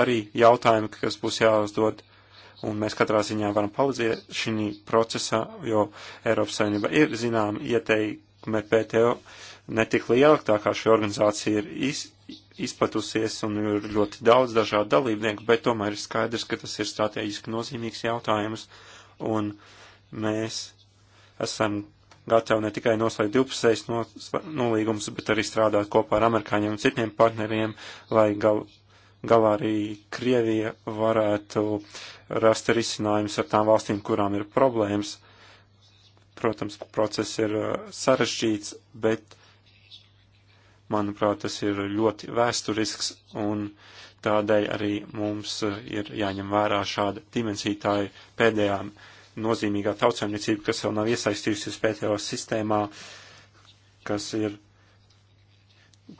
arī jautājumi, kas būs jāuzdod un mēs katrā ziņā varam palīdzēt šī procesā, jo Eiropas Savienība ir zinām ieteikumi PTO netik liela, tā kā šī organizācija ir iz, izplatusies un ir ļoti daudz dažādu dalībnieku, bet tomēr ir skaidrs, ka tas ir strateģiski nozīmīgs jautājums, un mēs esam gatavi ne tikai noslēgt divpusējs nolīgums, bet arī strādāt kopā ar amerikāņiem un citiem partneriem, lai gal, galā arī Krievija varētu rast risinājumus ar tām valstīm, kurām ir problēmas. Protams, process ir uh, sarežģīts, bet Manuprāt, tas ir ļoti vēsturisks un tādēļ arī mums ir jāņem vērā šāda dimensija. Tā ir pēdējā nozīmīgā tautsēmniecība, kas vēl nav iesaistījusies PTO sistēmā, kas ir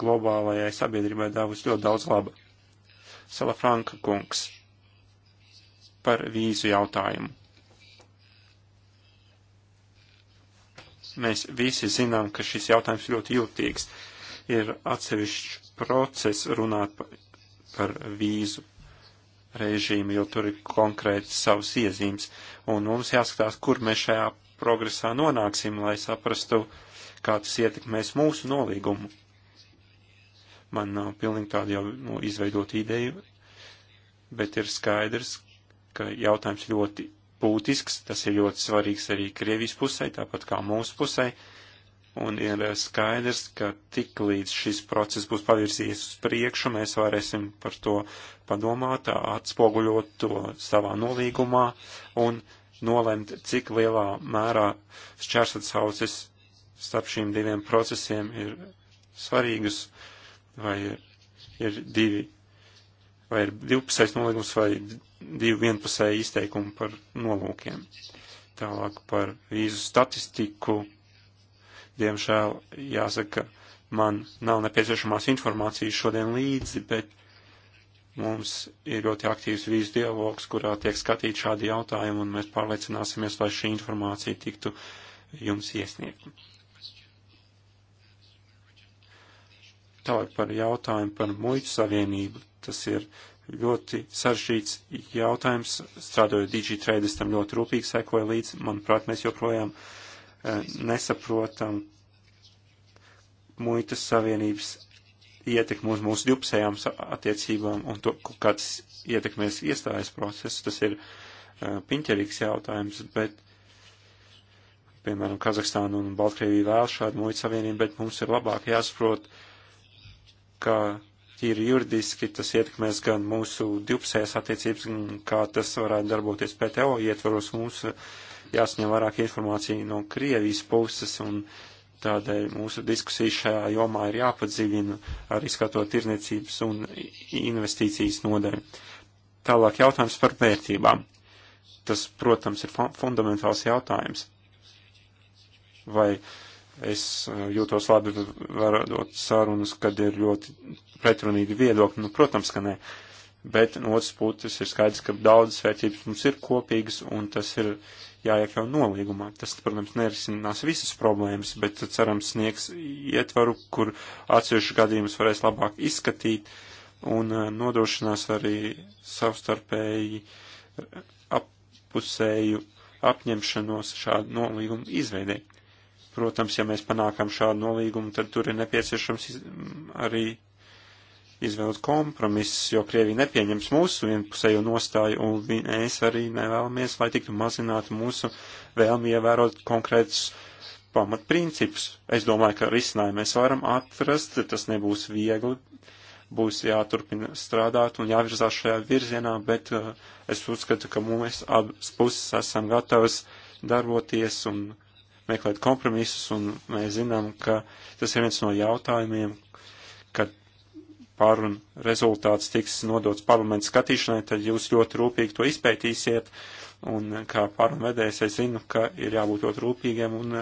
globālajai sabiedrībai devusi ļoti daudz laba. Salafranka kungs par vīzu jautājumu. Mēs visi zinām, ka šis jautājums ļoti jūtīgs ir atsevišķs process runāt par vīzu režīmu, jo tur ir konkrēti savas iezīmes, un mums jāskatās, kur mēs šajā progresā nonāksim, lai saprastu, kā tas ietekmēs mūsu nolīgumu. Man nav pilnīgi tāda jau nu, izveidota ideja, bet ir skaidrs, ka jautājums ļoti būtisks, tas ir ļoti svarīgs arī Krievijas pusē, tāpat kā mūsu pusē. Uh, un ir eh, skaidrs, ka tik līdz šis process būs pavirzījies uz priekšu, mēs varēsim par to padomāt, atspoguļot to savā nolīgumā un nolemt, cik lielā mērā šķērsatshauses starp šīm diviem procesiem ir svarīgas, vai ir, ir divi, vai ir divpusējs nolīgums, vai divi vienpusēji izteikumi par nolūkiem. Tālāk par vīzu statistiku Diemžēl jāsaka, man nav nepieciešamās informācijas šodien līdzi, bet mums ir ļoti aktīvs vīzu dialogs, kurā tiek skatīt šādi jautājumi, un mēs pārliecināsimies, lai šī informācija tiktu jums iesniegta. Tālāk par jautājumu par muitu savienību. Tas ir ļoti saržģīts jautājums. Strādājot Digitrade, es tam ļoti rūpīgi sekoju līdzi. Manuprāt, mēs joprojām uh, Eh, nesaprotam muitas savienības ietekmi uz mūsu dupsējām attiecībām un to, kā tas ietekmēs iestājas procesu. Tas ir eh, piņķerīgs jautājums, bet, piemēram, Kazahstāna un Baltkrievija vēl šādu muitas savienību, bet mums ir labāk jāsaprot, ka tīri juridiski tas ietekmēs gan mūsu divpusējās attiecības, gan kā tas varētu darboties PTO ietvaros mūsu uh, eh, jāsaņem vairāk informācija no Krievijas puses, un tādēļ mūsu diskusija šajā jomā ir jāpadzīvina arī skatot tirniecības un investīcijas nodeļu. Tālāk jautājums par vērtībām. Tas, protams, ir fundamentāls jautājums. Vai es uh, jūtos labi varadot sarunas, kad ir ļoti pretrunīgi viedokļi? Nu, protams, ka nē. Bet no otras puses ir skaidrs, ka daudzas vērtības mums ir kopīgas, un tas ir jāiekļau nolīgumā. Tas, protams, nerisinās visas problēmas, bet cerams sniegs ietvaru, kur atsevišķu gadījumus varēs labāk izskatīt un eh, nodrošinās arī savstarpēji appusēju apņemšanos šādu nolīgumu izveidē. Protams, ja mēs panākam šādu nolīgumu, tad tur ir nepieciešams arī izveidot kompromiss, jo Krievija nepieņems mūsu vienpusējo nostāju, un mēs arī nevēlamies, lai tiktu mazināti mūsu vēlmi ievērot konkrētus pamatprincipus. Es domāju, ka risinājumu mēs varam atrast, tas nebūs viegli, būs jāturpina strādāt un jāvirzās šajā virzienā, bet uh, es uzskatu, ka mēs abas puses esam gatavas darboties un meklēt kompromisus, un mēs zinām, ka tas ir viens no jautājumiem, pārunu rezultāts tiks nodots parlamentu skatīšanai, tad jūs ļoti rūpīgi to izpētīsiet. Un kā pārunu vedējs, es zinu, ka ir jābūt ļoti rūpīgiem un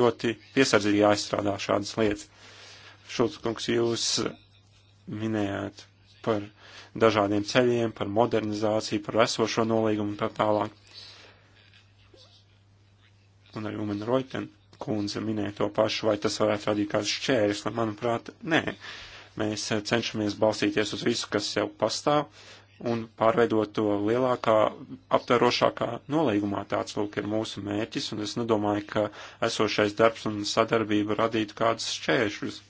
ļoti piesardzīgi jāizstrādā šādas lietas. Šulckungs, jūs minējāt par dažādiem ceļiem, par modernizāciju, par esošo nolīgumu un tā tālāk. Un arī Umena Roitena kundze minēja to pašu, vai tas varētu radīt kāds šķēris, lai manuprāt, nē. Uh, Mēs eh, cenšamies balstīties uz visu, kas jau pastāv, un pārveidot to lielākā, aptverošākā nolīgumā. Tāds lūk ir mūsu mērķis, un es nedomāju, ka esošais darbs un sadarbība radītu kādus šķēršļus.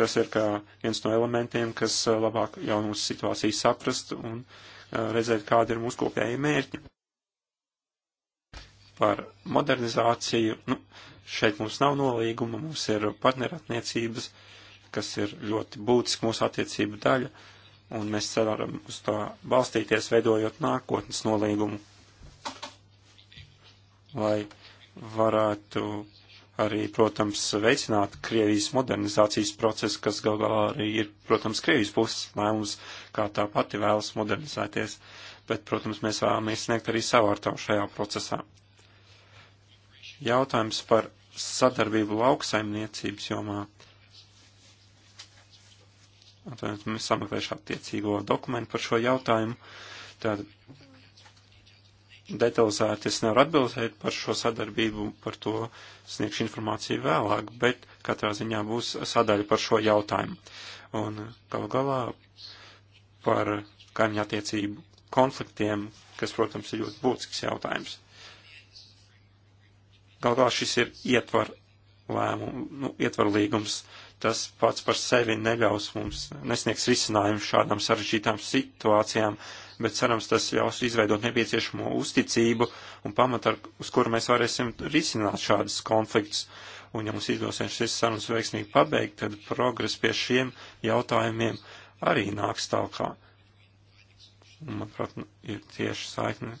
Tas ir kā viens no elementiem, kas eh, labāk jau mūsu situāciju saprast un eh, redzēt, kādi ir mūsu kopējie mērķi. Par modernizāciju, nu, šeit mums nav nolīguma, mums ir partnerattiecības. Uh, kas ir ļoti būtiska mūsu attiecību daļa, un mēs varam uz to balstīties, veidojot nākotnes nolīgumu, lai varētu arī, protams, veicināt Krievijas modernizācijas procesu, kas gal galā arī ir, protams, Krievijas puses lēmums, kā tā pati vēlas modernizēties, bet, protams, mēs vēlamies sniegt arī savu ar tavu šajā procesā. Jautājums par sadarbību lauksaimniecības jomā Tātad mēs sameklēšu attiecīgo dokumentu par šo jautājumu. Tātad detalizēti es nevaru atbildēt par šo sadarbību, par to sniegšu informāciju vēlāk, bet katrā ziņā būs sadaļa par šo jautājumu. Un galu galā par kaimiņu attiecību konfliktiem, kas, protams, ir ļoti būtisks jautājums. Galu galā šis ir ietvar lēmumu, nu, ietvar līgums. Uh, tas pats par sevi neļaus mums, nesniegs risinājumu šādām sarežģītām situācijām, bet cerams, tas ļaus izveidot nepieciešamo uzticību un pamatu, uz kuru mēs varēsim risināt šādas konflikts. Un ja mums izdosies šis sarunas veiksmīgi pabeigt, tad progress pie šiem jautājumiem arī nāks tālkā. Un, manuprāt, nu, ir tieši saikne,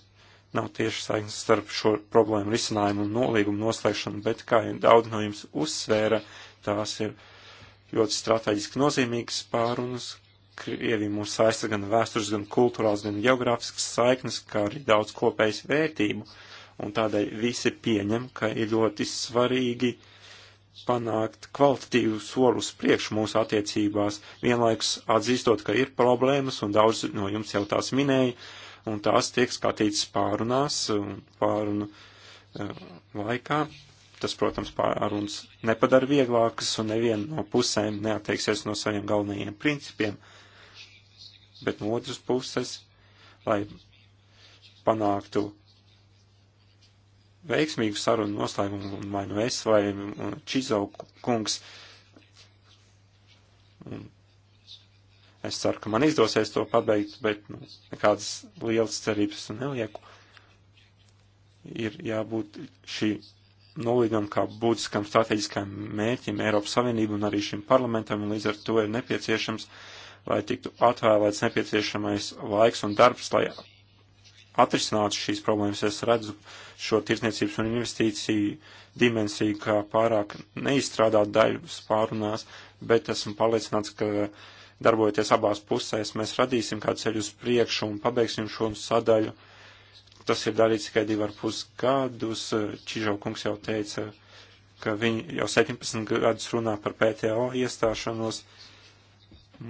nav tieši saikne starp šo problēmu risinājumu un nolīgumu noslēgšanu, bet, kā jau daudz no jums uzsvēra, tās ir ļoti strateģiski nozīmīgas pārunas. Krievi mūs saista gan vēstures, gan kultūrāls, gan geogrāfiskas saiknes, kā arī daudz kopējas vērtību, un tādēļ visi pieņem, ka ir ļoti svarīgi panākt kvalitatīvu solu uz priekšu mūsu attiecībās, vienlaikus atzīstot, ka ir problēmas, un daudz no jums jau tās minēja, un tās tiek skatītas pārunās un pārunu eh, laikā. Tas, protams, pārunas nepadara vieglākas un neviena no pusēm neatteiksies no saviem galvenajiem principiem, bet no otras puses, lai panāktu veiksmīgu sarunu noslēgumu, un vai nu es vai Čizau kungs, un es ceru, ka man izdosies to pabeigt, bet nu, nekādas lielas cerības nelieku, ir jābūt šī nolīgam kā būtiskam strateģiskam mērķim Eiropas Savienību un arī šim parlamentam, un līdz ar to ir nepieciešams, lai tiktu atvēlēts nepieciešamais laiks un darbs, lai atrisinātu šīs problēmas. Es redzu šo tirsniecības un investīciju dimensiju kā pārāk neizstrādāt daļu pārunās, bet esmu pārliecināts, ka darbojoties abās pusēs, mēs radīsim kādu ceļu uz priekšu un pabeigsim šo sadaļu Tas ir darīts tikai divi ar pus gadus. Čižau kungs jau teica, ka viņi jau 17 gadus runā par PTO iestāšanos.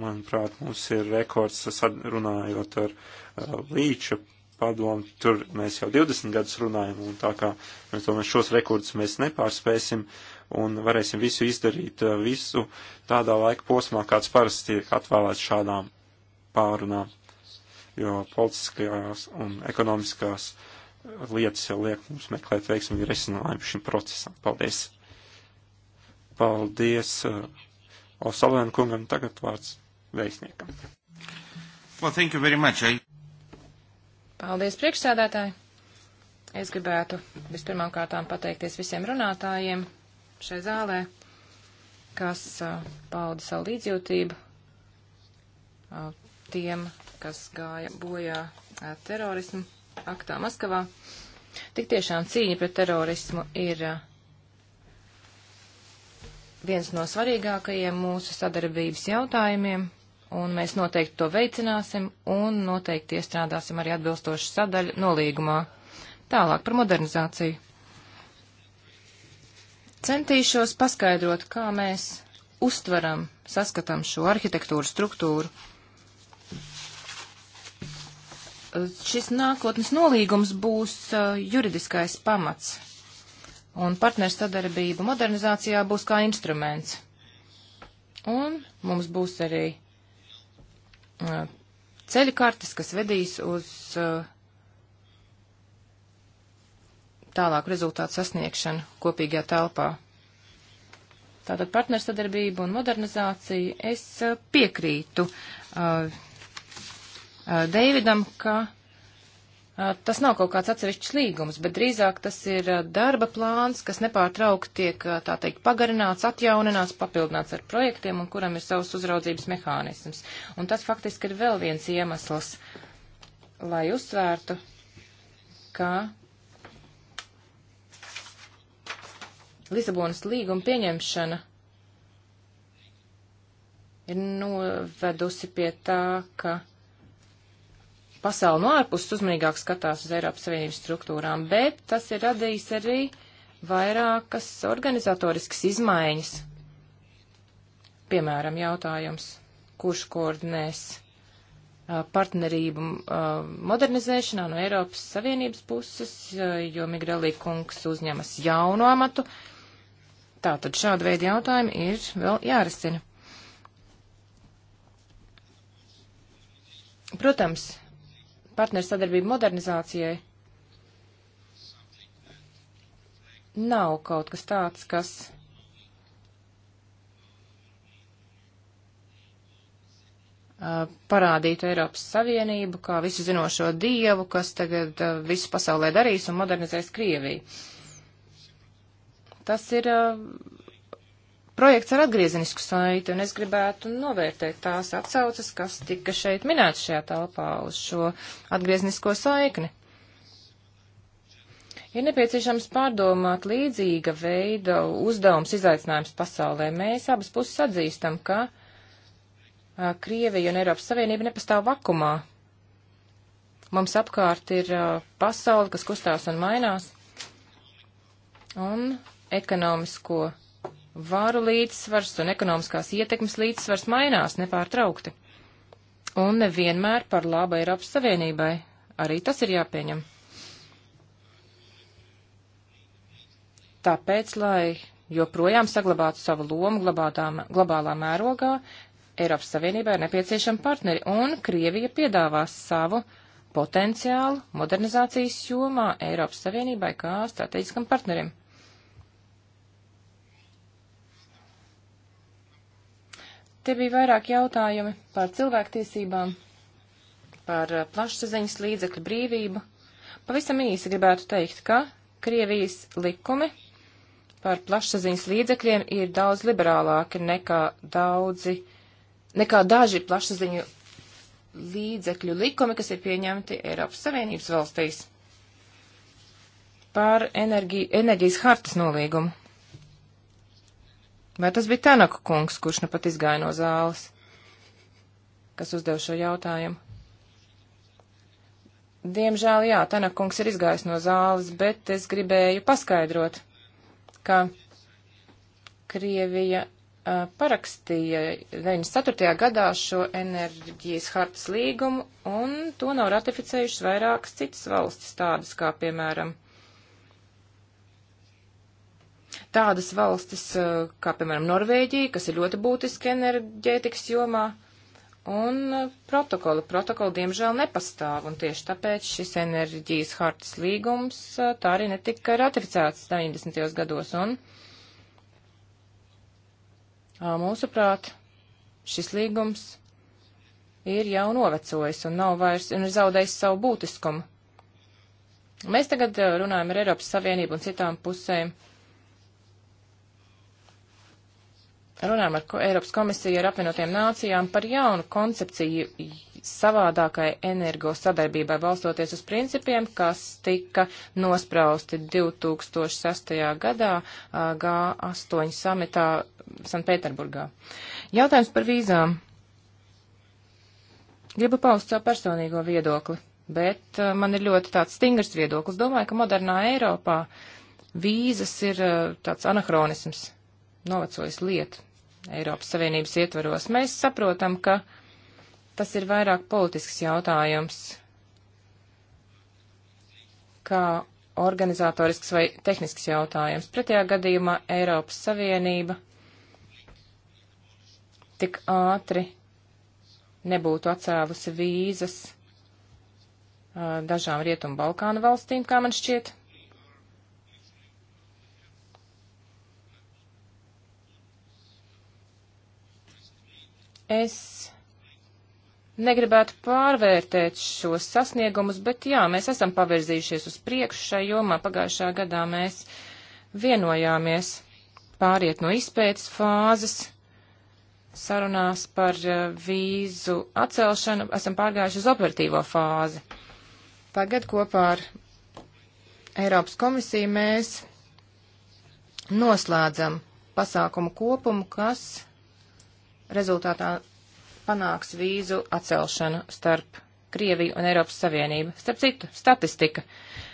Manuprāt, mums ir rekords runājot ar uh, Līča padomu. Tur mēs jau 20 gadus runājam, un tā kā mēs domājam, šos rekordus mēs nepārspēsim un varēsim visu izdarīt, uh, visu tādā laika posmā, kāds parasti tiek atvēlēts šādām pārunām jo politiskajās un ekonomiskās lietas jau liek mums meklēt veiksmīgu risinājumu šim procesam. Paldies! Paldies uh, Osalēnu kungam, tagad vārds veisniekam. Well, thank you very much. I... Paldies, priekšsēdētāji! Es gribētu vispirmām kārtām pateikties visiem runātājiem šai zālē, kas uh, pauda savu līdzjūtību uh, tiem kas gāja bojā terorismu aktā Maskavā. Tik tiešām cīņa pret terorismu ir viens no svarīgākajiem mūsu sadarbības jautājumiem, un mēs noteikti to veicināsim un noteikti iestrādāsim arī atbilstošu sadaļu nolīgumā. Tālāk par modernizāciju. Centīšos paskaidrot, kā mēs uztveram, saskatām šo arhitektūru struktūru šis nākotnes nolīgums būs uh, juridiskais pamats, un partnersadarbība modernizācijā būs kā instruments. Un mums būs arī uh, ceļu kartes, kas vedīs uz uh, tālāku rezultātu sasniegšanu kopīgajā telpā. Tātad partnersadarbība un modernizācija. Es piekrītu uh, Uh, Deividam, ka uh, tas nav kaut kāds atsevišķs līgums, bet drīzāk tas ir uh, darba plāns, kas nepārtraukti tiek, tā teikt, pagarināts, atjaunināts, papildināts ar projektiem un kuram ir savs uzraudzības mehānisms. Un tas faktiski ir vēl viens iemesls, lai uzsvērtu, ka Lisabonas līguma pieņemšana ir novedusi pie tā, ka pasauli no ārpuses uzmanīgāk skatās uz Eiropas Savienības struktūrām, bet tas ir radījis arī vairākas organizatoriskas izmaiņas. Piemēram, jautājums, kurš koordinēs partnerību modernizēšanā no Eiropas Savienības puses, jo Migrelī kungs uzņemas jaunu amatu. Tātad šāda veida jautājumi ir vēl jārisina. Protams, partnersadarbība modernizācijai nav kaut kas tāds, kas Uh, parādītu Eiropas Savienību kā visu zinošo dievu, kas tagad uh, visu pasaulē darīs un modernizēs Krieviju. Tas ir uh, projekts ar atgriezenisku saiti, un es gribētu novērtēt tās atsaucas, kas tika šeit minēts šajā telpā uz šo atgriezenisko saikni. Ir nepieciešams pārdomāt līdzīga veida uzdevums izaicinājums pasaulē. Mēs abas puses atzīstam, ka a, Krievija un Eiropas Savienība nepastāv vakumā. Mums apkārt ir a, pasauli, kas kustās un mainās, un ekonomisko varu līdzsvars un ekonomiskās ietekmes līdzsvars mainās nepārtraukti. Un nevienmēr par labu Eiropas Savienībai. Arī tas ir jāpieņem. Tāpēc, lai joprojām saglabātu savu lomu glabātā, globālā mērogā, Eiropas Savienībai ir nepieciešami partneri, un Krievija piedāvās savu potenciālu modernizācijas jomā Eiropas Savienībai kā strateģiskam partnerim. Te bija vairāk jautājumi par cilvēktiesībām, par eh, plašsaziņas līdzekļu brīvību. Pavisam īsi gribētu teikt, ka Krievijas likumi par plašsaziņas līdzekļiem ir daudz liberālāki nekā daudzi, nekā daži plašsaziņu līdzekļu likumi, kas ir pieņemti Eiropas Savienības valstīs par energi, enerģijas hartas nolīgumu. Vai tas bija Tanaka kungs, kurš nu pat izgāja no zāles, kas uzdev šo jautājumu? Diemžēl, jā, Tanaka kungs ir izgājis no zāles, bet es gribēju paskaidrot, ka Krievija uh, parakstīja 94. gadā šo enerģijas hartas līgumu, un to nav ratificējušas vairākas citas valstis, tādas kā, piemēram, tādas valstis kā, piemēram, Norvēģija, kas ir ļoti būtiski enerģētikas jomā, un protokola. Protokola, diemžēl, nepastāv, un tieši tāpēc šis enerģijas hartas līgums tā arī netika ratificēts 90. gados, un mūsuprāt, šis līgums ir jau novecojis un nav vairs, un ir zaudējis savu būtiskumu. Mēs tagad runājam ar Eiropas Savienību un citām pusēm runājam ar Eiropas komisiju ar apvienotiem nācijām par jaunu koncepciju savādākai energo sadarbībai balstoties uz principiem, kas tika nosprausti 2006. gadā G8 samitā Sanpēterburgā. Jautājums par vīzām. Gribu paust savu personīgo viedokli, bet man ir ļoti tāds stingrs viedoklis. Domāju, ka modernā Eiropā vīzas ir tāds anahronisms, novecojis lieta Eiropas Savienības ietvaros. Mēs saprotam, ka tas ir vairāk politisks jautājums, kā organizatorisks vai tehnisks jautājums. Pretējā gadījumā Eiropas Savienība tik ātri nebūtu atcēlusi vīzas dažām Rietumu Balkānu valstīm, kā man šķiet. Es negribētu pārvērtēt šos sasniegumus, bet jā, mēs esam pavirzījušies uz priekšu šai jomā. Pagājušā gadā mēs vienojāmies pāriet no izpētes fāzes sarunās par eh, vīzu atcelšanu, esam pārgājuši uz operatīvo fāzi. Tagad kopā ar Eiropas komisiju mēs noslēdzam pasākumu kopumu, kas rezultātā panāks vīzu atcelšanu starp Krieviju un Eiropas Savienību. Starp citu, statistika.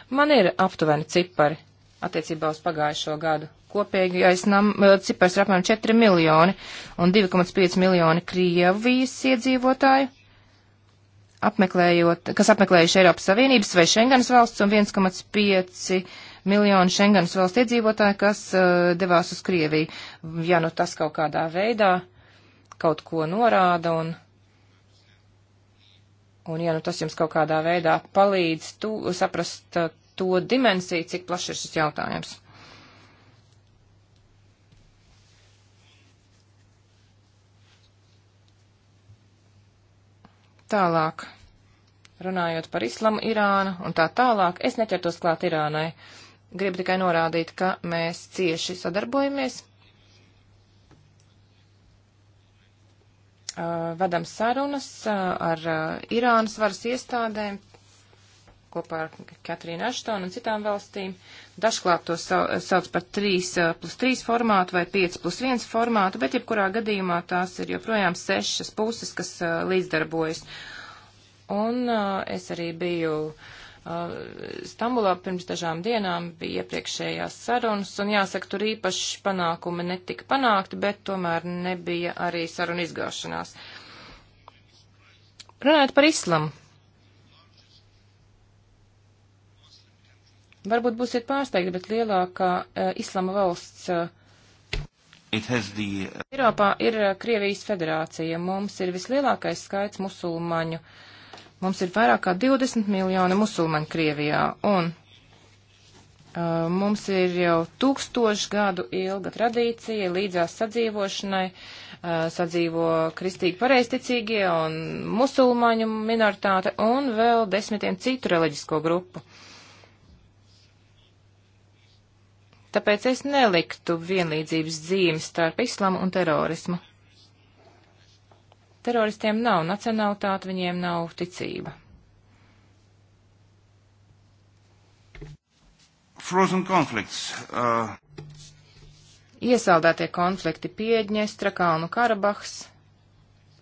Man ir aptuveni cipari attiecībā uz pagājušo gadu. Kopīgais eh, cipars ir apmēram 4 miljoni un 2,5 miljoni Krievijas iedzīvotāju, apmeklējot, kas apmeklējuši Eiropas Savienības vai Schengenas valsts un 1,5 miljonu Schengenas valsts iedzīvotāju, kas uh, devās uz Krieviju. Ja nu tas kaut kādā veidā uh, kaut ko norāda un, un ja nu tas jums kaut kādā veidā palīdz tu, saprast uh, to dimensiju, cik plašs ir šis jautājums. Tālāk, runājot par islamu Irānu un tā tālāk, es neķertos klāt Irānai. Gribu tikai norādīt, ka mēs cieši sadarbojamies Uh, Vadam sarunas uh, ar uh, Irānas varas iestādēm kopā ar Katrīnu Aštonu un citām valstīm. Dažklāt to sauc par 3 plus 3 formātu vai 5 plus 1 formātu, bet jebkurā gadījumā tās ir joprojām sešas puses, kas līdzdarbojas. Un es arī biju uh, Uh, Stambulā pirms dažām dienām bija iepriekšējās sarunas, un jāsaka, tur īpaši panākumi netika panākti, bet tomēr nebija arī saruna izgāšanās. Runājot par islamu. Varbūt būsiet pārsteigti, bet lielākā uh, islama valsts uh, the... Uh, Eiropā ir uh, Krievijas federācija. Mums ir vislielākais skaits musulmaņu uh, Mums ir vairāk kā 20 miljoni musulmaņu Krievijā, un uh, mums ir jau tūkstošu gadu ilga tradīcija līdzās sadzīvošanai. Uh, sadzīvo kristīgi pareisticīgie un musulmaņu minoritāte un vēl desmitiem citu reliģisko grupu. Tāpēc es neliktu vienlīdzības zīmi starp islamu un terorismu. Teroristiem nav nacionālitāte, viņiem nav ticība. Frozen conflicts. Uh... Iesaldētie konflikti Piedņestra, Kalnu Karabahs.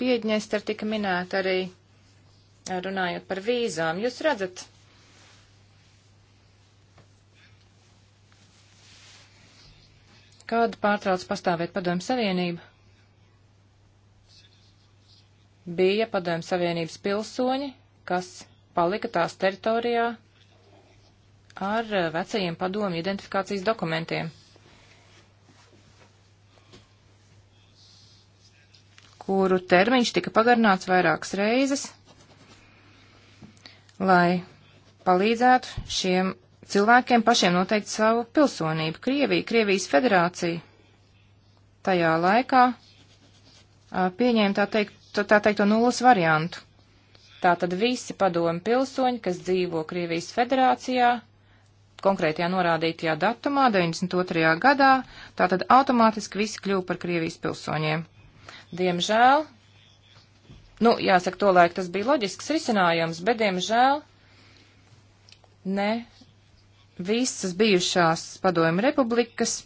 Piedņestra tika minēta arī eh, runājot par vīzām. Jūs redzat, kāda pārtrauc pastāvēt padomu savienību? bija Padomju Savienības pilsoņi, kas palika tās teritorijā ar eh, vecajiem padomu identifikācijas dokumentiem, kuru termiņš tika pagarināts vairākas reizes, lai palīdzētu šiem cilvēkiem pašiem noteikt savu pilsonību. Krievija, Krievijas federācija tajā laikā eh, pieņēma tā teikt tā teikt, to nulles variantu. Tātad visi padomi pilsoņi, kas dzīvo Krievijas federācijā, konkrētajā norādītajā datumā, 92. gadā, tātad automātiski visi kļūpa par Krievijas pilsoņiem. Diemžēl, nu, jāsaka, to laik tas bija loģisks risinājums, bet, diemžēl, ne visas bijušās padomi republikas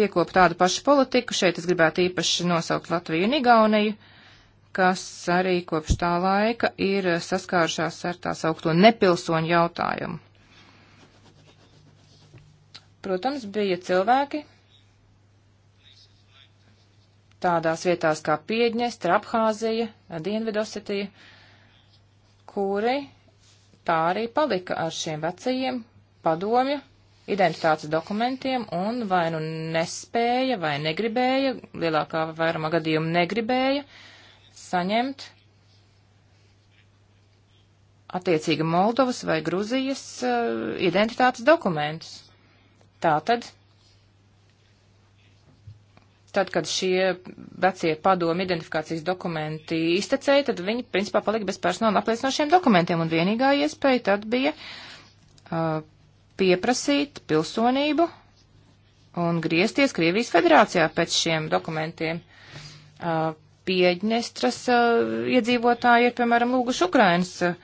piekopa tādu pašu politiku. Šeit es gribētu īpaši nosaukt Latviju un Igauniju, kas arī kopš tā laika ir saskārušās ar tā saukto nepilsoņu jautājumu. Protams, bija cilvēki tādās vietās kā Piedņestra, Abhāzija, Dienvidosetija, kuri tā arī palika ar šiem vecajiem padomju identitātes dokumentiem un vai nu nespēja vai negribēja, lielākā vairumā gadījumu negribēja saņemt attiecīgi Moldovas vai Gruzijas uh, identitātes dokumentus. Tātad, tad, kad šie vecie padomi identifikācijas dokumenti iztecēja, tad viņi principā palika bez personāla apliecinošiem dokumentiem, un vienīgā iespēja tad bija uh, pieprasīt pilsonību un griezties Krievijas federācijā pēc šiem dokumentiem. Uh, Piedņestras uh, iedzīvotāji ir, piemēram, lūguši Ukrainas uh,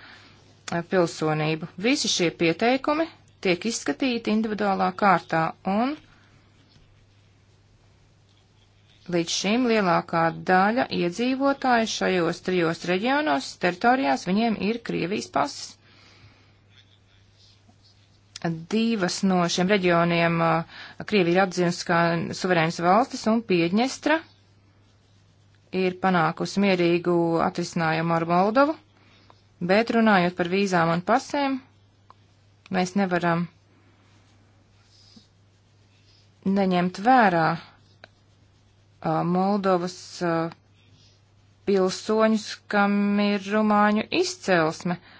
pilsonību. Visi šie pieteikumi tiek izskatīti individuālā kārtā un līdz šim lielākā daļa iedzīvotāju šajos trijos reģionos teritorijās viņiem ir Krievijas pasis divas no šiem reģioniem uh, Krievija ir atzīmst kā suverēnas valstis un Piedņestra ir panākusi mierīgu atrisinājumu ar Moldovu, bet runājot par vīzām un pasēm, mēs nevaram neņemt vērā uh, Moldovas uh, pilsoņus, kam ir rumāņu izcelsme. Uh,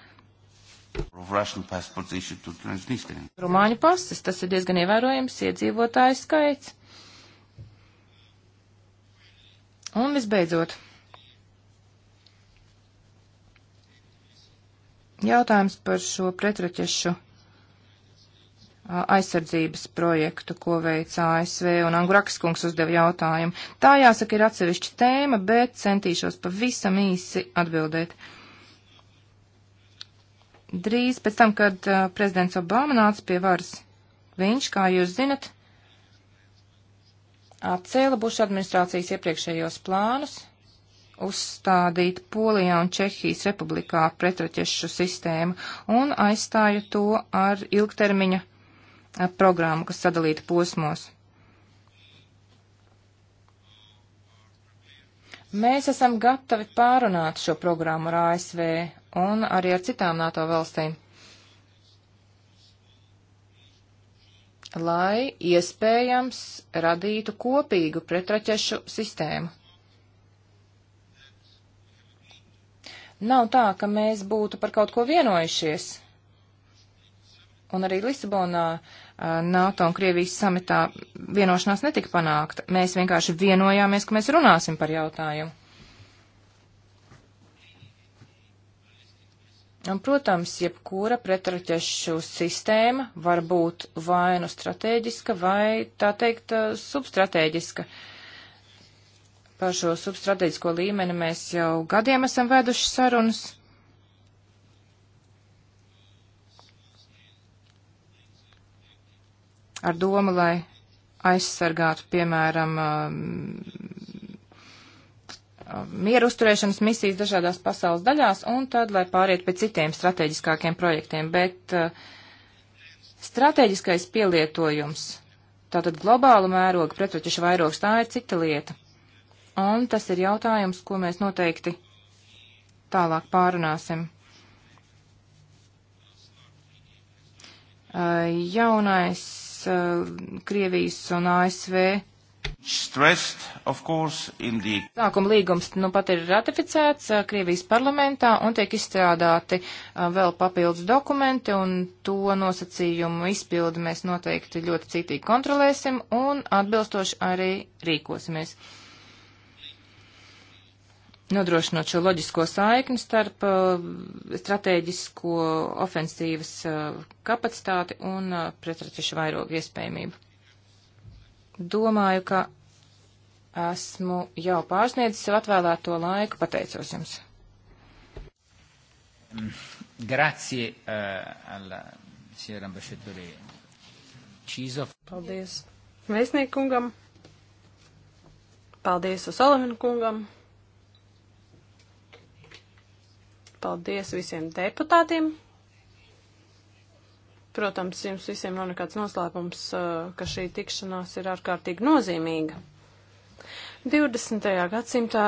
Rumāņu pasas, tas ir diezgan ievērojams iedzīvotāju skaits. Un visbeidzot, jautājums par šo pretraķešu aizsardzības projektu, ko veica ASV, un Angurakas kungs uzdeva jautājumu. Tā jāsaka ir atsevišķa tēma, bet centīšos pavisam īsi atbildēt. Uh, drīz pēc tam, kad uh, prezidents Obama nāca pie varas, viņš, kā jūs zinat, atcēla Buša administrācijas iepriekšējos plānus uzstādīt Polijā un Čehijas republikā pretraķešu sistēmu un aizstāja to ar ilgtermiņa uh, programmu, kas sadalīta posmos. Mēs esam gatavi pārunāt šo programmu ar ASV un arī ar citām NATO valstīm, lai iespējams radītu kopīgu pretraķešu sistēmu. Nav tā, ka mēs būtu par kaut ko vienojušies. Un arī Lisabonā NATO un Krievijas samitā vienošanās netika panākta. Mēs vienkārši vienojāmies, ka mēs runāsim par jautājumu. Un, protams, jebkura pretraķešu sistēma var būt vai nu strateģiska, vai tā teikt eh, substrateģiska. Par šo substrateģisko līmeni mēs jau gadiem esam veduši sarunas. Ar domu, lai aizsargātu, piemēram, Um, mieru uzturēšanas misijas dažādās pasaules daļās un tad, lai pāriet pie citiem strateģiskākiem projektiem. Bet uh, strateģiskais pielietojums, tātad globāla mēroga pretruķeša vairogs, tā ir cita lieta. Un tas ir jautājums, ko mēs noteikti tālāk pārunāsim. Uh, jaunais uh, Krievijas un ASV Stressed, course, the... Sākuma līgums nu pat ir ratificēts Krievijas parlamentā un tiek izstrādāti vēl papildus dokumenti un to nosacījumu izpildi mēs noteikti ļoti citīgi kontrolēsim un atbilstoši arī rīkosimies. Nodrošinot šo loģisko saikni starp strateģisko ofensīvas kapacitāti un pretratešu vairogu iespējamību domāju, ka esmu jau pārsniedzis sev atvēlēto laiku. Pateicos jums. Grazie, uh, eh, alla, signora ambasciatore Čīzo. Paldies vēstniekungam. Paldies Solimanu kungam. Paldies visiem deputātiem. Protams, jums visiem nav nekāds noslēpums, ka šī tikšanās ir ārkārtīgi nozīmīga. 20. gadsimtā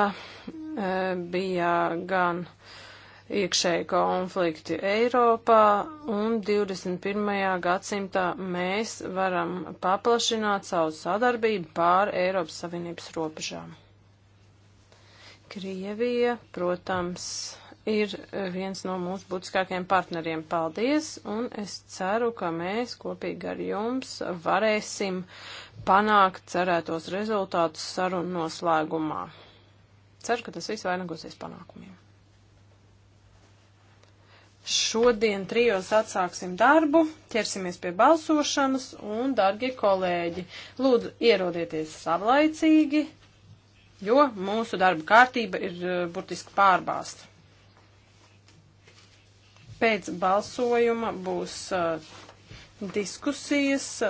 bija gan iekšēji konflikti Eiropā, un 21. gadsimtā mēs varam paplašināt savu sadarbību pār Eiropas Savienības robežām. Krievija, protams, ir eh, viens no mūsu būtiskākajiem partneriem. Paldies, un es ceru, ka mēs kopīgi ar jums varēsim panākt cerētos rezultātus sarunu noslēgumā. Ceru, ka tas viss vainagosies panākumiem. Šodien trijos atsāksim darbu, ķersimies pie balsošanas un, dargie kolēģi, lūdzu ierodieties savlaicīgi, jo mūsu darba kārtība ir eh, burtiski pārbāsta. Pēc balsojuma būs uh, diskusijas,